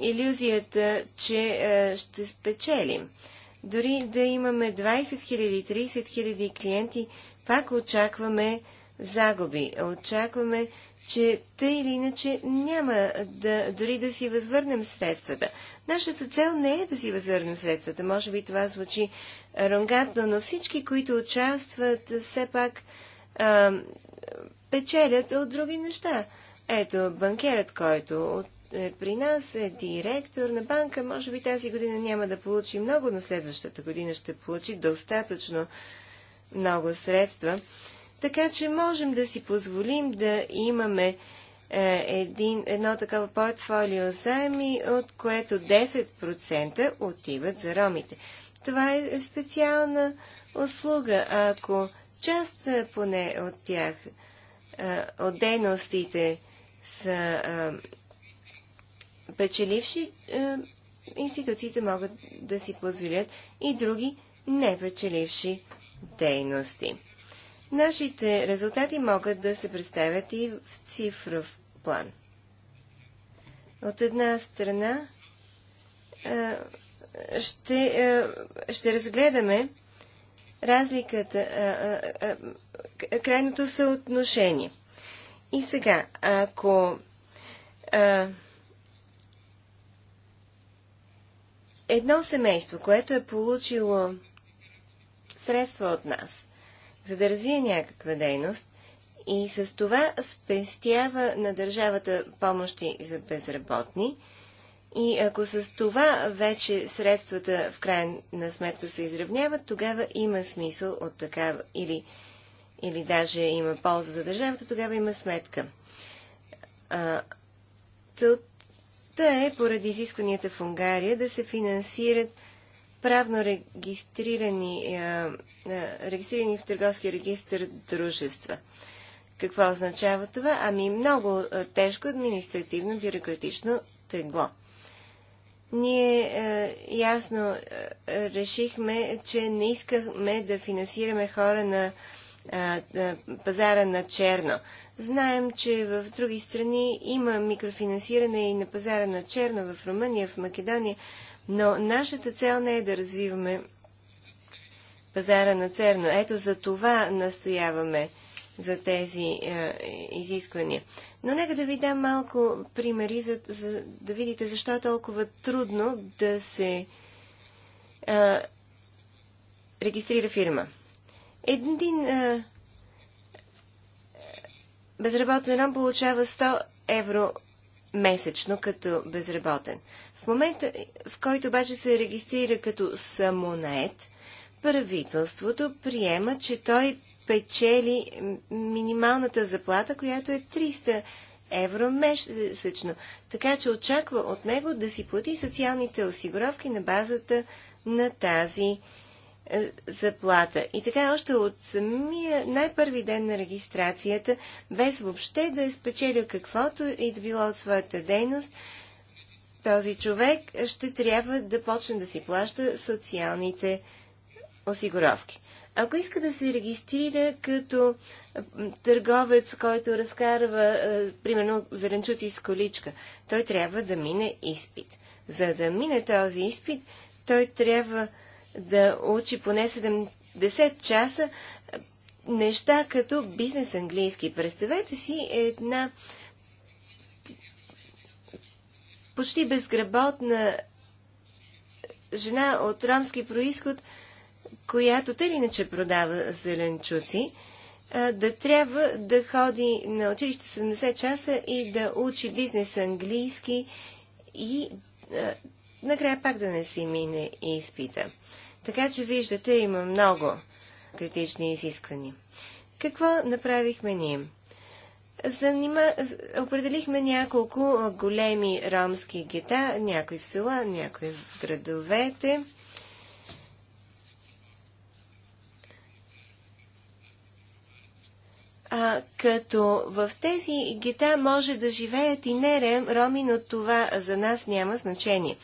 иллюзията, че е, ще спечелим. Дори да имаме 20 000, 30 000 клиенти, пак очакваме загуби. Очакваме че тъй или иначе няма да, дори да си възвърнем средствата. Нашата цел не е да си възвърнем средствата. Може би това звучи ронгатно, но всички, които участват, все пак а, печелят от други неща. Ето, банкерът, който от, е при нас е директор на банка, може би тази година няма да получи много, но следващата година ще получи достатъчно много средства. Така че можем да си позволим да имаме е, един, едно такова портфолио заеми, от което 10% отиват за ромите. Това е специална услуга. Ако част е, поне от тях, е, от дейностите са е, печеливши, е, институциите могат да си позволят и други непечеливши дейности. Нашите резултати могат да се представят и в цифров план. От една страна ще, ще разгледаме разликата, крайното съотношение. И сега, ако едно семейство, което е получило средства от нас, за да развие някаква дейност и с това спестява на държавата помощи за безработни. И ако с това вече средствата в крайна сметка се изравняват, тогава има смисъл от такава или, или даже има полза за държавата, тогава има сметка. целта е, поради изискванията в Унгария, да се финансират правно регистрирани, е, е, регистрирани в търговския регистр дружества. Какво означава това? Ами много е, тежко административно бюрократично тегло. Ние е, ясно е, решихме, че не искахме да финансираме хора на, е, на пазара на черно. Знаем, че в други страни има микрофинансиране и на пазара на черно в Румъния, в Македония, но нашата цел не е да развиваме пазара на ЦЕРНО. Ето за това настояваме за тези е, изисквания. Но нека да ви дам малко примери, за, за да видите защо е толкова трудно да се е, регистрира фирма. Един е, безработен ром получава 100 евро месечно като безработен. В момента, в който обаче се регистрира като самонает, правителството приема, че той печели минималната заплата, която е 300 евро месечно. Така че очаква от него да си плати социалните осигуровки на базата на тази е, заплата. И така още от самия най-първи ден на регистрацията, без въобще да е спечелил каквото и да било от своята дейност, този човек ще трябва да почне да си плаща социалните осигуровки. Ако иска да се регистрира като търговец, който разкарва, е, примерно, зеленчуци с количка, той трябва да мине изпит. За да мине този изпит, той трябва да учи поне 70 часа е, неща като бизнес английски. Представете си една почти безгработна жена от ромски происход, която те иначе продава зеленчуци, да трябва да ходи на училище 70 часа и да учи бизнес английски и накрая пак да не си мине и изпита. Така че виждате, има много критични изисквания. Какво направихме ние? Занима... Определихме няколко големи ромски гета, някои в села, някои в градовете. А, като в тези гета може да живеят и не роми, но това за нас няма значение.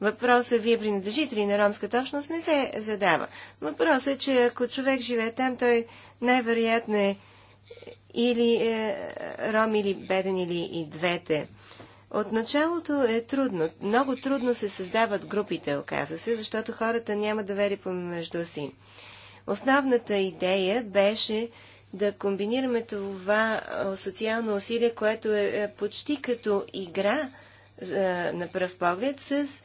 Въпросът е, вие принадлежите ли на ромската общност не се задава. Въпросът е, че ако човек живее там, той най-вероятно е или е, ром, или беден, или и двете. От началото е трудно. Много трудно се създават групите, оказа се, защото хората няма вери помежду си. Основната идея беше да комбинираме това е, социално усилие, което е, е почти като игра е, на пръв поглед с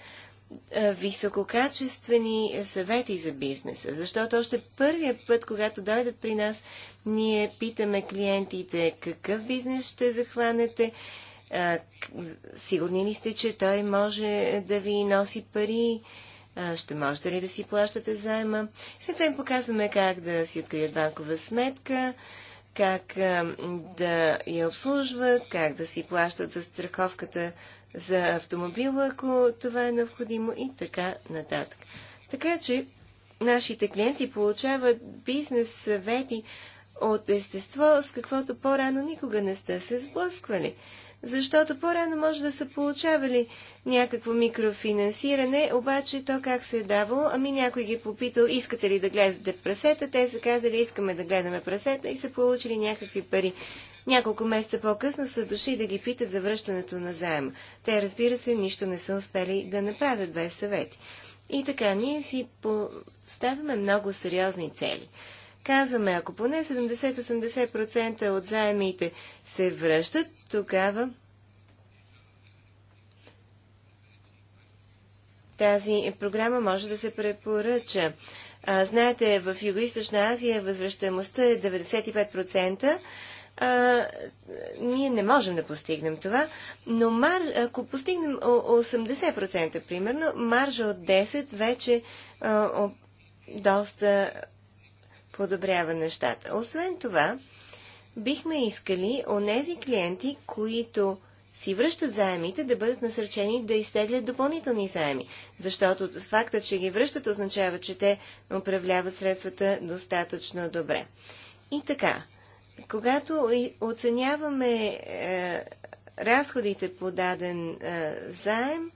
е, висококачествени съвети за бизнеса, защото още първия път, когато дойдат при нас, ние питаме клиентите какъв бизнес ще захванете, сигурни ли сте, че той може да ви носи пари, ще можете ли да си плащате заема. След това им показваме как да си открият банкова сметка, как да я обслужват, как да си плащат за страховката за автомобила, ако това е необходимо и така нататък. Така че нашите клиенти получават бизнес съвети от естество, с каквото по-рано никога не сте се сблъсквали. Защото по-рано може да са получавали някакво микрофинансиране, обаче то как се е давало? Ами някой ги е попитал, искате ли да гледате прасета? Те са казали, искаме да гледаме прасета и са получили някакви пари. Няколко месеца по-късно са дошли да ги питат за връщането на заема. Те, разбира се, нищо не са успели да направят без съвети. И така, ние си поставяме много сериозни цели. Казваме, ако поне 70-80% от заемите се връщат, тогава тази програма може да се препоръча. А, знаете, в Юго-Источна Азия възвръщаемостта е 95%, а, ние не можем да постигнем това, но марж, ако постигнем 80%, примерно, маржа от 10 вече а, о, доста подобрява нещата. Освен това, бихме искали онези клиенти, които си връщат заемите, да бъдат насърчени да изтеглят допълнителни заеми. Защото факта, че ги връщат, означава, че те управляват средствата достатъчно добре. И така, когато оценяваме е, разходите по даден е, заем,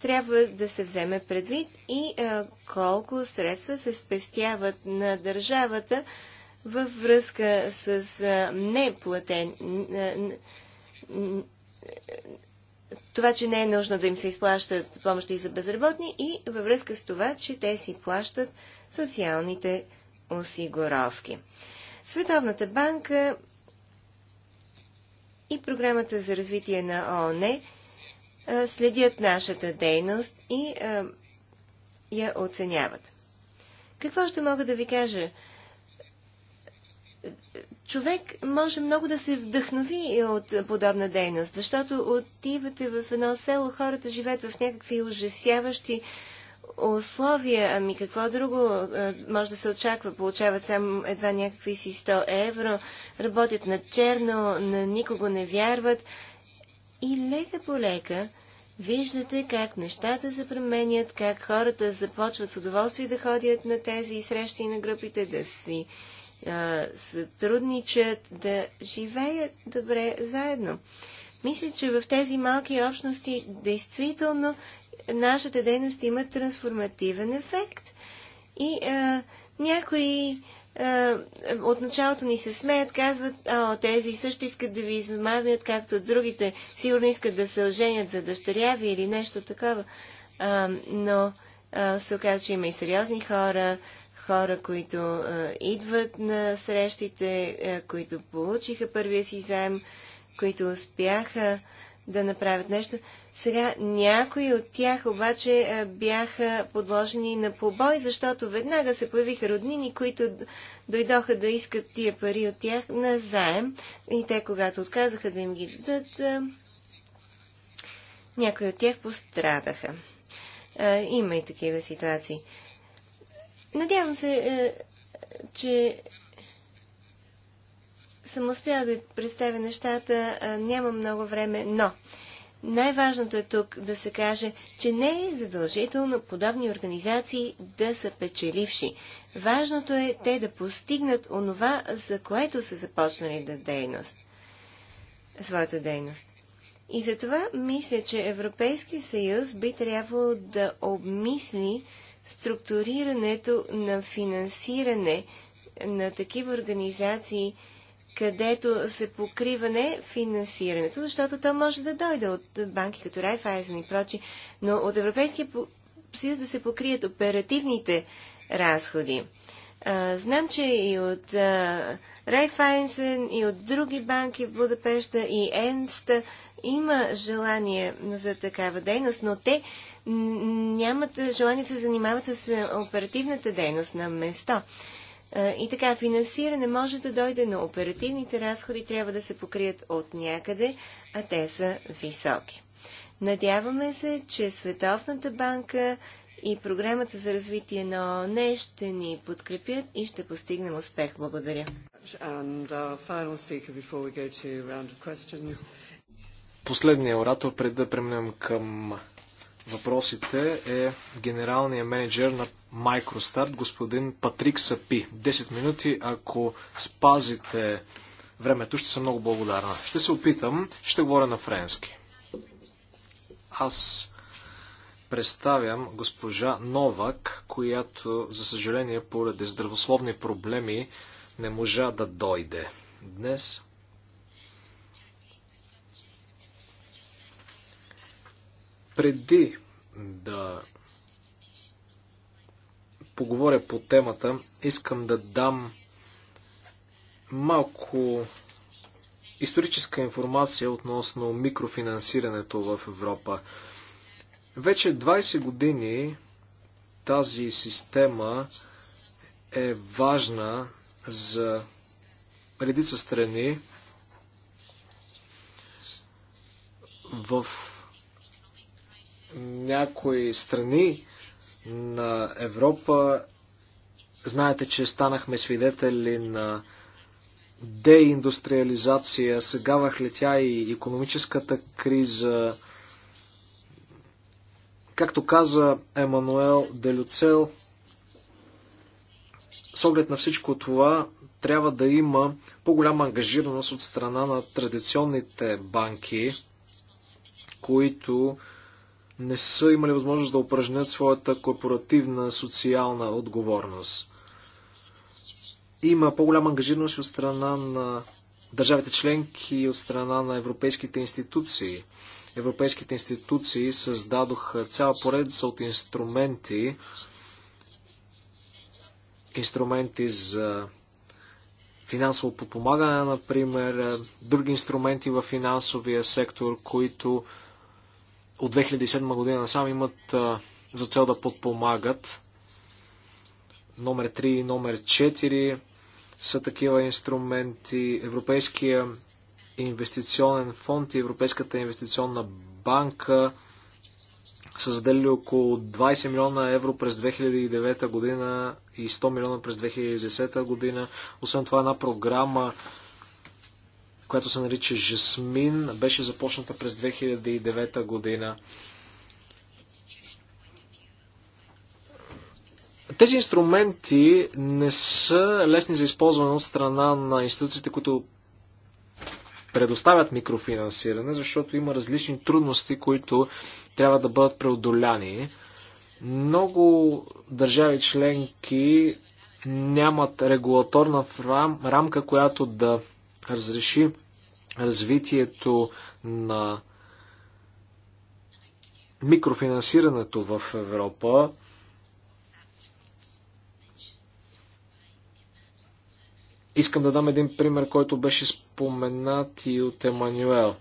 трябва да се вземе предвид и е, колко средства се спестяват на държавата във връзка с а, неплатен. това, че не е нужно да им се изплащат помощи за безработни и във връзка с това, че те си плащат социалните осигуровки. Световната банка и Програмата за развитие на ООН следят нашата дейност и я оценяват. Какво ще мога да ви кажа? Човек може много да се вдъхнови от подобна дейност, защото отивате в едно село, хората живеят в някакви ужасяващи условия. Ами какво друго може да се очаква? Получават само едва някакви си 100 евро, работят на черно, на никого не вярват. И лека по лека виждате как нещата се променят, как хората започват с удоволствие да ходят на тези срещи на групите, да си а, сътрудничат, да живеят добре заедно. Мисля, че в тези малки общности действително нашата дейност има трансформативен ефект. И а, някои а, от началото ни се смеят, казват, а, тези също искат да ви измамят, както другите. Сигурно искат да се оженят за дъщеря ви или нещо такова. А, но а, се оказва, че има и сериозни хора, хора, които а, идват на срещите, а, които получиха първия си заем, които успяха да направят нещо. Сега някои от тях обаче е, бяха подложени на побой, защото веднага се появиха роднини, които дойдоха да искат тия пари от тях на заем. И те, когато отказаха да им ги дадат, е, някои от тях пострадаха. Е, има и такива ситуации. Надявам се, че съм успяла да представя нещата. Няма много време, но най-важното е тук да се каже, че не е задължително подобни организации да са печеливши. Важното е те да постигнат онова, за което са започнали да дейност, своята дейност. И затова мисля, че Европейски съюз би трябвало да обмисли структурирането на финансиране на такива организации, където се покрива не финансирането, защото то може да дойде от банки като Райфайзен и прочи, но от Европейския съюз да се покрият оперативните разходи. А, знам, че и от Райфайзен, и от други банки в Будапешта, и Енста има желание за такава дейност, но те нямат желание да се занимават с оперативната дейност на место. И така, финансиране може да дойде, но оперативните разходи трябва да се покрият от някъде, а те са високи. Надяваме се, че Световната банка и Програмата за развитие на ООН ще ни подкрепят и ще постигнем успех. Благодаря. Uh, Последният оратор, преди да преминем към въпросите е генералния менеджер на Microstart, господин Патрик Сапи. 10 минути, ако спазите времето, ще съм много благодарна. Ще се опитам, ще говоря на френски. Аз представям госпожа Новак, която, за съжаление, поради здравословни проблеми не можа да дойде днес. Преди да поговоря по темата, искам да дам малко историческа информация относно микрофинансирането в Европа. Вече 20 години тази система е важна за редица страни в някои страни на Европа. Знаете, че станахме свидетели на деиндустриализация, сега върхлетя и економическата криза. Както каза Емануел Делюцел, с оглед на всичко това, трябва да има по-голяма ангажираност от страна на традиционните банки, които не са имали възможност да упражнят своята корпоративна социална отговорност. Има по-голяма ангажираност от страна на държавите членки и от страна на европейските институции. Европейските институции създадоха цяла поредица от инструменти, инструменти за финансово подпомагане, например, други инструменти в финансовия сектор, които от 2007 година насам имат за цел да подпомагат. Номер 3 и номер 4 са такива инструменти. Европейския инвестиционен фонд и Европейската инвестиционна банка са заделили около 20 милиона евро през 2009 година и 100 милиона през 2010 година. Освен това една програма която се нарича Жасмин, беше започната през 2009 година. Тези инструменти не са лесни за използване от страна на институциите, които предоставят микрофинансиране, защото има различни трудности, които трябва да бъдат преодоляни. Много държави членки нямат регулаторна рам, рамка, която да разреши развитието на микрофинансирането в Европа. Искам да дам един пример, който беше споменат и от Емануел.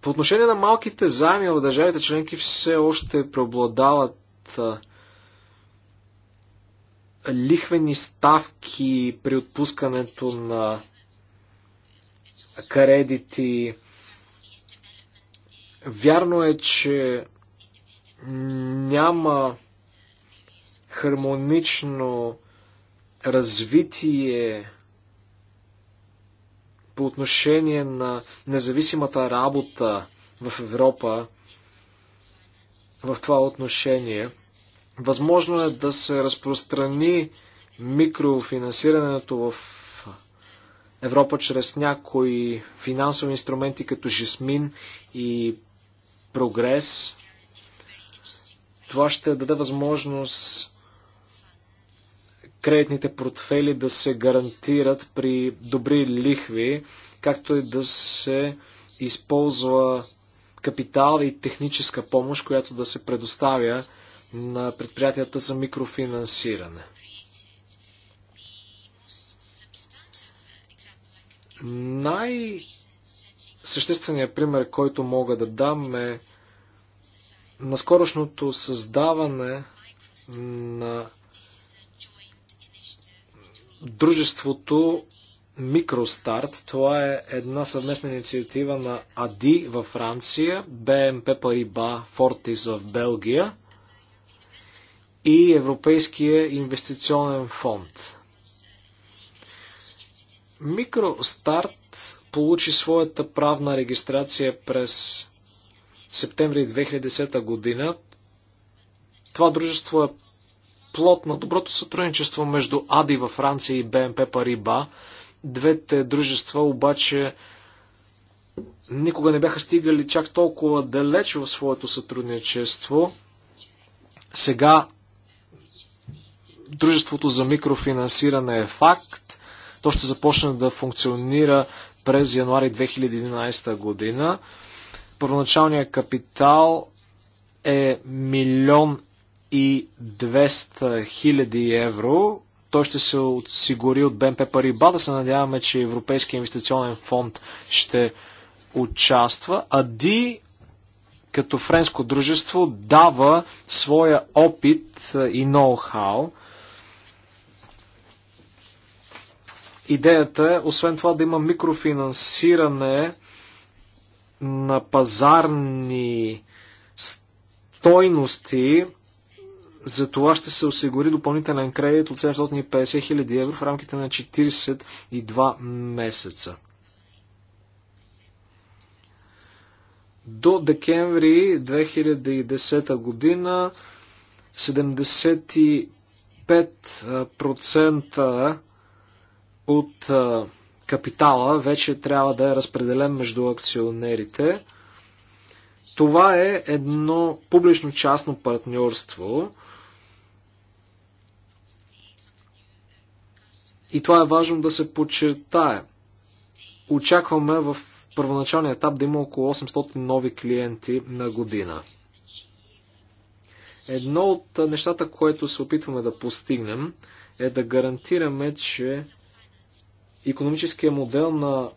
По отношение на малките заеми в държавите членки все още преобладават лихвени ставки при отпускането на кредити. Вярно е, че няма хармонично развитие по отношение на независимата работа в Европа в това отношение – Възможно е да се разпространи микрофинансирането в Европа чрез някои финансови инструменти като Жесмин и Прогрес. Това ще даде възможност кредитните портфели да се гарантират при добри лихви, както и да се използва капитал и техническа помощ, която да се предоставя на предприятията за микрофинансиране. Най-същественият пример, който мога да дам е наскорошното създаване на дружеството Микростарт. Това е една съвместна инициатива на АДИ във Франция, БМП Париба Фортис в Белгия и Европейския инвестиционен фонд. Микростарт получи своята правна регистрация през септември 2010 година. Това дружество е плод на доброто сътрудничество между АДИ във Франция и БМП Париба. Двете дружества обаче никога не бяха стигали чак толкова далеч в своето сътрудничество. Сега Дружеството за микрофинансиране е факт. То ще започне да функционира през януари 2011 година. Първоначалният капитал е милион и 200 хиляди евро. Той ще се осигури от БМП Париба. Да се надяваме, че Европейския инвестиционен фонд ще участва. Ади като френско дружество дава своя опит и ноу-хау. Идеята е, освен това, да има микрофинансиране на пазарни стойности. За това ще се осигури допълнителен кредит от 750 000 евро в рамките на 42 месеца. До декември 2010 година 75% от капитала вече трябва да е разпределен между акционерите. Това е едно публично-частно партньорство. И това е важно да се подчертае. Очакваме в първоначалния етап да има около 800 нови клиенти на година. Едно от нещата, което се опитваме да постигнем, е да гарантираме, че економическия модел на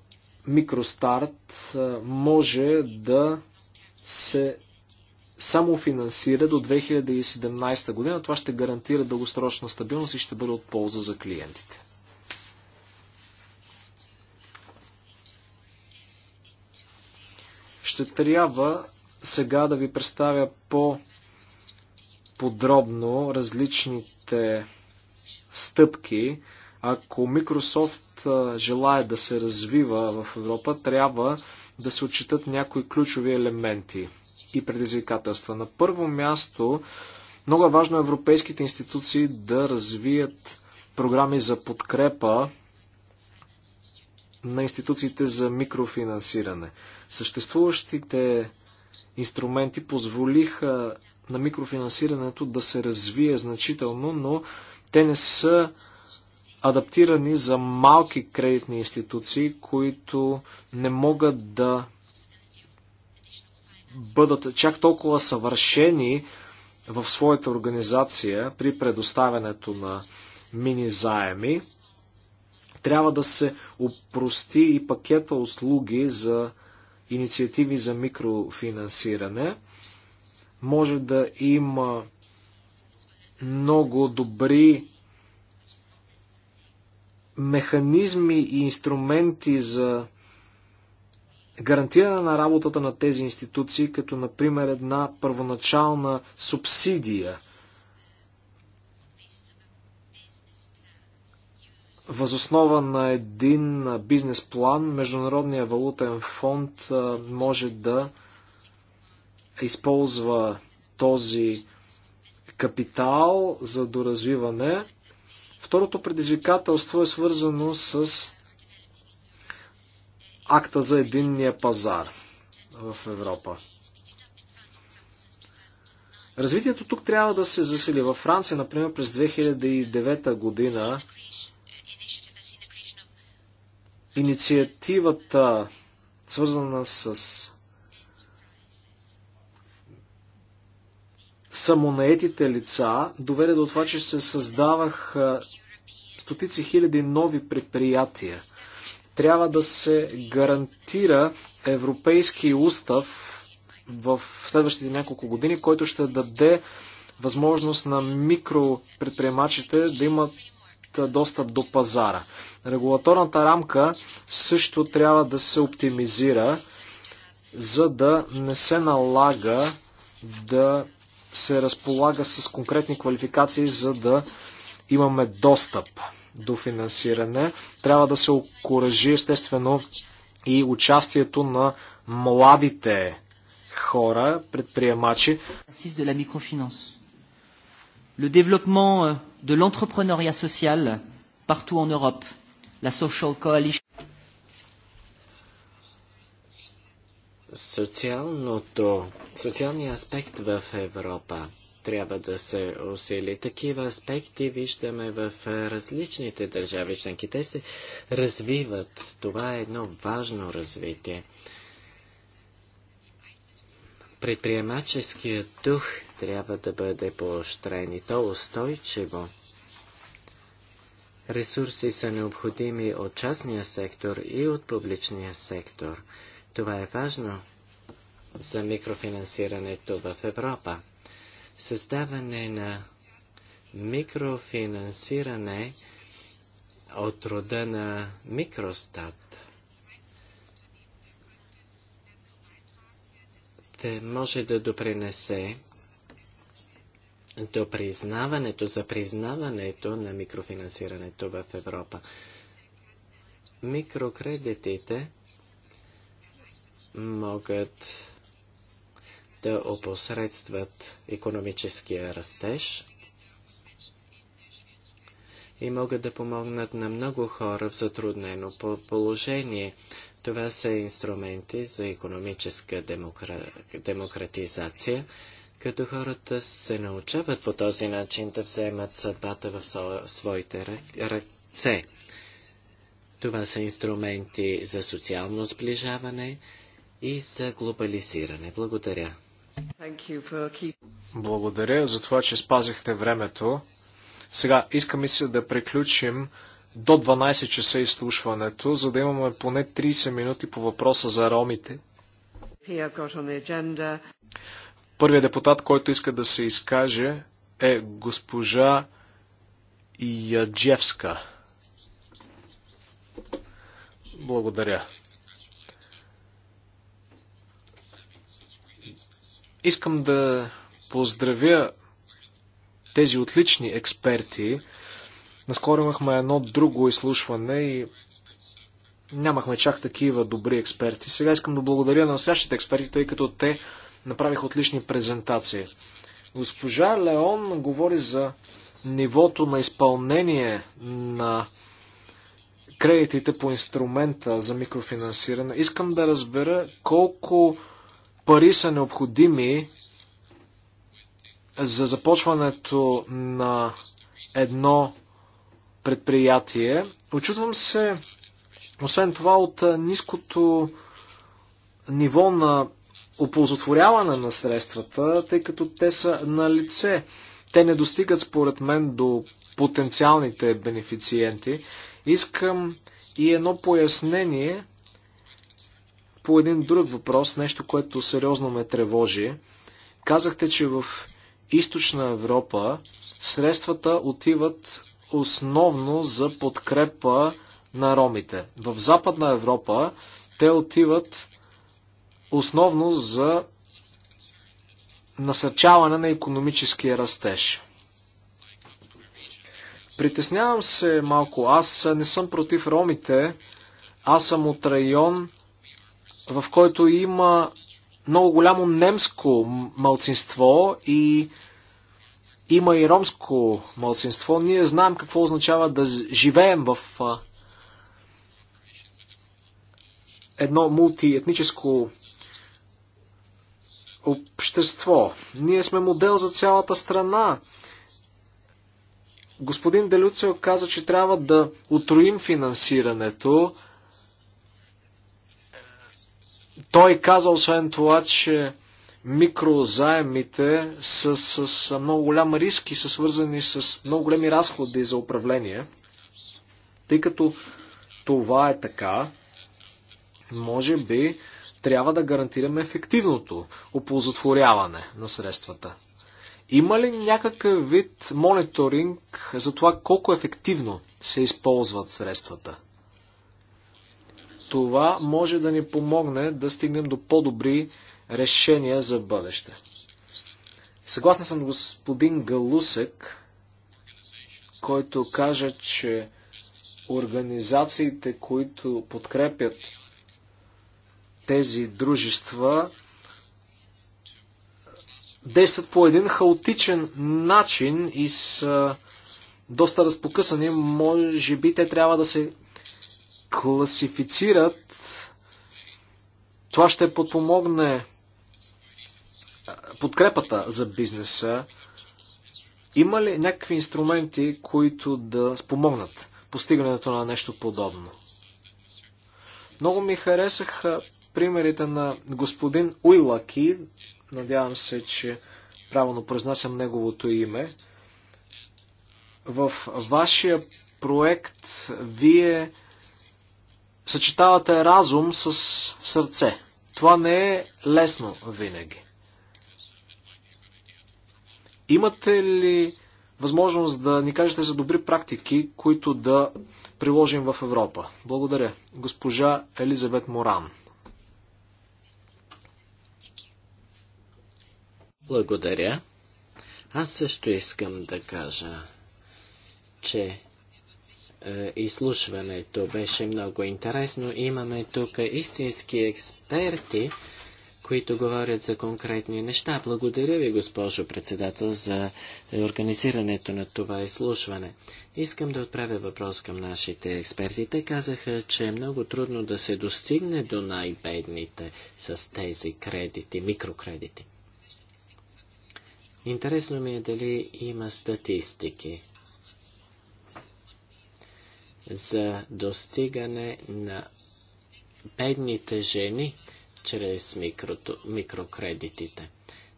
микростарт може да се самофинансира до 2017 година. Това ще гарантира дългосрочна стабилност и ще бъде от полза за клиентите. Ще трябва сега да ви представя по подробно различните стъпки, ако Microsoft желая да се развива в Европа, трябва да се отчитат някои ключови елементи и предизвикателства. На първо място, много е важно европейските институции да развият програми за подкрепа на институциите за микрофинансиране. Съществуващите инструменти позволиха на микрофинансирането да се развие значително, но те не са адаптирани за малки кредитни институции, които не могат да бъдат чак толкова съвършени в своята организация при предоставянето на мини заеми. Трябва да се опрости и пакета услуги за инициативи за микрофинансиране. Може да има много добри механизми и инструменти за гарантиране на работата на тези институции, като например една първоначална субсидия. Възоснова на един бизнес план, Международния валутен фонд може да използва този капитал за доразвиване. Второто предизвикателство е свързано с акта за единния пазар в Европа. Развитието тук трябва да се засили. Във Франция, например, през 2009 година инициативата, свързана с самонаетите лица доведе до това, че се създавах стотици хиляди нови предприятия. Трябва да се гарантира европейски устав в следващите няколко години, който ще даде възможност на микропредприемачите да имат достъп до пазара. Регулаторната рамка също трябва да се оптимизира, за да не се налага да се разполага с конкретни квалификации, за да имаме достъп до финансиране. Трябва да се окоръжи естествено и участието на младите хора, предприемачи. Le développement euh, de l'entrepreneuriat social partout en Europe. La Social Coalition Социалното, социалният аспект в Европа трябва да се усили. Такива аспекти виждаме в различните държави членки. Те се развиват. Това е едно важно развитие. Предприемаческият дух трябва да бъде поощрен и то устойчиво. Ресурси са необходими от частния сектор и от публичния сектор – това е важно за микрофинансирането в Европа. Създаване на микрофинансиране от рода на микростат. Те може да допринесе до признаването, за признаването на микрофинансирането в Европа. Микрокредитите могат да опосредстват економическия растеж и могат да помогнат на много хора в затруднено положение. Това са инструменти за економическа демокра... демократизация, като хората се научават по този начин да вземат съдбата в своите ръце. Това са инструменти за социално сближаване, и за глобализиране. Благодаря. Благодаря за това, че спазихте времето. Сега искам и се да приключим до 12 часа изслушването, за да имаме поне 30 минути по въпроса за ромите. Първият депутат, който иска да се изкаже е госпожа Яджевска. Благодаря. Искам да поздравя тези отлични експерти. Наскоро имахме едно друго изслушване и нямахме чак такива добри експерти. Сега искам да благодаря на настоящите експерти, тъй като те направиха отлични презентации. Госпожа Леон говори за нивото на изпълнение на кредитите по инструмента за микрофинансиране. Искам да разбера колко пари са необходими за започването на едно предприятие. Очудвам се, освен това, от ниското ниво на оползотворяване на средствата, тъй като те са на лице. Те не достигат, според мен, до потенциалните бенефициенти. Искам и едно пояснение по един друг въпрос, нещо, което сериозно ме тревожи. Казахте, че в източна Европа средствата отиват основно за подкрепа на ромите. В Западна Европа те отиват основно за насърчаване на економическия растеж. Притеснявам се малко. Аз не съм против ромите. Аз съм от район, в който има много голямо немско малцинство и има и ромско малцинство. Ние знаем какво означава да живеем в едно мултиетническо общество. Ние сме модел за цялата страна. Господин Делюцел каза, че трябва да утроим финансирането. Той каза освен това, че микрозаемите са с много голям риск и са свързани с много големи разходи за управление. Тъй като това е така, може би трябва да гарантираме ефективното оползотворяване на средствата. Има ли някакъв вид мониторинг за това колко ефективно се използват средствата? Това може да ни помогне да стигнем до по-добри решения за бъдеще. Съгласен съм господин Галусек, който каже, че организациите, които подкрепят тези дружества, действат по един хаотичен начин и са доста разпокъсани. Може би те трябва да се класифицират, това ще подпомогне е, подкрепата за бизнеса. Има ли някакви инструменти, които да спомогнат постигането на нещо подобно? Много ми харесаха примерите на господин Уилаки. Надявам се, че правилно произнасям неговото име. В вашия проект вие съчетавате разум с сърце. Това не е лесно винаги. Имате ли възможност да ни кажете за добри практики, които да приложим в Европа? Благодаря. Госпожа Елизабет Моран. Благодаря. Аз също искам да кажа, че е, изслушването. Беше много интересно. Имаме тук истински експерти, които говорят за конкретни неща. Благодаря ви, госпожо председател, за организирането на това изслушване. Искам да отправя въпрос към нашите експерти. Те казаха, че е много трудно да се достигне до най-бедните с тези кредити, микрокредити. Интересно ми е дали има статистики за достигане на бедните жени чрез микрото, микрокредитите.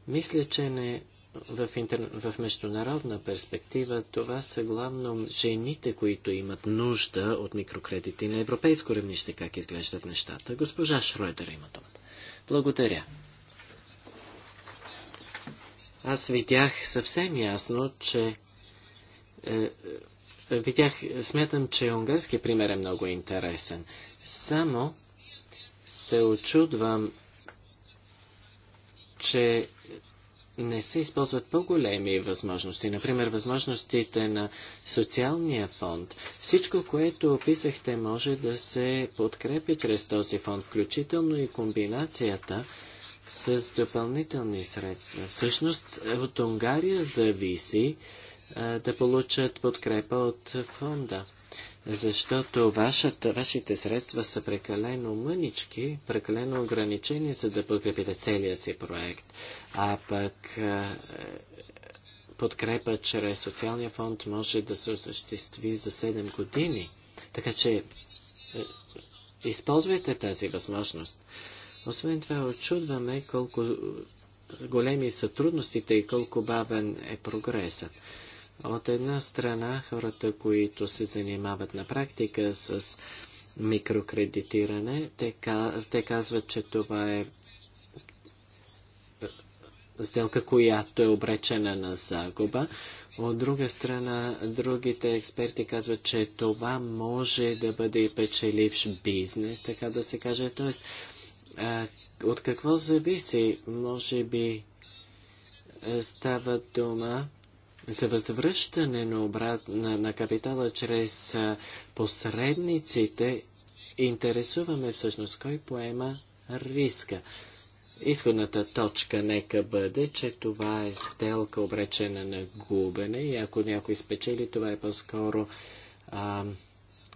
Мисля, че не в, интер... в международна перспектива това са главно жените, които имат нужда от микрокредити на европейско равнище, как изглеждат нещата. Госпожа Шройдер има това. Благодаря. Аз видях съвсем ясно, че е, видях, смятам, че унгарски пример е много интересен. Само се очудвам, че не се използват по-големи възможности, например възможностите на социалния фонд. Всичко, което описахте, може да се подкрепи чрез този фонд, включително и комбинацията с допълнителни средства. Всъщност от Унгария зависи да получат подкрепа от фонда. Защото вашата, вашите средства са прекалено мънички, прекалено ограничени, за да подкрепите целия си проект. А пък подкрепа чрез социалния фонд може да се осъществи за 7 години. Така че е, използвайте тази възможност. Освен това, очудваме колко е, големи са трудностите и колко бавен е прогресът. От една страна, хората, които се занимават на практика с микрокредитиране, те, казват, че това е, е сделка, която е обречена на загуба. От друга страна, другите експерти казват, че това може да бъде и печеливш бизнес, така да се каже. Тоест, от какво зависи? Може би е, става дума за възвръщане на, обрат, на, на капитала чрез посредниците, интересуваме всъщност кой поема риска. Изходната точка нека бъде, че това е сделка обречена на губене и ако някой спечели, това е по-скоро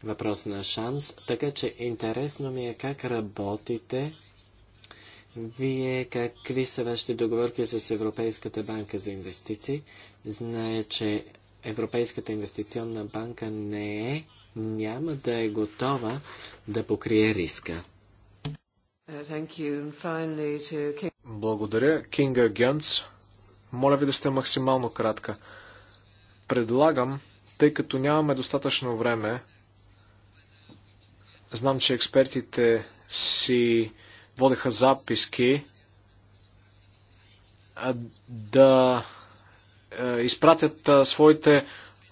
въпрос на шанс. Така че интересно ми е как работите вие какви са вашите договорки с Европейската банка за инвестиции? Зная, че Европейската инвестиционна банка не е, няма да е готова да покрие риска. Благодаря, Кинга Гянц. Моля ви да сте максимално кратка. Предлагам, тъй като нямаме достатъчно време, знам, че експертите си водеха записки да е, изпратят своите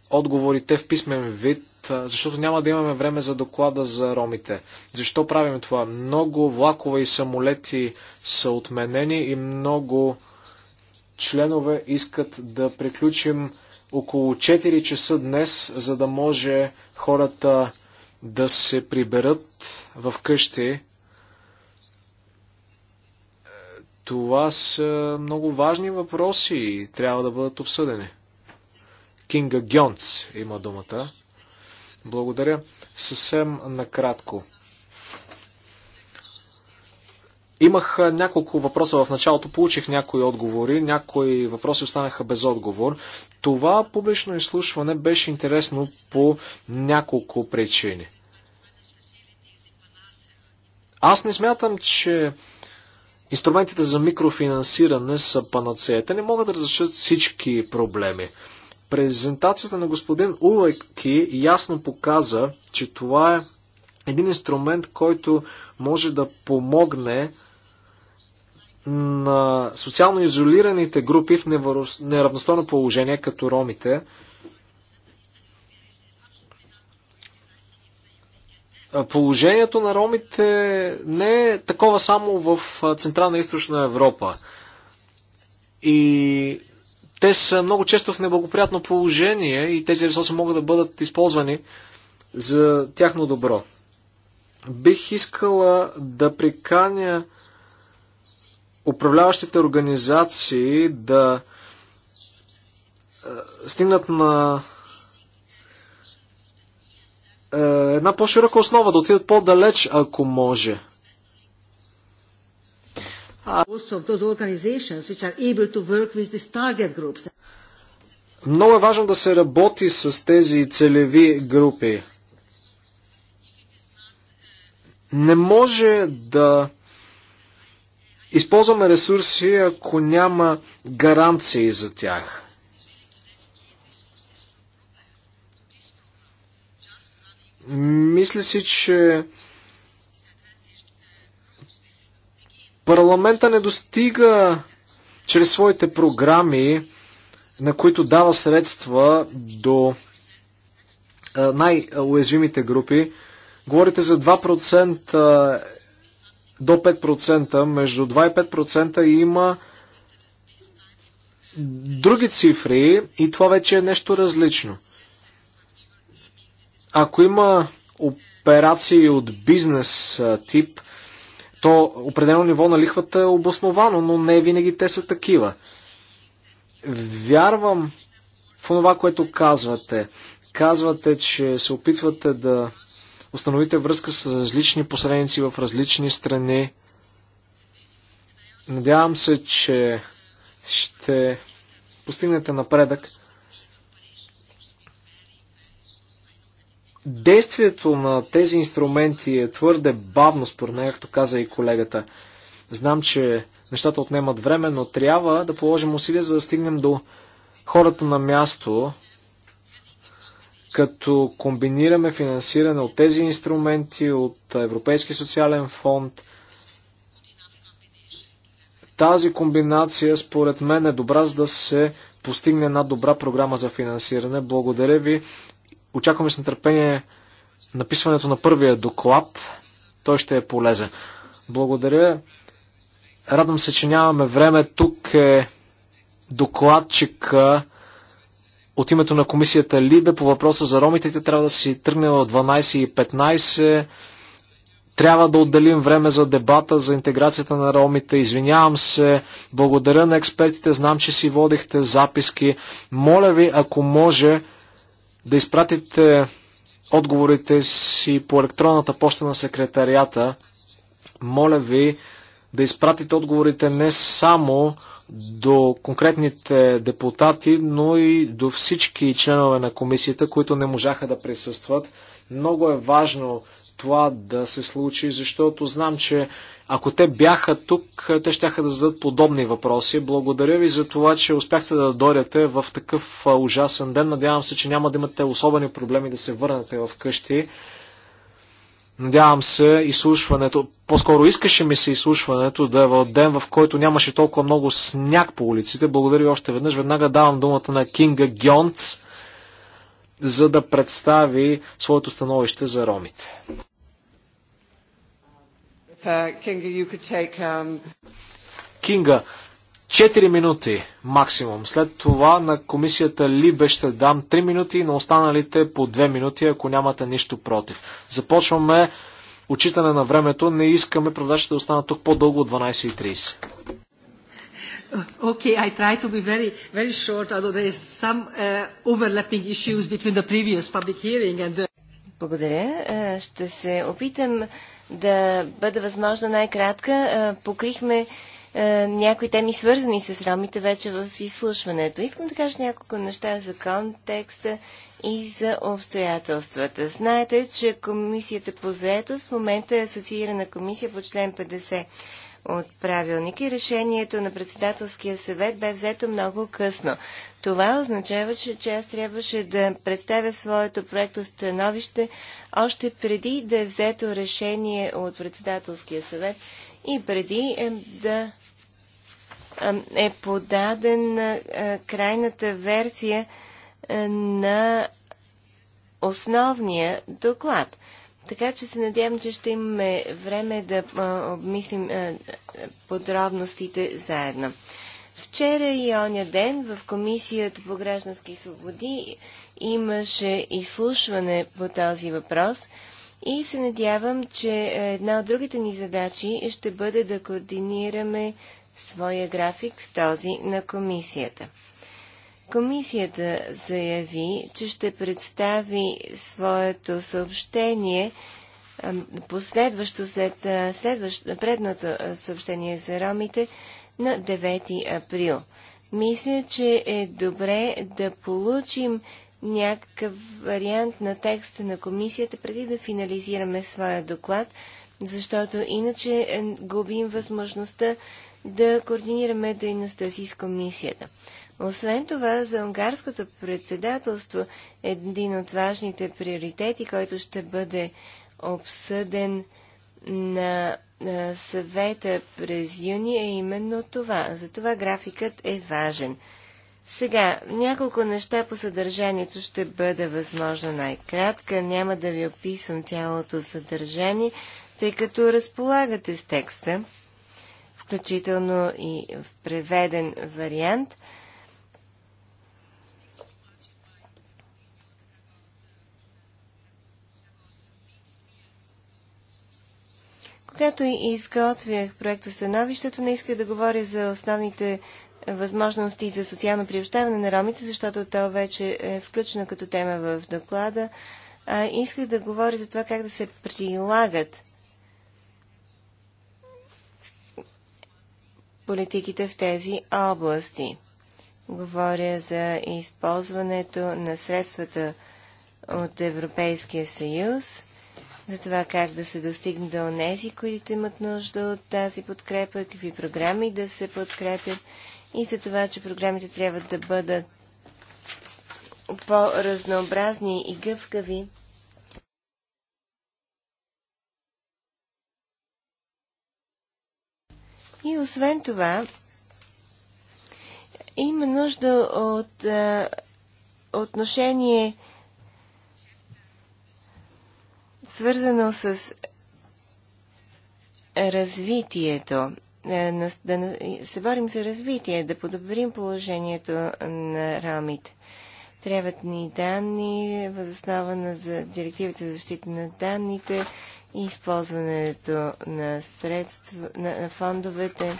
отговори те в писмен вид, защото няма да имаме време за доклада за ромите. Защо правим това? Много влакове и самолети са отменени и много членове искат да приключим около 4 часа днес, за да може хората да се приберат в къщи. Това са много важни въпроси и трябва да бъдат обсъдени. Кинга Гьонц има думата. Благодаря. Съвсем накратко. Имах няколко въпроса в началото, получих някои отговори, някои въпроси останаха без отговор. Това публично изслушване беше интересно по няколко причини. Аз не смятам, че Инструментите за микрофинансиране са панацея. не могат да разрешат всички проблеми. Презентацията на господин Улеки ясно показа, че това е един инструмент, който може да помогне на социално изолираните групи в неравностойно положение, като ромите, Положението на ромите не е такова само в Централна и Източна Европа. И те са много често в неблагоприятно положение и тези ресурси могат да бъдат използвани за тяхно добро. Бих искала да приканя управляващите организации да стигнат на е, една по-широка основа, да отидат по-далеч, ако може. Много е важно да се работи с тези целеви групи. Не може да използваме ресурси, ако няма гаранции за тях. Мисля си, че парламента не достига чрез своите програми, на които дава средства до най-уязвимите групи. Говорите за 2% до 5%, между 2 и 5% има други цифри и това вече е нещо различно. Ако има операции от бизнес тип, то определено ниво на лихвата е обосновано, но не винаги те са такива. Вярвам в това, което казвате. Казвате, че се опитвате да установите връзка с различни посредници в различни страни. Надявам се, че ще постигнете напредък. Действието на тези инструменти е твърде бавно, според мен, както каза и колегата. Знам, че нещата отнемат време, но трябва да положим усилия, за да стигнем до хората на място, като комбинираме финансиране от тези инструменти, от Европейски социален фонд. Тази комбинация, според мен, е добра, за да се постигне една добра програма за финансиране. Благодаря ви Очакваме с нетърпение написването на първия доклад. Той ще е полезен. Благодаря. Радвам се, че нямаме време. Тук е докладчика от името на комисията Либе по въпроса за ромите. Те трябва да си тръгне от 12.15. Трябва да отделим време за дебата за интеграцията на ромите. Извинявам се. Благодаря на експертите. Знам, че си водихте записки. Моля ви, ако може, да изпратите е, отговорите си по електронната почта на секретарията. Моля ви да изпратите отговорите не само до конкретните депутати, но и до всички членове на комисията, които не можаха да присъстват. Много е важно това да се случи, защото знам, че ако те бяха тук, те ще да зададат подобни въпроси. Благодаря ви за това, че успяхте да дойдете в такъв ужасен ден. Надявам се, че няма да имате особени проблеми да се върнете в къщи. Надявам се изслушването, по-скоро искаше ми се изслушването да е в ден, в който нямаше толкова много сняг по улиците. Благодаря ви още веднъж. Веднага давам думата на Кинга Гьонц, за да представи своето становище за ромите if uh, Kinga, you could take... Um... Кинга, 4 минути максимум. След това на комисията Либе ще дам 3 минути на останалите по 2 минути, ако нямате нищо против. Започваме отчитане на времето. Не искаме продажите да останат тук по-дълго от 12.30. Okay, I try to be very, very short, although there is some uh, overlapping issues between the previous public hearing and the... Благодаря. Е, ще се опитам да бъда възможно най-кратка. Покрихме някои теми, свързани с ромите, вече в изслушването. Искам да кажа няколко неща за контекста и за обстоятелствата. Знаете, че Комисията по заедост в момента е асоциирана комисия по член 50 от правилник и решението на председателския съвет бе взето много късно. Това означаваше, че аз трябваше да представя своето проекто становище още преди да е взето решение от председателския съвет и преди е да е, е подадена е, е, крайната версия на основния доклад. Така че се надявам, че ще имаме време да а, обмислим а, подробностите заедно. Вчера и оня ден в Комисията по граждански свободи имаше изслушване по този въпрос и се надявам, че една от другите ни задачи ще бъде да координираме своя график с този на Комисията. Комисията заяви, че ще представи своето съобщение, последващо след следващо, предното съобщение за ромите на 9 април. Мисля, че е добре да получим някакъв вариант на текста на комисията преди да финализираме своя доклад, защото иначе губим възможността да координираме дейността си с комисията. Освен това, за унгарското председателство е един от важните приоритети, който ще бъде обсъден на, съвета през юни, е именно това. Затова графикът е важен. Сега, няколко неща по съдържанието ще бъде възможно най-кратка. Няма да ви описвам цялото съдържание, тъй като разполагате с текста включително и в преведен вариант. Когато изготвях проекта становището, не исках да говоря за основните възможности за социално приобщаване на ромите, защото то вече е включено като тема в доклада. А, исках да говоря за това как да се прилагат политиките в тези области. Говоря за използването на средствата от Европейския съюз, за това как да се достигне до нези, които имат нужда от тази подкрепа, какви програми да се подкрепят и за това, че програмите трябва да бъдат по-разнообразни и гъвкави, И освен това, има нужда от а, отношение свързано с развитието. Да се борим за развитие, да подобрим положението на рамите. Трябват ни данни, възоснована за директивата за защита на данните, и използването на средства, на, на фондовете.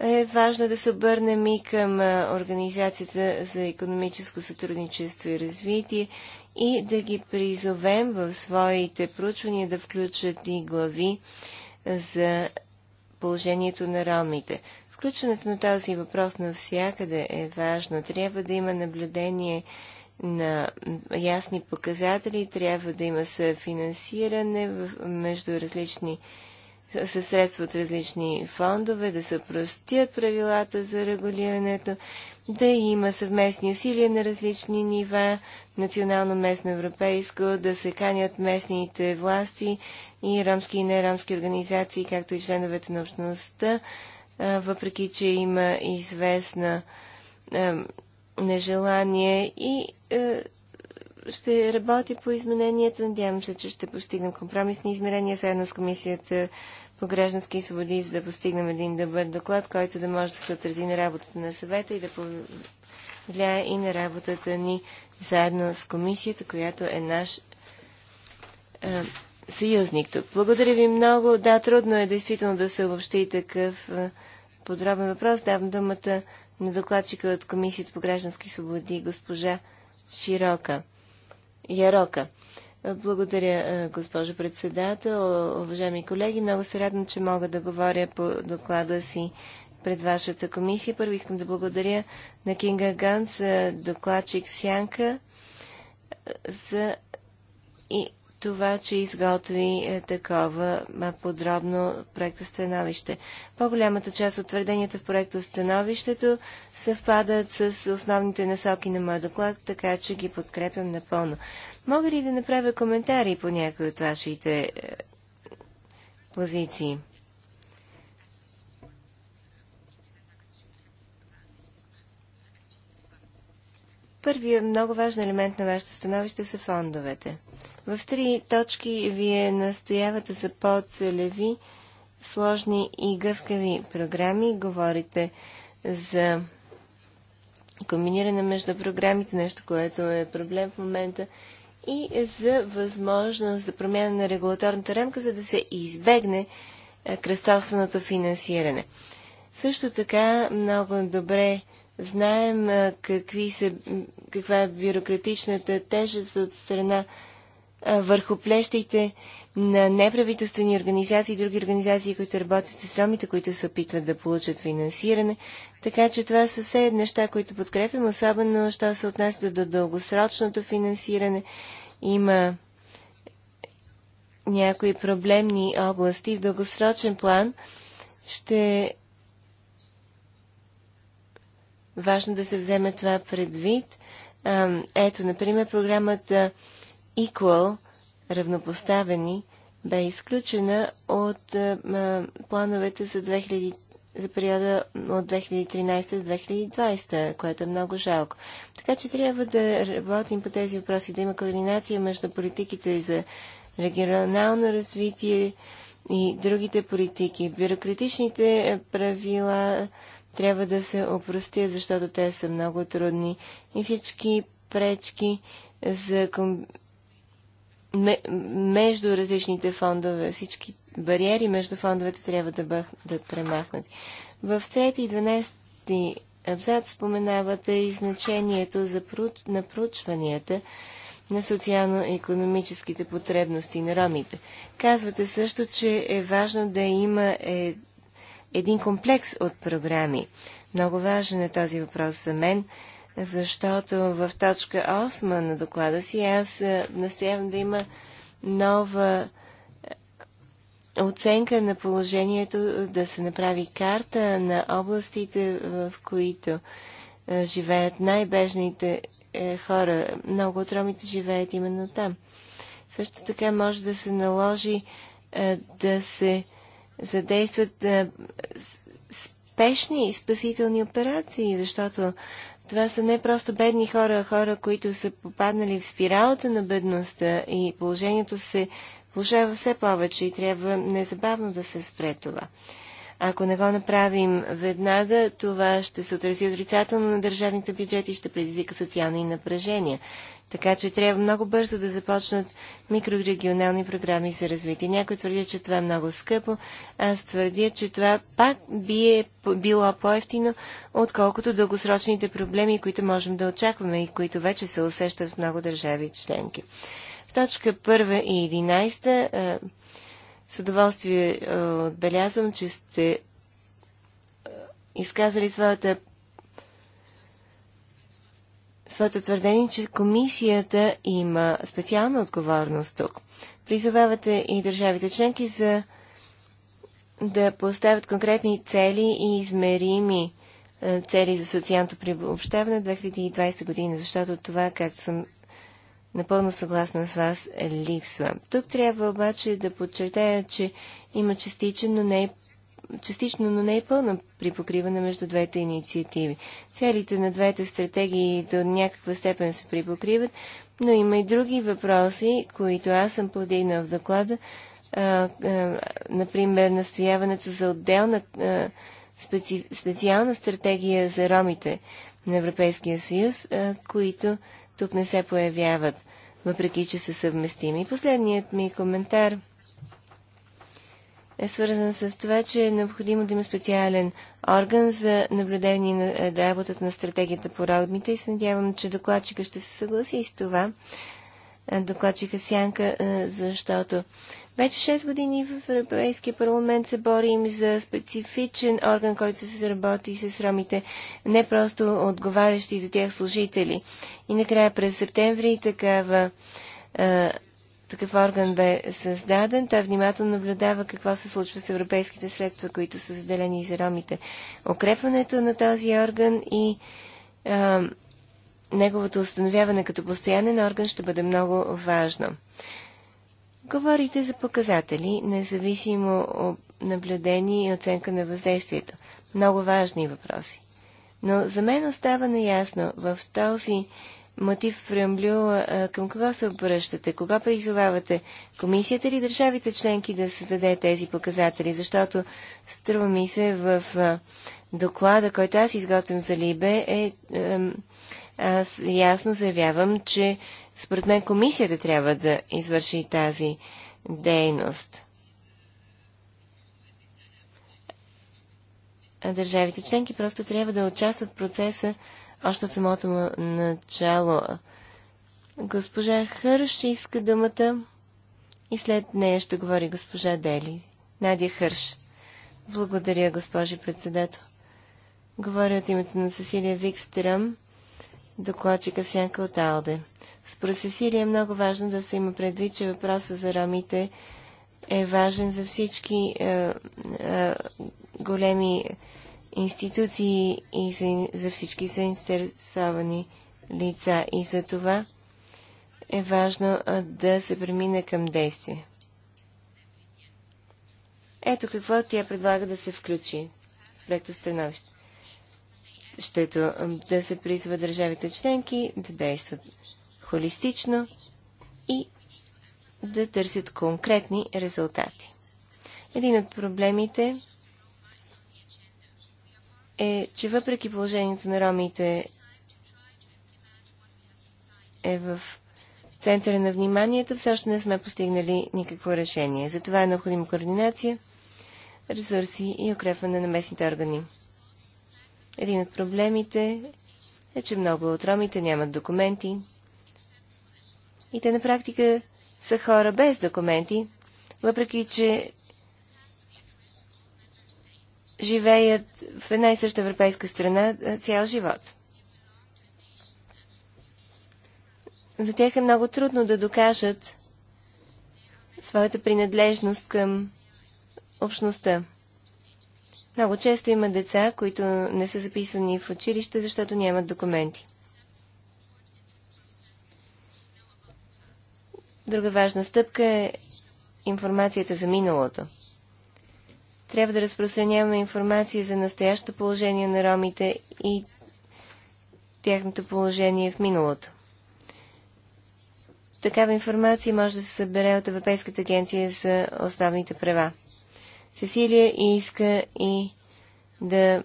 Е важно да се обърнем и към Организацията за економическо сътрудничество и развитие и да ги призовем в своите проучвания да включат и глави за положението на ромите. Включването на този въпрос навсякъде е важно. Трябва да има наблюдение на ясни показатели, трябва да има съфинансиране между различни със средства от различни фондове, да се простят правилата за регулирането, да има съвместни усилия на различни нива, национално, местно, европейско, да се канят местните власти и ромски и неромски организации, както и членовете на общността, въпреки че има известна нежелание и е, ще работи по измененията. Надявам се, че ще постигнем компромисни измерения заедно с Комисията по граждански свободи, за да постигнем един добър доклад, който да може да се отрази на работата на съвета и да повлияе и на работата ни заедно с комисията, която е наш е, съюзник тук. Благодаря ви много. Да, трудно е действително да се обобщи такъв е, подробен въпрос. Давам думата на докладчика от Комисията по граждански свободи, госпожа Широка. Ярока. Благодаря, е, госпожо председател. Уважаеми колеги, много се радвам, че мога да говоря по доклада си пред вашата комисия. Първо искам да благодаря на Кинга Ганс, е, докладчик в Сянка, е, за и това, че изготви е, такова подробно проекта становище. По-голямата част от твърденията в проекта становището съвпадат с основните насоки на моя доклад, така че ги подкрепям напълно. Мога ли да направя коментари по някои от вашите е, позиции? Първият много важен елемент на вашето становище са фондовете. В три точки вие настоявате за по-целеви, сложни и гъвкави програми. Говорите за комбиниране между програмите, нещо, което е проблем в момента, и за възможност за промяна на регулаторната рамка, за да се избегне е, кръстосаното финансиране. Също така много добре знаем е, какви са, каква е бюрократичната тежест от страна върху плещите на неправителствени организации и други организации, които работят с ромите, които се опитват да получат финансиране. Така че това са все неща, които подкрепим, особено, що се отнася до дългосрочното финансиране. Има някои проблемни области в дългосрочен план. Ще важно да се вземе това предвид. Ето, например, програмата Equal, равнопоставени, бе изключена от а, плановете за 2000 за периода от 2013 до 2020, което е много жалко. Така че трябва да работим по тези въпроси, да има координация между политиките за регионално развитие и другите политики. Бюрократичните правила трябва да се опростят, защото те са много трудни и всички пречки за ком между различните фондове, всички бариери между фондовете трябва да бъдат премахнати. В 3 и 12 абзац споменавате и значението за проуч... на проучванията на социално-економическите потребности на ромите. Казвате също, че е важно да има е... един комплекс от програми. Много важен е този въпрос за мен защото в точка 8 на доклада си аз е, настоявам да има нова е, оценка на положението, да се направи карта на областите, в които е, живеят най-бежните хора. Много от ромите живеят именно там. Също така може да се наложи да се задействат спешни и спасителни операции, защото това са не просто бедни хора, а хора, които са попаднали в спиралата на бедността и положението се влушава все повече и трябва незабавно да се спре това. Ако не го направим веднага, това ще се отрази отрицателно на държавните бюджети и ще предизвика социални напрежения. Така че трябва много бързо да започнат микрорегионални програми за развитие. Някой твърдят, че това е много скъпо. Аз твърдя, че това пак би е било по-ефтино, отколкото дългосрочните проблеми, които можем да очакваме и които вече се усещат в много държави членки. В точка 1 и 11 с удоволствие отбелязвам, че сте изказали своята своето твърдение, че комисията има специална отговорност тук. Призовавате и държавите членки за да поставят конкретни цели и измерими е, цели за социалното приобщаване 2020 година, защото това, както съм напълно съгласна с вас, е липсва. Тук трябва обаче да подчертая, че има частичен, но не частично, но не е пълна при покриване между двете инициативи. Целите на двете стратегии до някаква степен се припокриват, но има и други въпроси, които аз съм подигнал в доклада. А, а, например, настояването за отделна а, специ, специална стратегия за ромите на Европейския съюз, които тук не се появяват, въпреки че са съвместими. последният ми коментар – е свързан с това, че е необходимо да има специален орган за наблюдение на е, работата на стратегията по родмите и се надявам, че докладчика ще се съгласи с това. Е, докладчика Сянка, е, защото вече 6 години в Европейския парламент се борим за специфичен орган, който се заработи с ромите, не просто отговарящи за тях служители. И накрая през септември такава такъв орган бе създаден. Той внимателно наблюдава какво се случва с европейските средства, които са заделени за ромите. Укрепването на този орган и а, неговото установяване като постоянен орган ще бъде много важно. Говорите за показатели, независимо от наблюдение и оценка на въздействието. Много важни въпроси. Но за мен остава наясно в този мотив в към кого се обръщате? Кога призовавате? Комисията или държавите членки да създаде тези показатели? Защото струва ми се в доклада, който аз изготвям за Либе, е, е, аз ясно заявявам, че според мен комисията трябва да извърши тази дейност. А държавите членки просто трябва да участват в процеса още от самото му начало. Госпожа Хърш иска думата и след нея ще говори госпожа Дели. Надя Хърш. Благодаря, госпожи председател. Говоря от името на Сесилия Викстерам, докладчика в Сянка от Алде. Според Сесилия е много важно да се има предвид, че въпроса за ромите е важен за всички е, е, големи институции и за, за всички заинтересовани лица. И за това е важно да се премине към действие. Ето какво тя предлага да се включи в проекта становище. Щето да се призва държавите членки да действат холистично и да търсят конкретни резултати. Един от проблемите е, че въпреки положението на ромите е в центъра на вниманието, все още не сме постигнали никакво решение. Затова е необходима координация, ресурси и укрепване на местните органи. Един от проблемите е, че много от ромите нямат документи и те на практика са хора без документи, въпреки че живеят в една и съща европейска страна цял живот. За тях е много трудно да докажат своята принадлежност към общността. Много често има деца, които не са записани в училище, защото нямат документи. Друга важна стъпка е информацията за миналото – трябва да разпространяваме информация за настоящото положение на ромите и тяхното положение в миналото. Такава информация може да се събере от Европейската агенция за основните права. Сесилия иска и да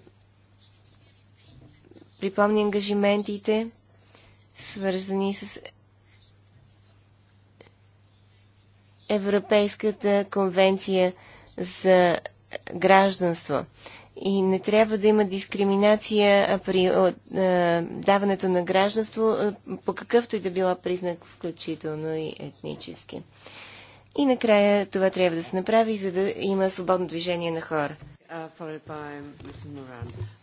припомни ангажиментите, свързани с Европейската конвенция за гражданство. И не трябва да има дискриминация при даването на гражданство по какъвто и да било признак, включително и етнически. И накрая това трябва да се направи, за да има свободно движение на хора. Uh,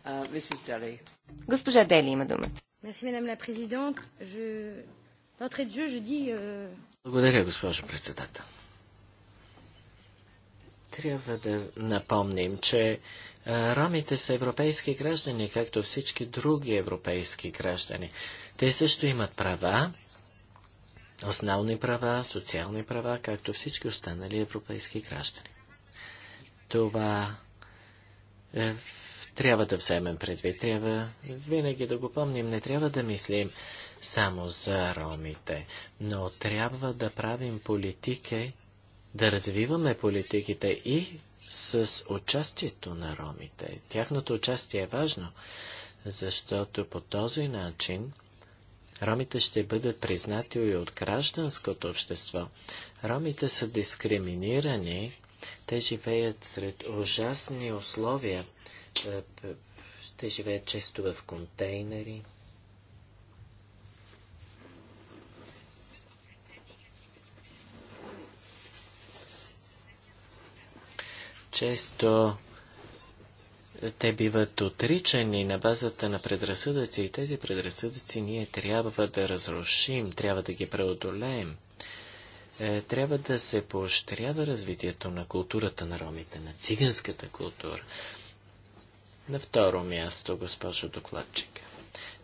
uh, Госпожа Дели има думата. Euh, Благодаря, госпожо председател. Трябва да напомним, че ромите са европейски граждани, както всички други европейски граждани. Те също имат права, основни права, социални права, както всички останали европейски граждани. Това е, трябва да вземем предвид, трябва винаги да го помним, не трябва да мислим само за ромите, но трябва да правим политики, да развиваме политиките и с участието на ромите. Тяхното участие е важно, защото по този начин ромите ще бъдат признати и от гражданското общество. Ромите са дискриминирани, те живеят сред ужасни условия, е, те живеят често в контейнери. Често е, те биват отричани на базата на предразсъдъци и тези предразсъдъци ние трябва да разрушим, трябва да ги преодолеем. Е, трябва да се поощрява развитието на културата на ромите, на циганската култура. На второ място, госпожо докладчика.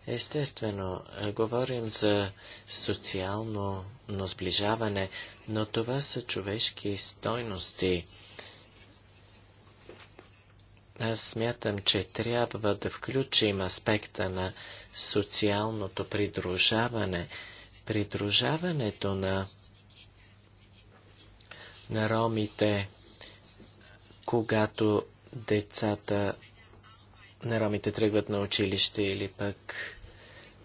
Естествено, е, говорим за социално но сближаване, но това са човешки стойности – аз смятам, че трябва да включим аспекта на социалното придружаване. Придружаването на, на ромите, когато децата на ромите тръгват на училище или пък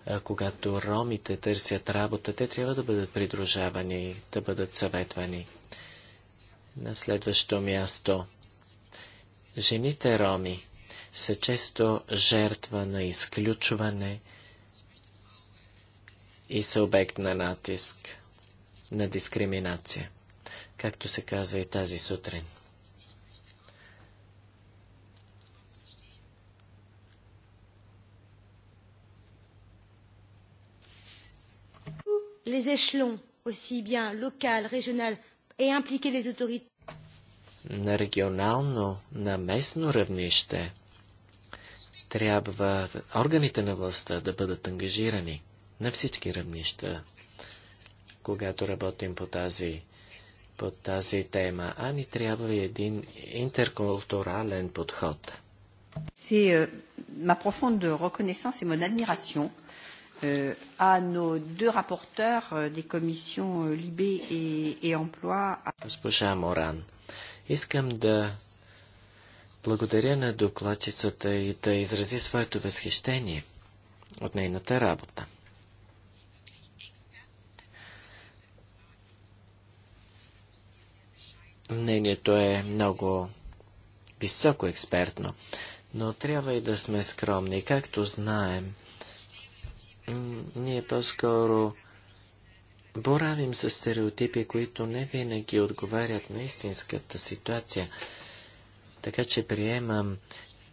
а, когато ромите търсят работа, те трябва да бъдат придружавани, да бъдат съветвани. На следващо място – Жените роми са често жертва на изключване и са обект на натиск, на дискриминация, както се каза и тази сутрин. les échelons aussi bien local, régional et impliquer les autorités на регионално, на местно равнище трябва органите на властта да бъдат ангажирани на всички равнища, когато работим по тази, по тази тема, а ни трябва и един интеркултурален подход. C'est euh, ma profonde reconnaissance et mon admiration euh, à nos deux rapporteurs euh, des commissions euh, Libé et, et Emploi. Госпожа Моран, Искам да благодаря на докладчицата и да изрази своето възхищение от нейната работа. Мнението е много високо експертно, но трябва и да сме скромни. Както знаем, ние по-скоро боравим с стереотипи, които не винаги отговарят на истинската ситуация. Така че приемам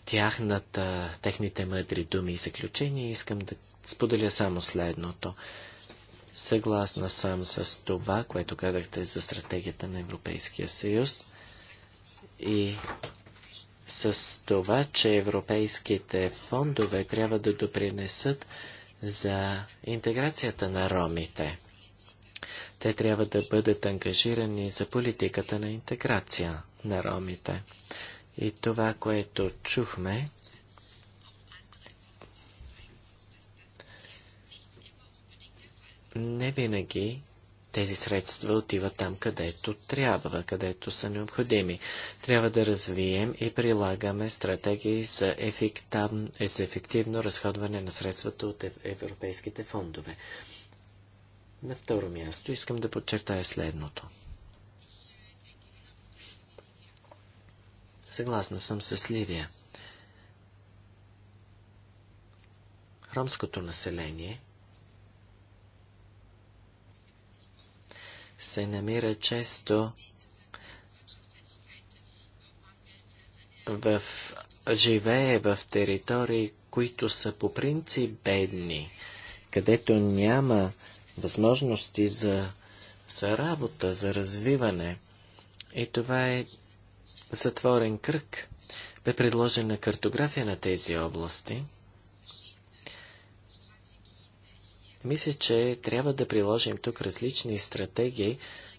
тяхната, техните мъдри думи и заключения и искам да споделя само следното. Съгласна съм с това, което казахте за стратегията на Европейския съюз и с това, че европейските фондове трябва да допринесат за интеграцията на ромите. Те трябва да бъдат ангажирани за политиката на интеграция на ромите. И това, което чухме, не винаги тези средства отиват там, където трябва, където са необходими. Трябва да развием и прилагаме стратегии за, ефективно, за ефективно разходване на средствата от европейските фондове. На второ място искам да подчертая следното. Съгласна съм с Ливия. Ромското население се намира често в, живее в територии, които са по принцип бедни, където няма възможности за, за работа, за развиване. И това е затворен кръг. Бе предложена картография на тези области. Мисля, че трябва да приложим тук различни стратегии,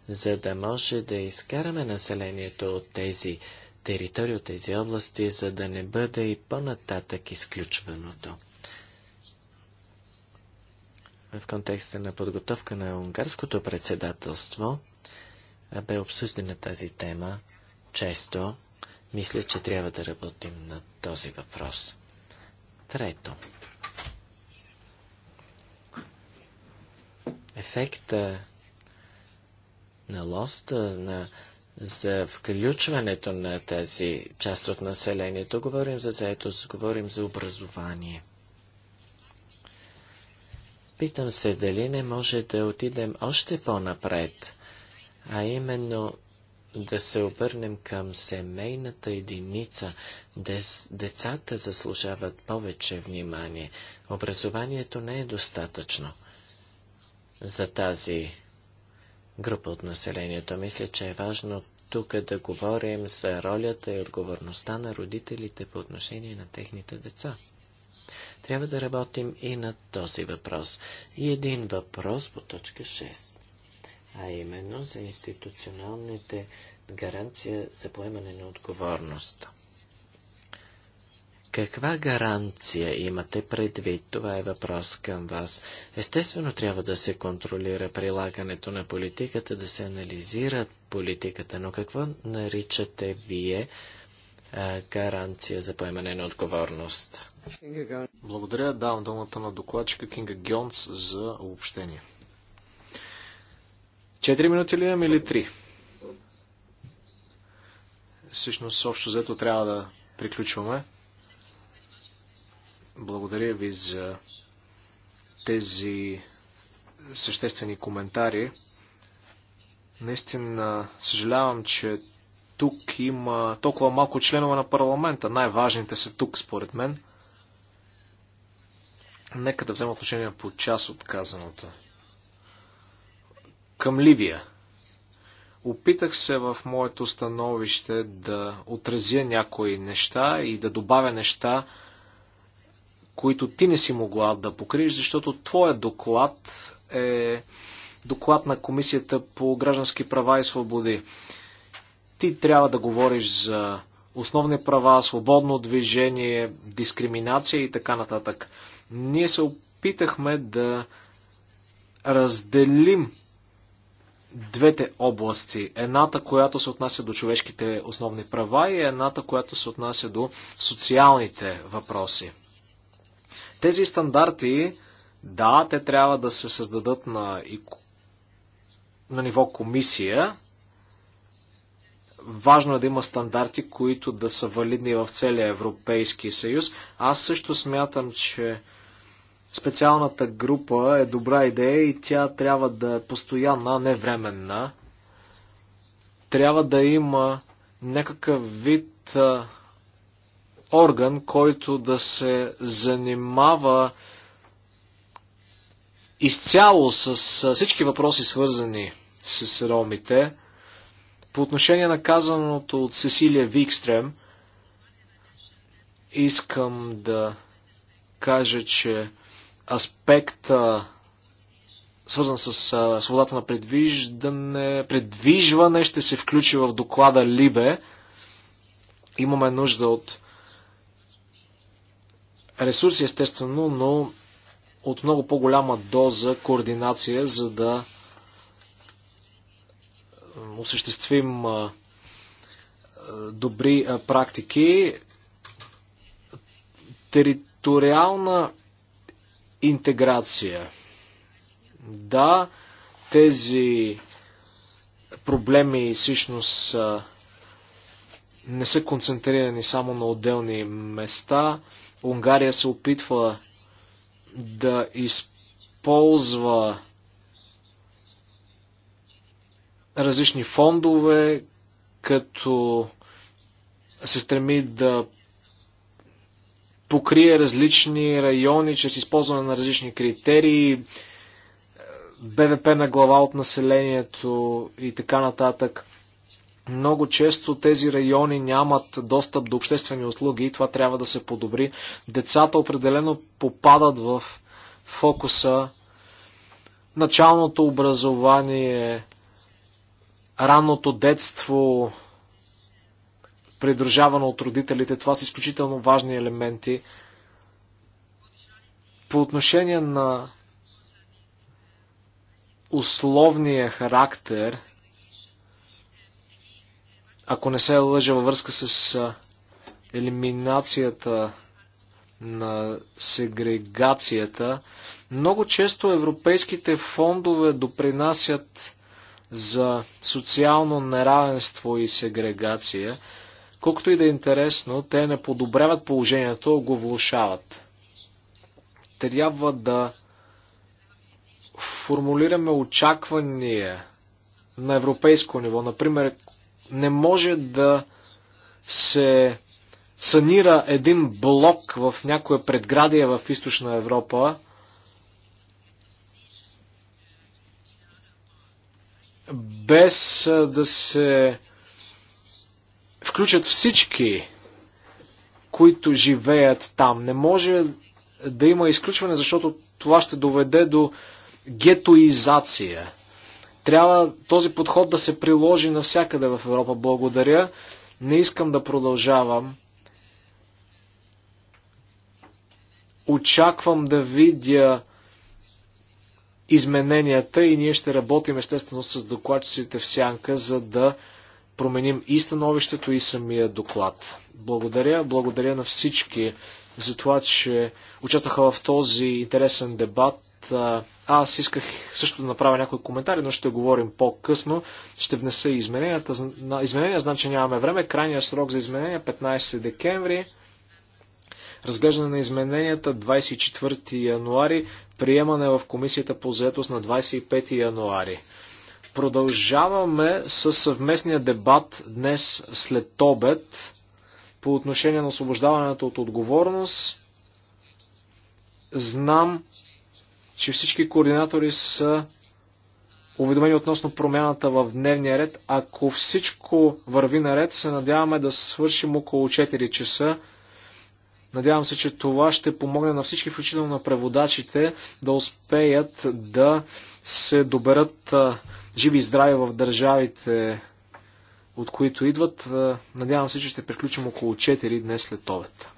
за да може да изкараме населението от тези територии, от тези области, за да не бъде и по-нататък изключваното в контекста на подготовка на унгарското председателство бе обсъждана тази тема често. Мисля, че трябва да работим на този въпрос. Трето. Ефекта на лоста, на, за включването на тази част от населението. Говорим за заетост, говорим за образование – Питам се дали не може да отидем още по-напред, а именно да се обърнем към семейната единица. де децата заслужават повече внимание. Образованието не е достатъчно. За тази група от населението мисля, че е важно тук да говорим за ролята и отговорността на родителите по отношение на техните деца. Трябва да работим и на този въпрос. И един въпрос по точка 6 а именно за институционалните гаранция за поемане на отговорност. Каква гаранция имате предвид? Това е въпрос към вас. Естествено трябва да се контролира прилагането на политиката, да се анализира политиката, но какво наричате вие а, гаранция за поемане на отговорност? Благодаря. Давам думата на докладчика Кинга Гьонс за обобщение. Четири минути ли имам или три? Всъщност, общо взето трябва да приключваме. Благодаря ви за тези съществени коментари. Наистина съжалявам, че тук има толкова малко членове на парламента. Най-важните са тук, според мен. Нека да взема отношение по част от казаното. Към Ливия. Опитах се в моето становище да отразя някои неща и да добавя неща, които ти не си могла да покриеш, защото твоя доклад е доклад на Комисията по граждански права и свободи. Ти трябва да говориш за основни права, свободно движение, дискриминация и така нататък. Ние се опитахме да разделим двете области. Едната, която се отнася до човешките основни права и едната, която се отнася до социалните въпроси. Тези стандарти, да, те трябва да се създадат на, на ниво комисия, Важно е да има стандарти, които да са валидни в целия Европейски съюз. Аз също смятам, че специалната група е добра идея и тя трябва да е постоянна, а не временна. Трябва да има някакъв вид а, орган, който да се занимава изцяло с а, всички въпроси, свързани с ромите. По отношение на казаното от Сесилия Викстрем, искам да кажа, че аспекта свързан с свободата на предвиждане, предвижване ще се включи в доклада Либе. Имаме нужда от ресурси, естествено, но от много по-голяма доза координация, за да осъществим добри практики. Териториална интеграция. Да, тези проблеми всъщност не са концентрирани само на отделни места. Унгария се опитва да използва различни фондове, като се стреми да покрие различни райони чрез използване на различни критерии, БВП на глава от населението и така нататък. Много често тези райони нямат достъп до обществени услуги и това трябва да се подобри. Децата определено попадат в фокуса. Началното образование ранното детство, придружавано от родителите. Това са изключително важни елементи. По отношение на условния характер, ако не се лъжа във връзка с елиминацията на сегрегацията, много често европейските фондове допринасят за социално неравенство и сегрегация, колкото и да е интересно, те не подобряват положението, а го влушават. Трябва да формулираме очаквания на европейско ниво. Например, не може да се санира един блок в някое предградие в източна Европа, без да се включат всички, които живеят там. Не може да има изключване, защото това ще доведе до гетоизация. Трябва този подход да се приложи навсякъде в Европа. Благодаря. Не искам да продължавам. Очаквам да видя измененията и ние ще работим естествено с докладчиците в сянка, за да променим и становището и самия доклад. Благодаря, благодаря на всички за това, че участваха в този интересен дебат. Аз исках също да направя някои коментари, но ще говорим по-късно. Ще внеса измененията. На изменения значи нямаме време. Крайният срок за изменения 15 е декември. Разглеждане на измененията 24 януари приемане в комисията по заетост на 25 януари. Продължаваме с съвместния дебат днес след обед по отношение на освобождаването от отговорност. Знам, че всички координатори са уведомени относно промяната в дневния ред. Ако всичко върви наред, се надяваме да свършим около 4 часа. Надявам се, че това ще помогне на всички, включително на преводачите, да успеят да се доберат живи и здрави в държавите, от които идват. Надявам се, че ще приключим около 4 днес след обед.